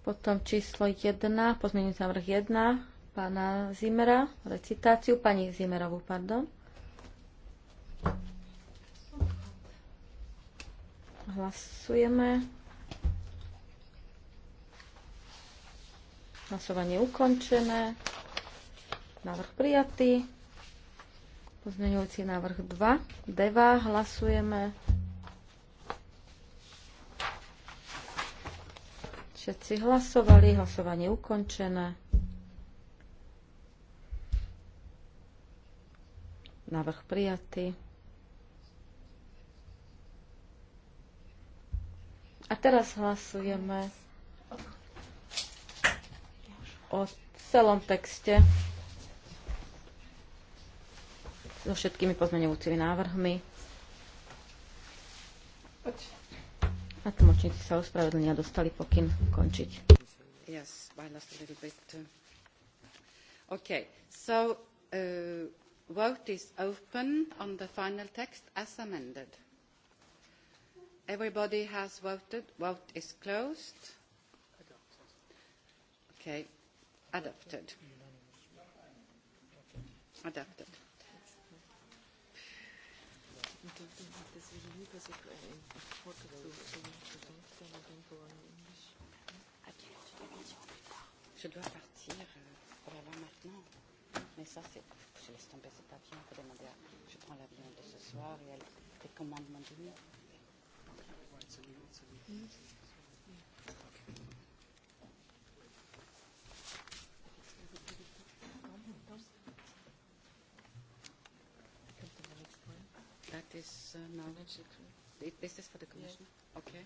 potom číslo 1, pozmením návrh 1 pána Zimera, recitáciu pani Zimerovú, pardon. Hlasujeme. Hlasovanie ukončené návrh prijatý. Pozmeňujúci návrh 2. Deva. Hlasujeme. Všetci hlasovali. Hlasovanie ukončené. Návrh prijatý. A teraz hlasujeme o celom texte so všetkými pozmeňujúcimi návrhmi. A tlmočníci sa ospravedlnia, dostali pokyn končiť. Yes, by last a little bit. Uh, okay, so uh, vote is open on the final text as amended. Everybody has voted. Vote is closed. Okay, adopted. Adopted. Je dois partir euh, pour l'avoir maintenant. Mais ça, c'est. Je laisse tomber cet avion. Je demander à. Je prends l'avion de ce soir et elle, elle commande mon dîner. Mm. this uh, knowledge? Is this for the Commission? Yes. Okay.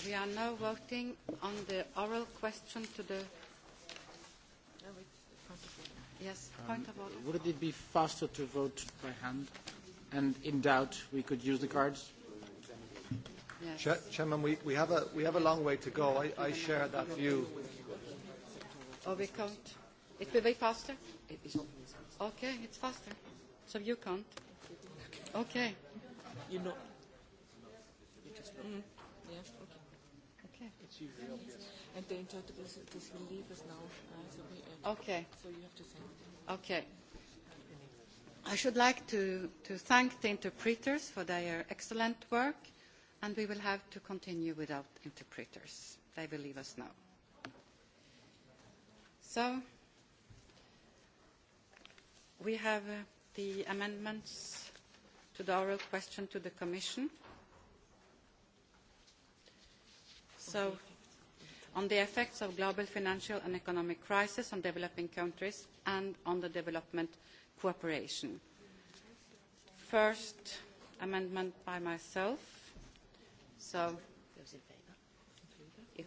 Yes. We are now voting on the oral question to the. No, point yes, um, point of um, order. Would it be faster to vote by hand? And in doubt, we could use the cards? Yes. Chair, Chairman, we, we, have a, we have a long way to go. I, I share that view. Oh, we can't. It will be faster? Okay, it's faster. So you can't? Okay. You know. Mm. Yeah, okay. Okay. And the interpreters this will leave us now. Uh, so we, uh, okay. So you have to thank them. Okay. I should like to, to thank the interpreters for their excellent work, and we will have to continue without interpreters. They will leave us now. So, we have uh, the amendments to the oral question to the Commission. So, on the effects of global financial and economic crisis on developing countries and on the development cooperation. First amendment by myself. So,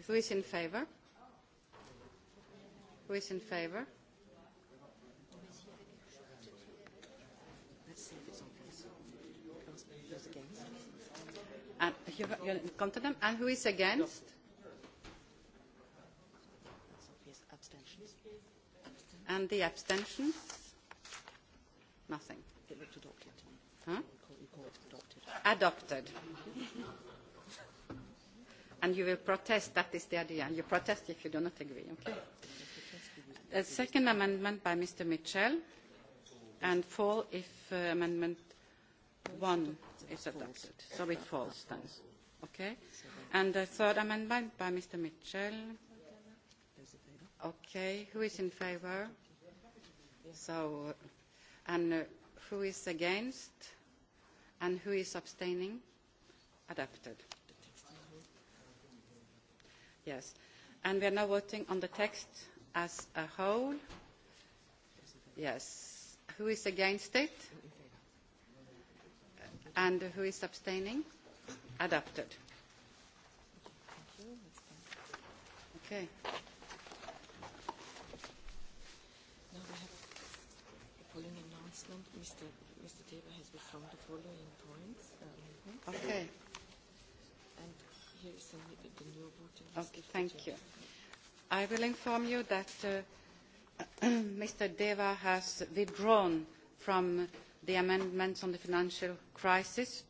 who is in favour? Who is in favour? You, you come to them. And who is against? And the abstentions? Nothing. It looked adopted. Huh? You call it adopted. Adopted. and you will protest, that is the idea. You protest if you do not agree, okay? A second amendment by Mr. Mitchell and fall if uh, amendment one It's adopted. So it falls then. Okay? And the third amendment by Mr. Mitchell. Okay. Who is in favor? So, uh, and uh, who is against? And who is abstaining? Adopted. Yes. And we are now voting on the text as a whole. Yes. Who is against it? And who is abstaining? Adopted. Okay. Now we have a polling announcement. Mr. Mr. Deva has withdrawn the following points. Um, mm-hmm. okay. And here is the, the new voting Okay, thank you. I will inform you that uh, [CLEARS THROAT] Mr. Deva has withdrawn from the amendments on the financial crisis,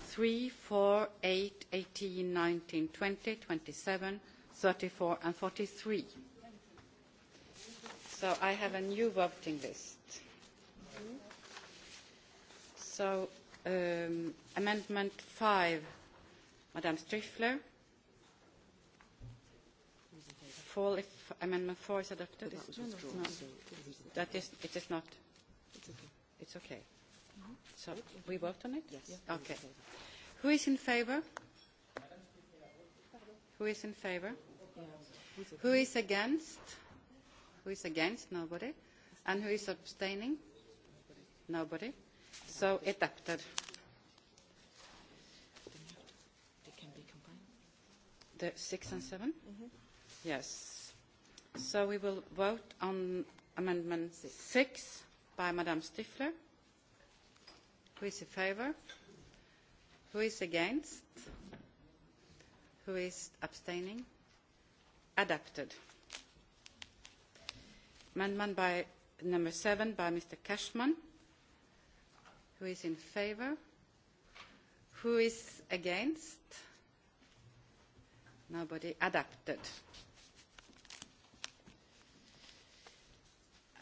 3, 4, 8, 18, 19, 20, 27, 34, and 43. So I have a new voting list. So um, Amendment 5, Madame Striffler. Fall if Amendment 4 is adopted. No, no, That is, it is not. It's okay. Mm -hmm. So we vote on it? Yes. Yeah. Okay. Who is in favor? Who is in favor? Who is against? Who is against? Nobody. And who is abstaining? Nobody. So adopted. The six and seven? Mm-hmm. Yes. So we will vote on amendment six. six by Madame Stifler. Who is in favour? Who is against? Who is abstaining? Adapted. Amendment by number seven by Mr. Cashman. Who is in favour? Who is against? Nobody. Adapted.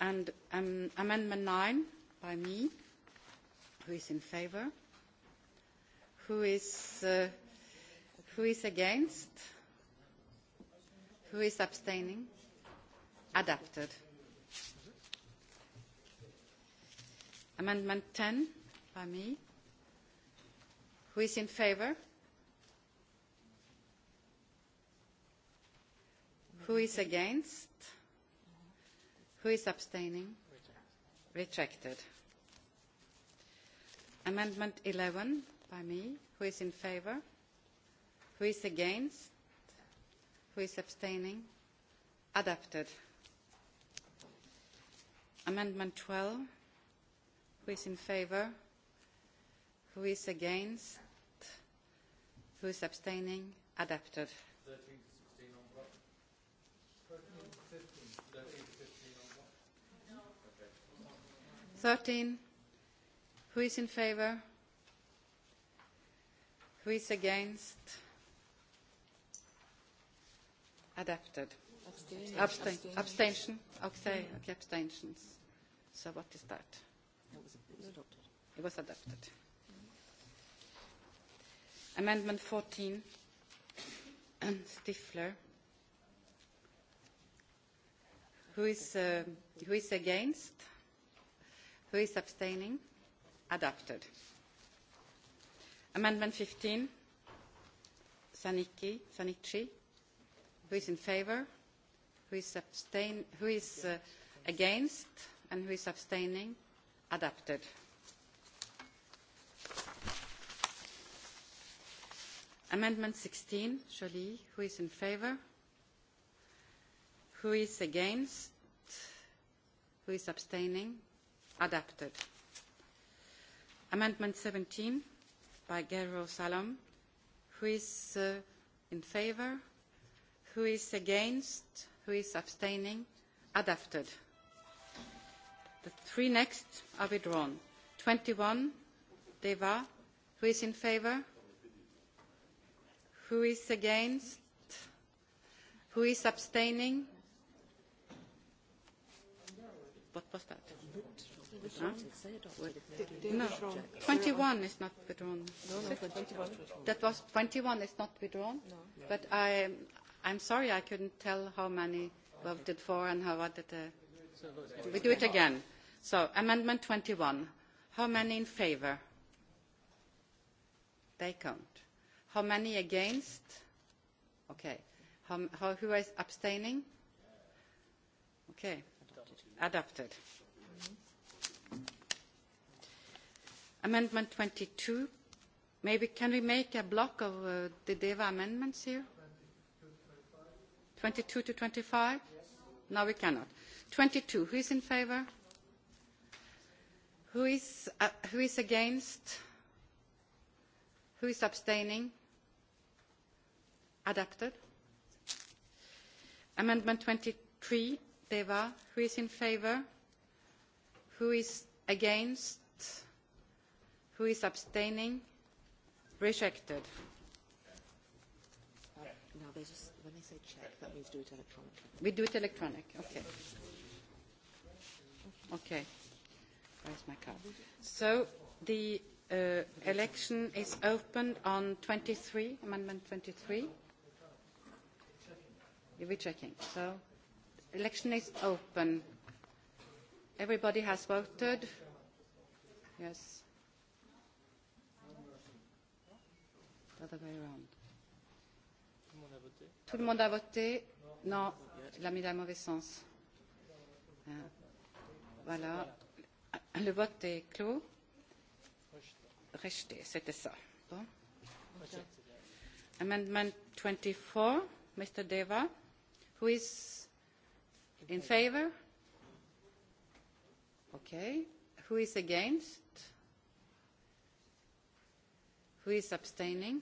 and um, amendment nine by me who is in favour who is uh, who is against who is abstaining adapted amendment ten by me who is in favour who is against Who is abstaining? Rejected. Amendment 11 by me. Who is in favor? Who is against? Who is abstaining? Adopted. Amendment 12. Who is in favor? Who is against? Who is abstaining? Adopted. 13 13. Who is in favor? Who is against? Adapted. Abstain. Abstain. Abstention. Okay, okay, abstentions. So what is that? It was adopted. It was adopted. Amendment 14. Stifler. Who is, uh, who is against? who is abstaining adopted amendment fifteen Saniki, Sanichi who is in favour who is, abstain, who is uh, against and who is abstaining adopted amendment sixteen Jolie, who is in favour who is against who is abstaining adapted. Amendment 17 by Gero Salom. Who is uh, in favour? Who is against? Who is abstaining? Adapted. The three next are withdrawn. 21, Deva. Who is in favour? Who is against? Who is abstaining? What was that? huh? No, 21 is not withdrawn. No, no, 21 that was 21 is not withdrawn. No. But I, I'm sorry I couldn't tell how many voted for and how what did. Uh, we do it again. So amendment 21. How many in favour? They count. How many against? Okay. How, how, who is abstaining? Okay. Adopted. Adopted Amendment 22. Maybe can we make a block of uh, the DEVA amendments here? 22 to 25? Yes. No, we cannot. 22. Who is in favour? Who is, uh, who is against? Who is abstaining? Adopted. Amendment 23, DEVA. Who is in favour? Who is against? who is abstaining rejected uh, no, they just, when they say check, that means do it electronically. We do it electronic, okay. Okay. Where's my card? So the uh, election is opened on 23, Amendment 23. We're checking. So election is open. Everybody has voted. Yes. other way around. Tout le monde a voté Non, il a mis dans le mauvais sens. Voilà. Le vote est clos. Rejeté, c'était ça. Bon. Amendment 24, Mr. Deva. Who is in favor? Okay. Who is against? Who is abstaining?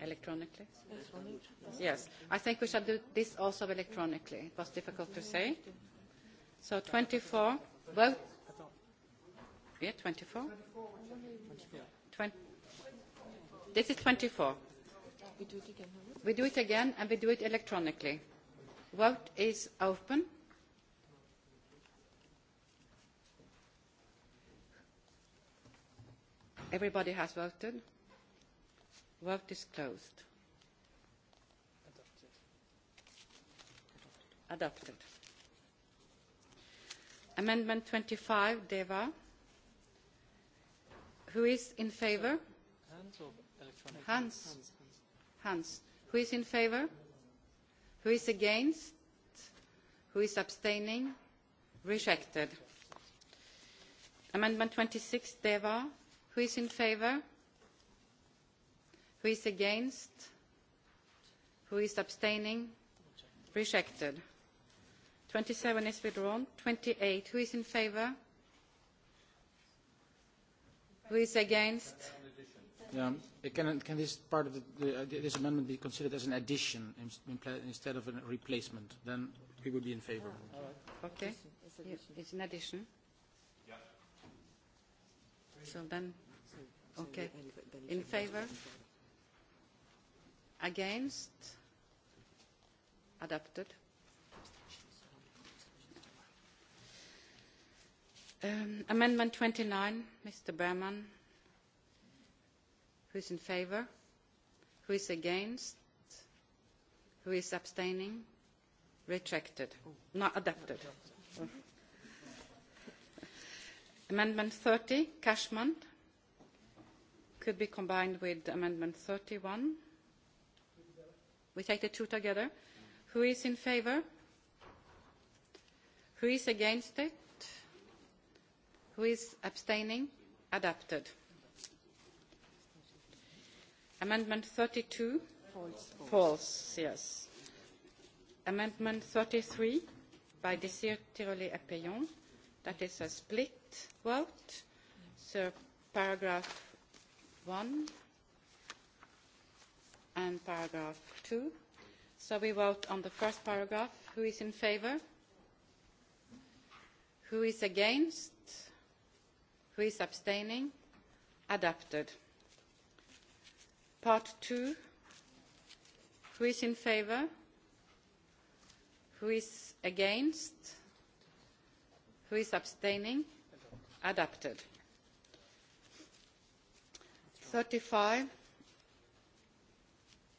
electronically? Yes. I think we shall do this also electronically. It was difficult to say. So 24. Vote. Yeah, 24. 20. This is 24. We do it again. We do it again, and we do it electronically. Vote is open. Everybody has voted. Vote is closed. Adopted. Amendment twenty five, Deva. Who is in favour? Hans or electronic? Hands. Hands. Who is in favour? Who is against? Who is abstaining? Rejected. Amendment twenty six, Deva. Who is in favour? who is against who is abstaining rejected twenty seven is withdrawn twenty eight who is in favor? who is against yeah. Um, can, can this part of the, the, uh, this amendment be considered as an addition instead of a replacement? Then we would be in favour. Oh, okay. It's an addition. Yeah. So then, okay. In favour? against adopted um, amendment twenty nine mr berman who is in favour who is against who is abstaining rejected not adopted amendment thirty cashman could be combined with amendment thirty one We take the two together. Who is in favor? Who is against it? Who is abstaining? Adopted. Amendment 32? False. False, yes. Amendment 33 by Desir Tiroli Appellon. That is a split vote. So paragraph one and paragraph two. So we vote on the first paragraph. Who is in favour? Who is against? Who is abstaining? Adapted. Part two. Who is in favour? Who is against? Who is abstaining? Adopted. Thirty five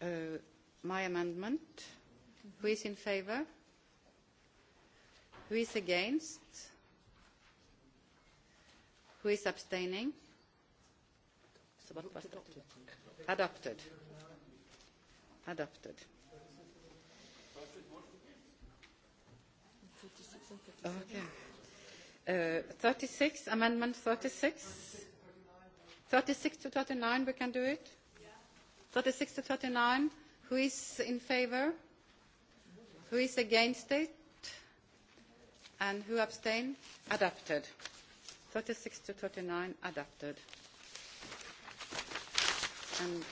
uh, my amendment. Who is in favour? Who is against? Who is abstaining? So what was adopted? Adopted. Adopted. Okay. Uh, 36, amendment 36. 36 to 39, we can do it? 36 to 39. Who is in favor? Who is against it? And who abstain? Adopted. 36 to 39 adopted. And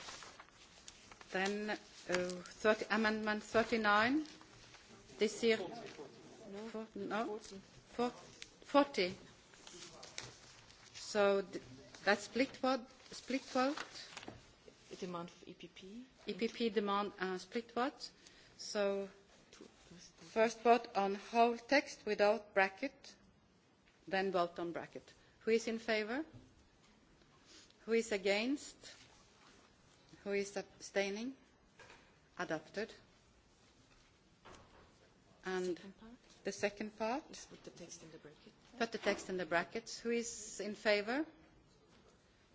then uh, 30, amendment 39. This year, 40, 40. no, 40. For, 40. So th- that's split vote. Split vote demand for EPP? EPP demand a uh, split vote. So first vote on whole text without bracket, then vote on bracket. Who is in favor? Who is against? Who is abstaining? Adopted. And the second part? Just put the text in the bracket. Put the text in the brackets. Who is in favor?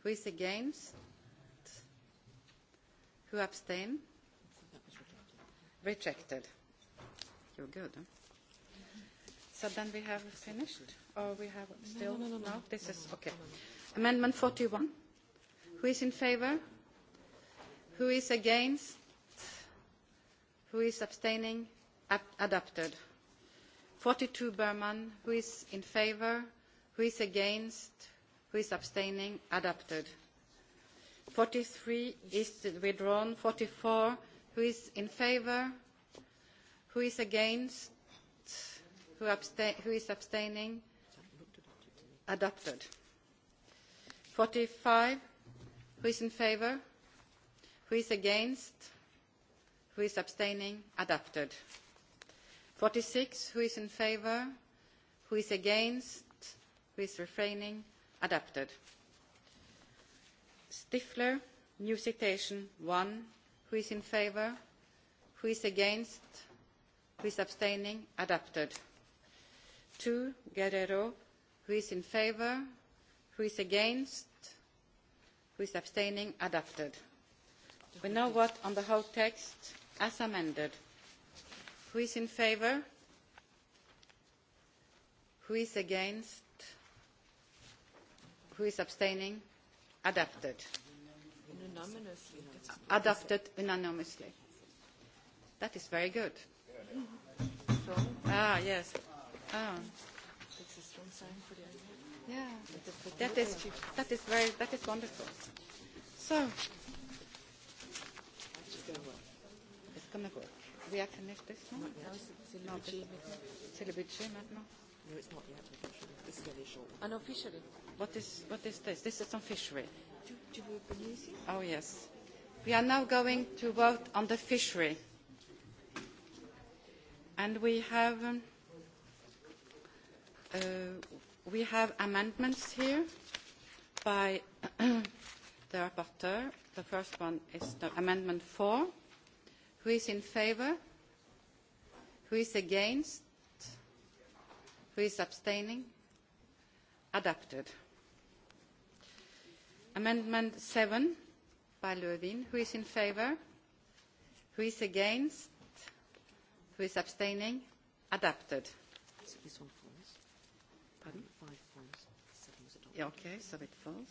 Who is against? Who abstain? Rejected. You're good. Huh? So then we have finished, or we have no, no, still? No, no, no, no. no? This is okay. Amendment 41. Who is in favour? Who is against? Who is abstaining? Ab adopted. 42 Berman. Who is in favour? Who is against? Who is abstaining? Adopted forty three is withdrawn forty four who is in favour who is against who, abstain, who is abstaining adopted forty five who is in favour who is against who is abstaining adopted forty six who is in favour who is against who is refraining adopted Stifler, new citation one. Who is in favour? Who is against? Who is abstaining? Adopted. Two, Guerrero. Who is in favour? Who is against? Who is abstaining? Adopted. We now vote on the whole text as amended. Who is in favour? Who is against? Who is abstaining? adopted adopted unanimously that is very good so, ah yes ah. Yeah, that is that is very that is wonderful. So it's gonna work. We have finished this one. No, no, No, it's not yet is very short. Unofficially. Ah, what is, what is this? This is on fishery. Do, do you oh, yes. We are now going to vote on the fishery. And we have, um, uh, we have amendments here by [CLEARS THROAT] the rapporteur. The first one is the Amendment four. Who is in favour? Who is against? Who is abstaining? adopted. amendment seven by lvin who is in favour who is against who is abstaining adopted. Okay, so it falls.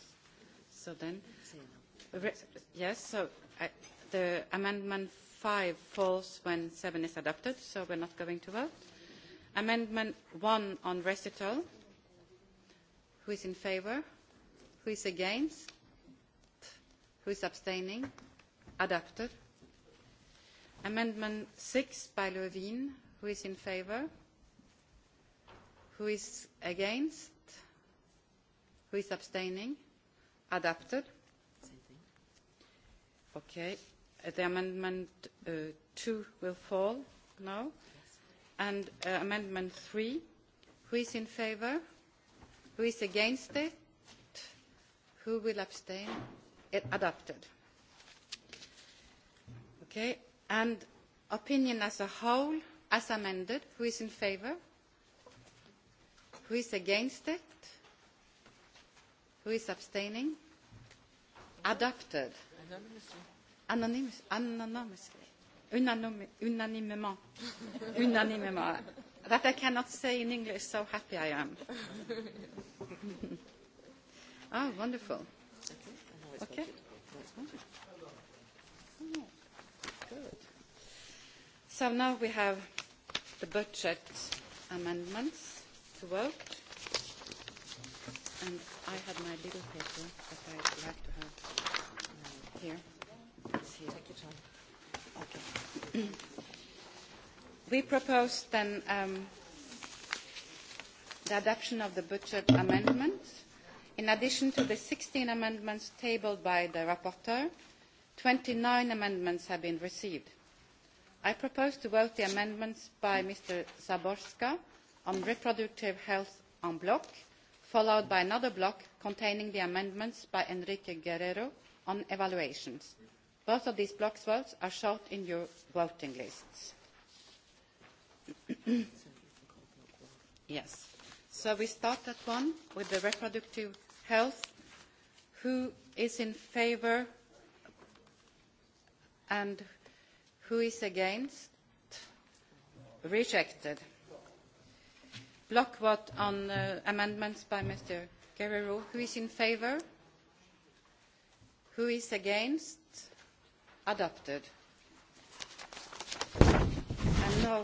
So then, re, yes, so I, the amendment five falls when seven is adopted, so we're not going to vote. Amendment one on recital, Who is in favour? Who is against? Who is abstaining? Adopted. Amendment six by Levine. Who is in favour? Who is against? Who is abstaining? Adopted. Okay. Uh, the amendment uh, two will fall now. Yes. And uh, amendment three. Who is in favour? Who is against it? Who will abstain? It adopted. Okay, and opinion as a whole, as amended, who is in favor? Who is against it? Who is abstaining? Adopted. Anonymous, anonymously. Unanimous, unanimement. unanimement that I cannot say in English, so happy I am. oh, [LAUGHS] wonderful. Okay. So now we have the budget amendments to vote. And I had my little paper that I'd like to have here. Take your time. Okay. We propose then um, the adoption of the budget amendments. In addition to the 16 amendments tabled by the rapporteur, 29 amendments have been received. I propose to vote the amendments by Mr. Zaborska on reproductive health en bloc, followed by another block containing the amendments by Enrique Guerrero on evaluations. Both of these blocks' votes are shown in your voting lists yes. So we start at one with the reproductive health. Who is in favor and who is against? Rejected. Block vote on uh, amendments by Mr. Guerrero. Who is in favor? Who is against? Adopted. And now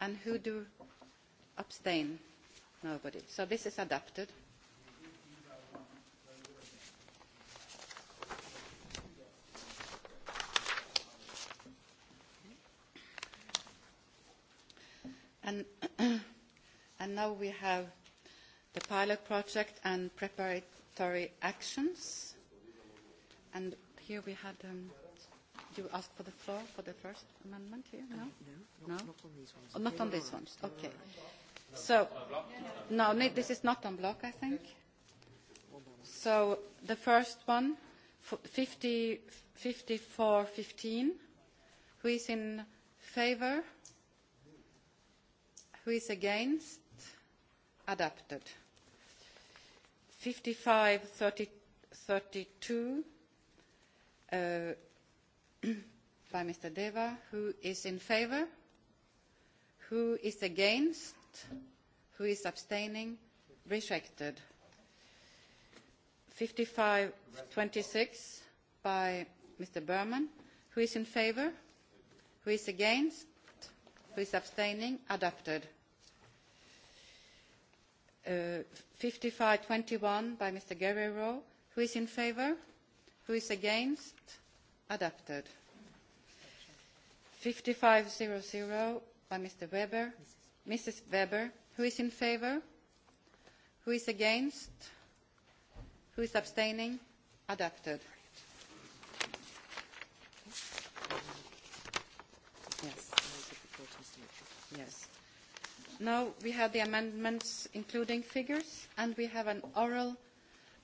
and who do abstain? Nobody. So this is adopted. And, [CLEARS THROAT] and now we have the pilot project and preparatory actions. And here we had um, you ask for the floor for the first amendment here? No? No? no? no oh, not on these ones. No, no, okay. So, no, this is not on block, I think. So, the first one, 54-15. Who is in favor? Who is against? Adapted. 55-32. Uh, by Mr. Deva. Who is in favor? Who is against? Who is abstaining? Rejected. 5526 by Mr. Berman. Who is in favor? Who is against? Who is abstaining? Adopted. Uh, 5521 by Mr. Guerrero. Who is in favor? Who is against? adopted. 5500 by Mr. Weber. Mrs. Weber, who is in favour? Who is against? Who is abstaining? Adopted. Yes. Now we have the amendments including figures, and we have an oral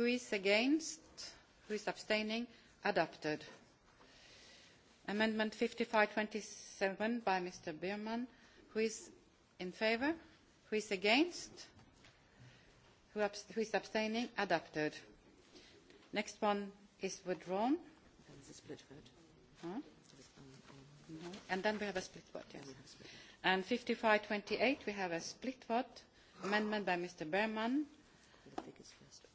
who is against who is abstaining adopted amendment fifty five twenty seven by mr biermann who is in favour who is against who, abst who is abstaining adopted next one is withdrawn and it's a split vote huh? no. and then we have a split vote yes split. and fifty five twenty eight we have a split vote amendment by mr berman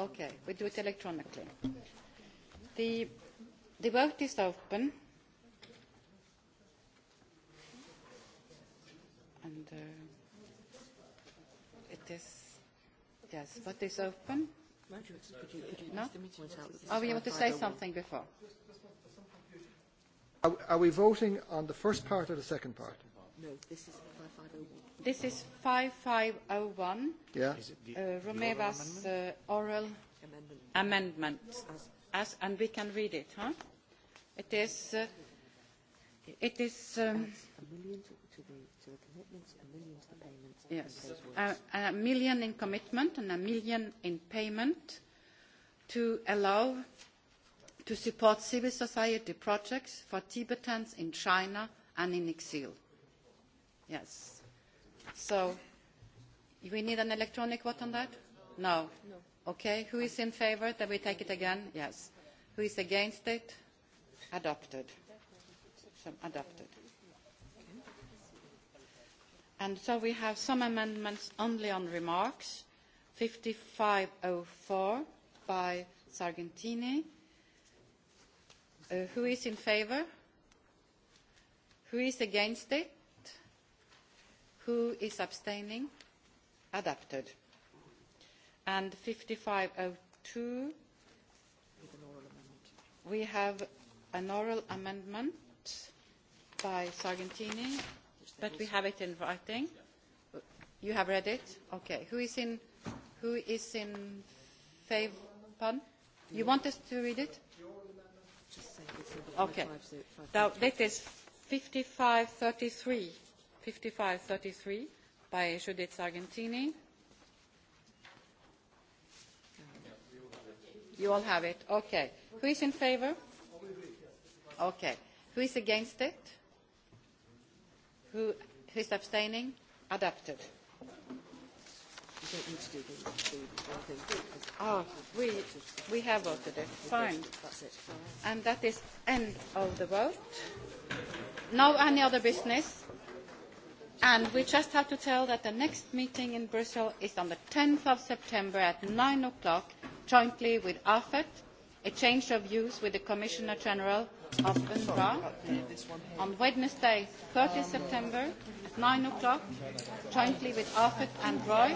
Okay, we do it electronically. The, the vote is open. And uh, it is, yes, vote is open. Could you, could you no? Oh, you want to say something before? are we voting on the first part or the second part? No, this is 5501. This is 5501. Yeah. Is it the, uh, Romeva's oral uh, oral amendment, amendment as, and we can read it, huh? It is. Uh, it is. Um, a million to, to, the, to the commitments, a million to the payments. Yes, a, uh, a million in commitment and a million in payment to allow to support civil society projects for Tibetans in China and in exile Yes. So we need an electronic vote on that? No. no. Okay. Who is in favour? that we take it again? Yes. Who is against it? Adopted. So, adopted. And so we have some amendments only on remarks. 5504 by Sargentini. Uh, who is in favour? Who is against it? who is abstaining adopted and fifty five oh two we have an oral amendment by sargentini but we have it in writing you have read it okay who is in who is in favor pardon you want us to read it okay now that is fifty five thirty three 5533 by Judith Sargentini. You all have it. Okay. Who is in favor? Okay. Who is against it? Who who is abstaining? Adopted. Oh, we, we have voted it. Fine. That's it. And that is end of the vote. No any other business. And we just have to tell that the next meeting in Brussels is on the 10th of September at nine o'clock, jointly with AFET, a change of views with the Commissioner General of UNRWA on Wednesday, 30 September at nine o'clock, jointly with AFET and Roy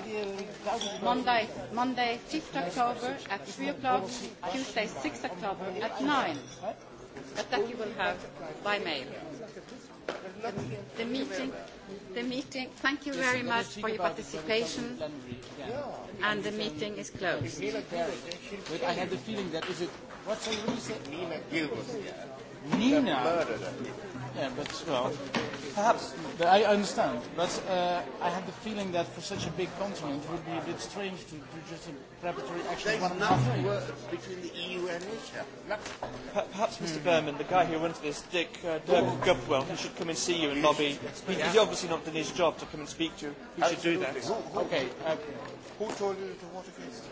Monday, Monday 5th October at three o'clock, Tuesday 6 October at nine. But that you will have by mail the meeting, the meeting, thank you very much for your participation. And the meeting is closed. But I had the feeling that is it, what's the reason? Nina Gilbert. Nina? Yeah, but, well. Perhaps, but I understand. But uh, I had the feeling that for such a big continent, it would be a bit strange to do just a preparatory action There's nothing between the EU and Asia. Per perhaps, Mr. Hmm. Berman, the guy who runs this, Dick uh, oh. Gubwell, he should come and see you and lobby. He, he's obviously not done his job to come and speak to you. He should do that. okay. okay. Uh, who told you to vote against?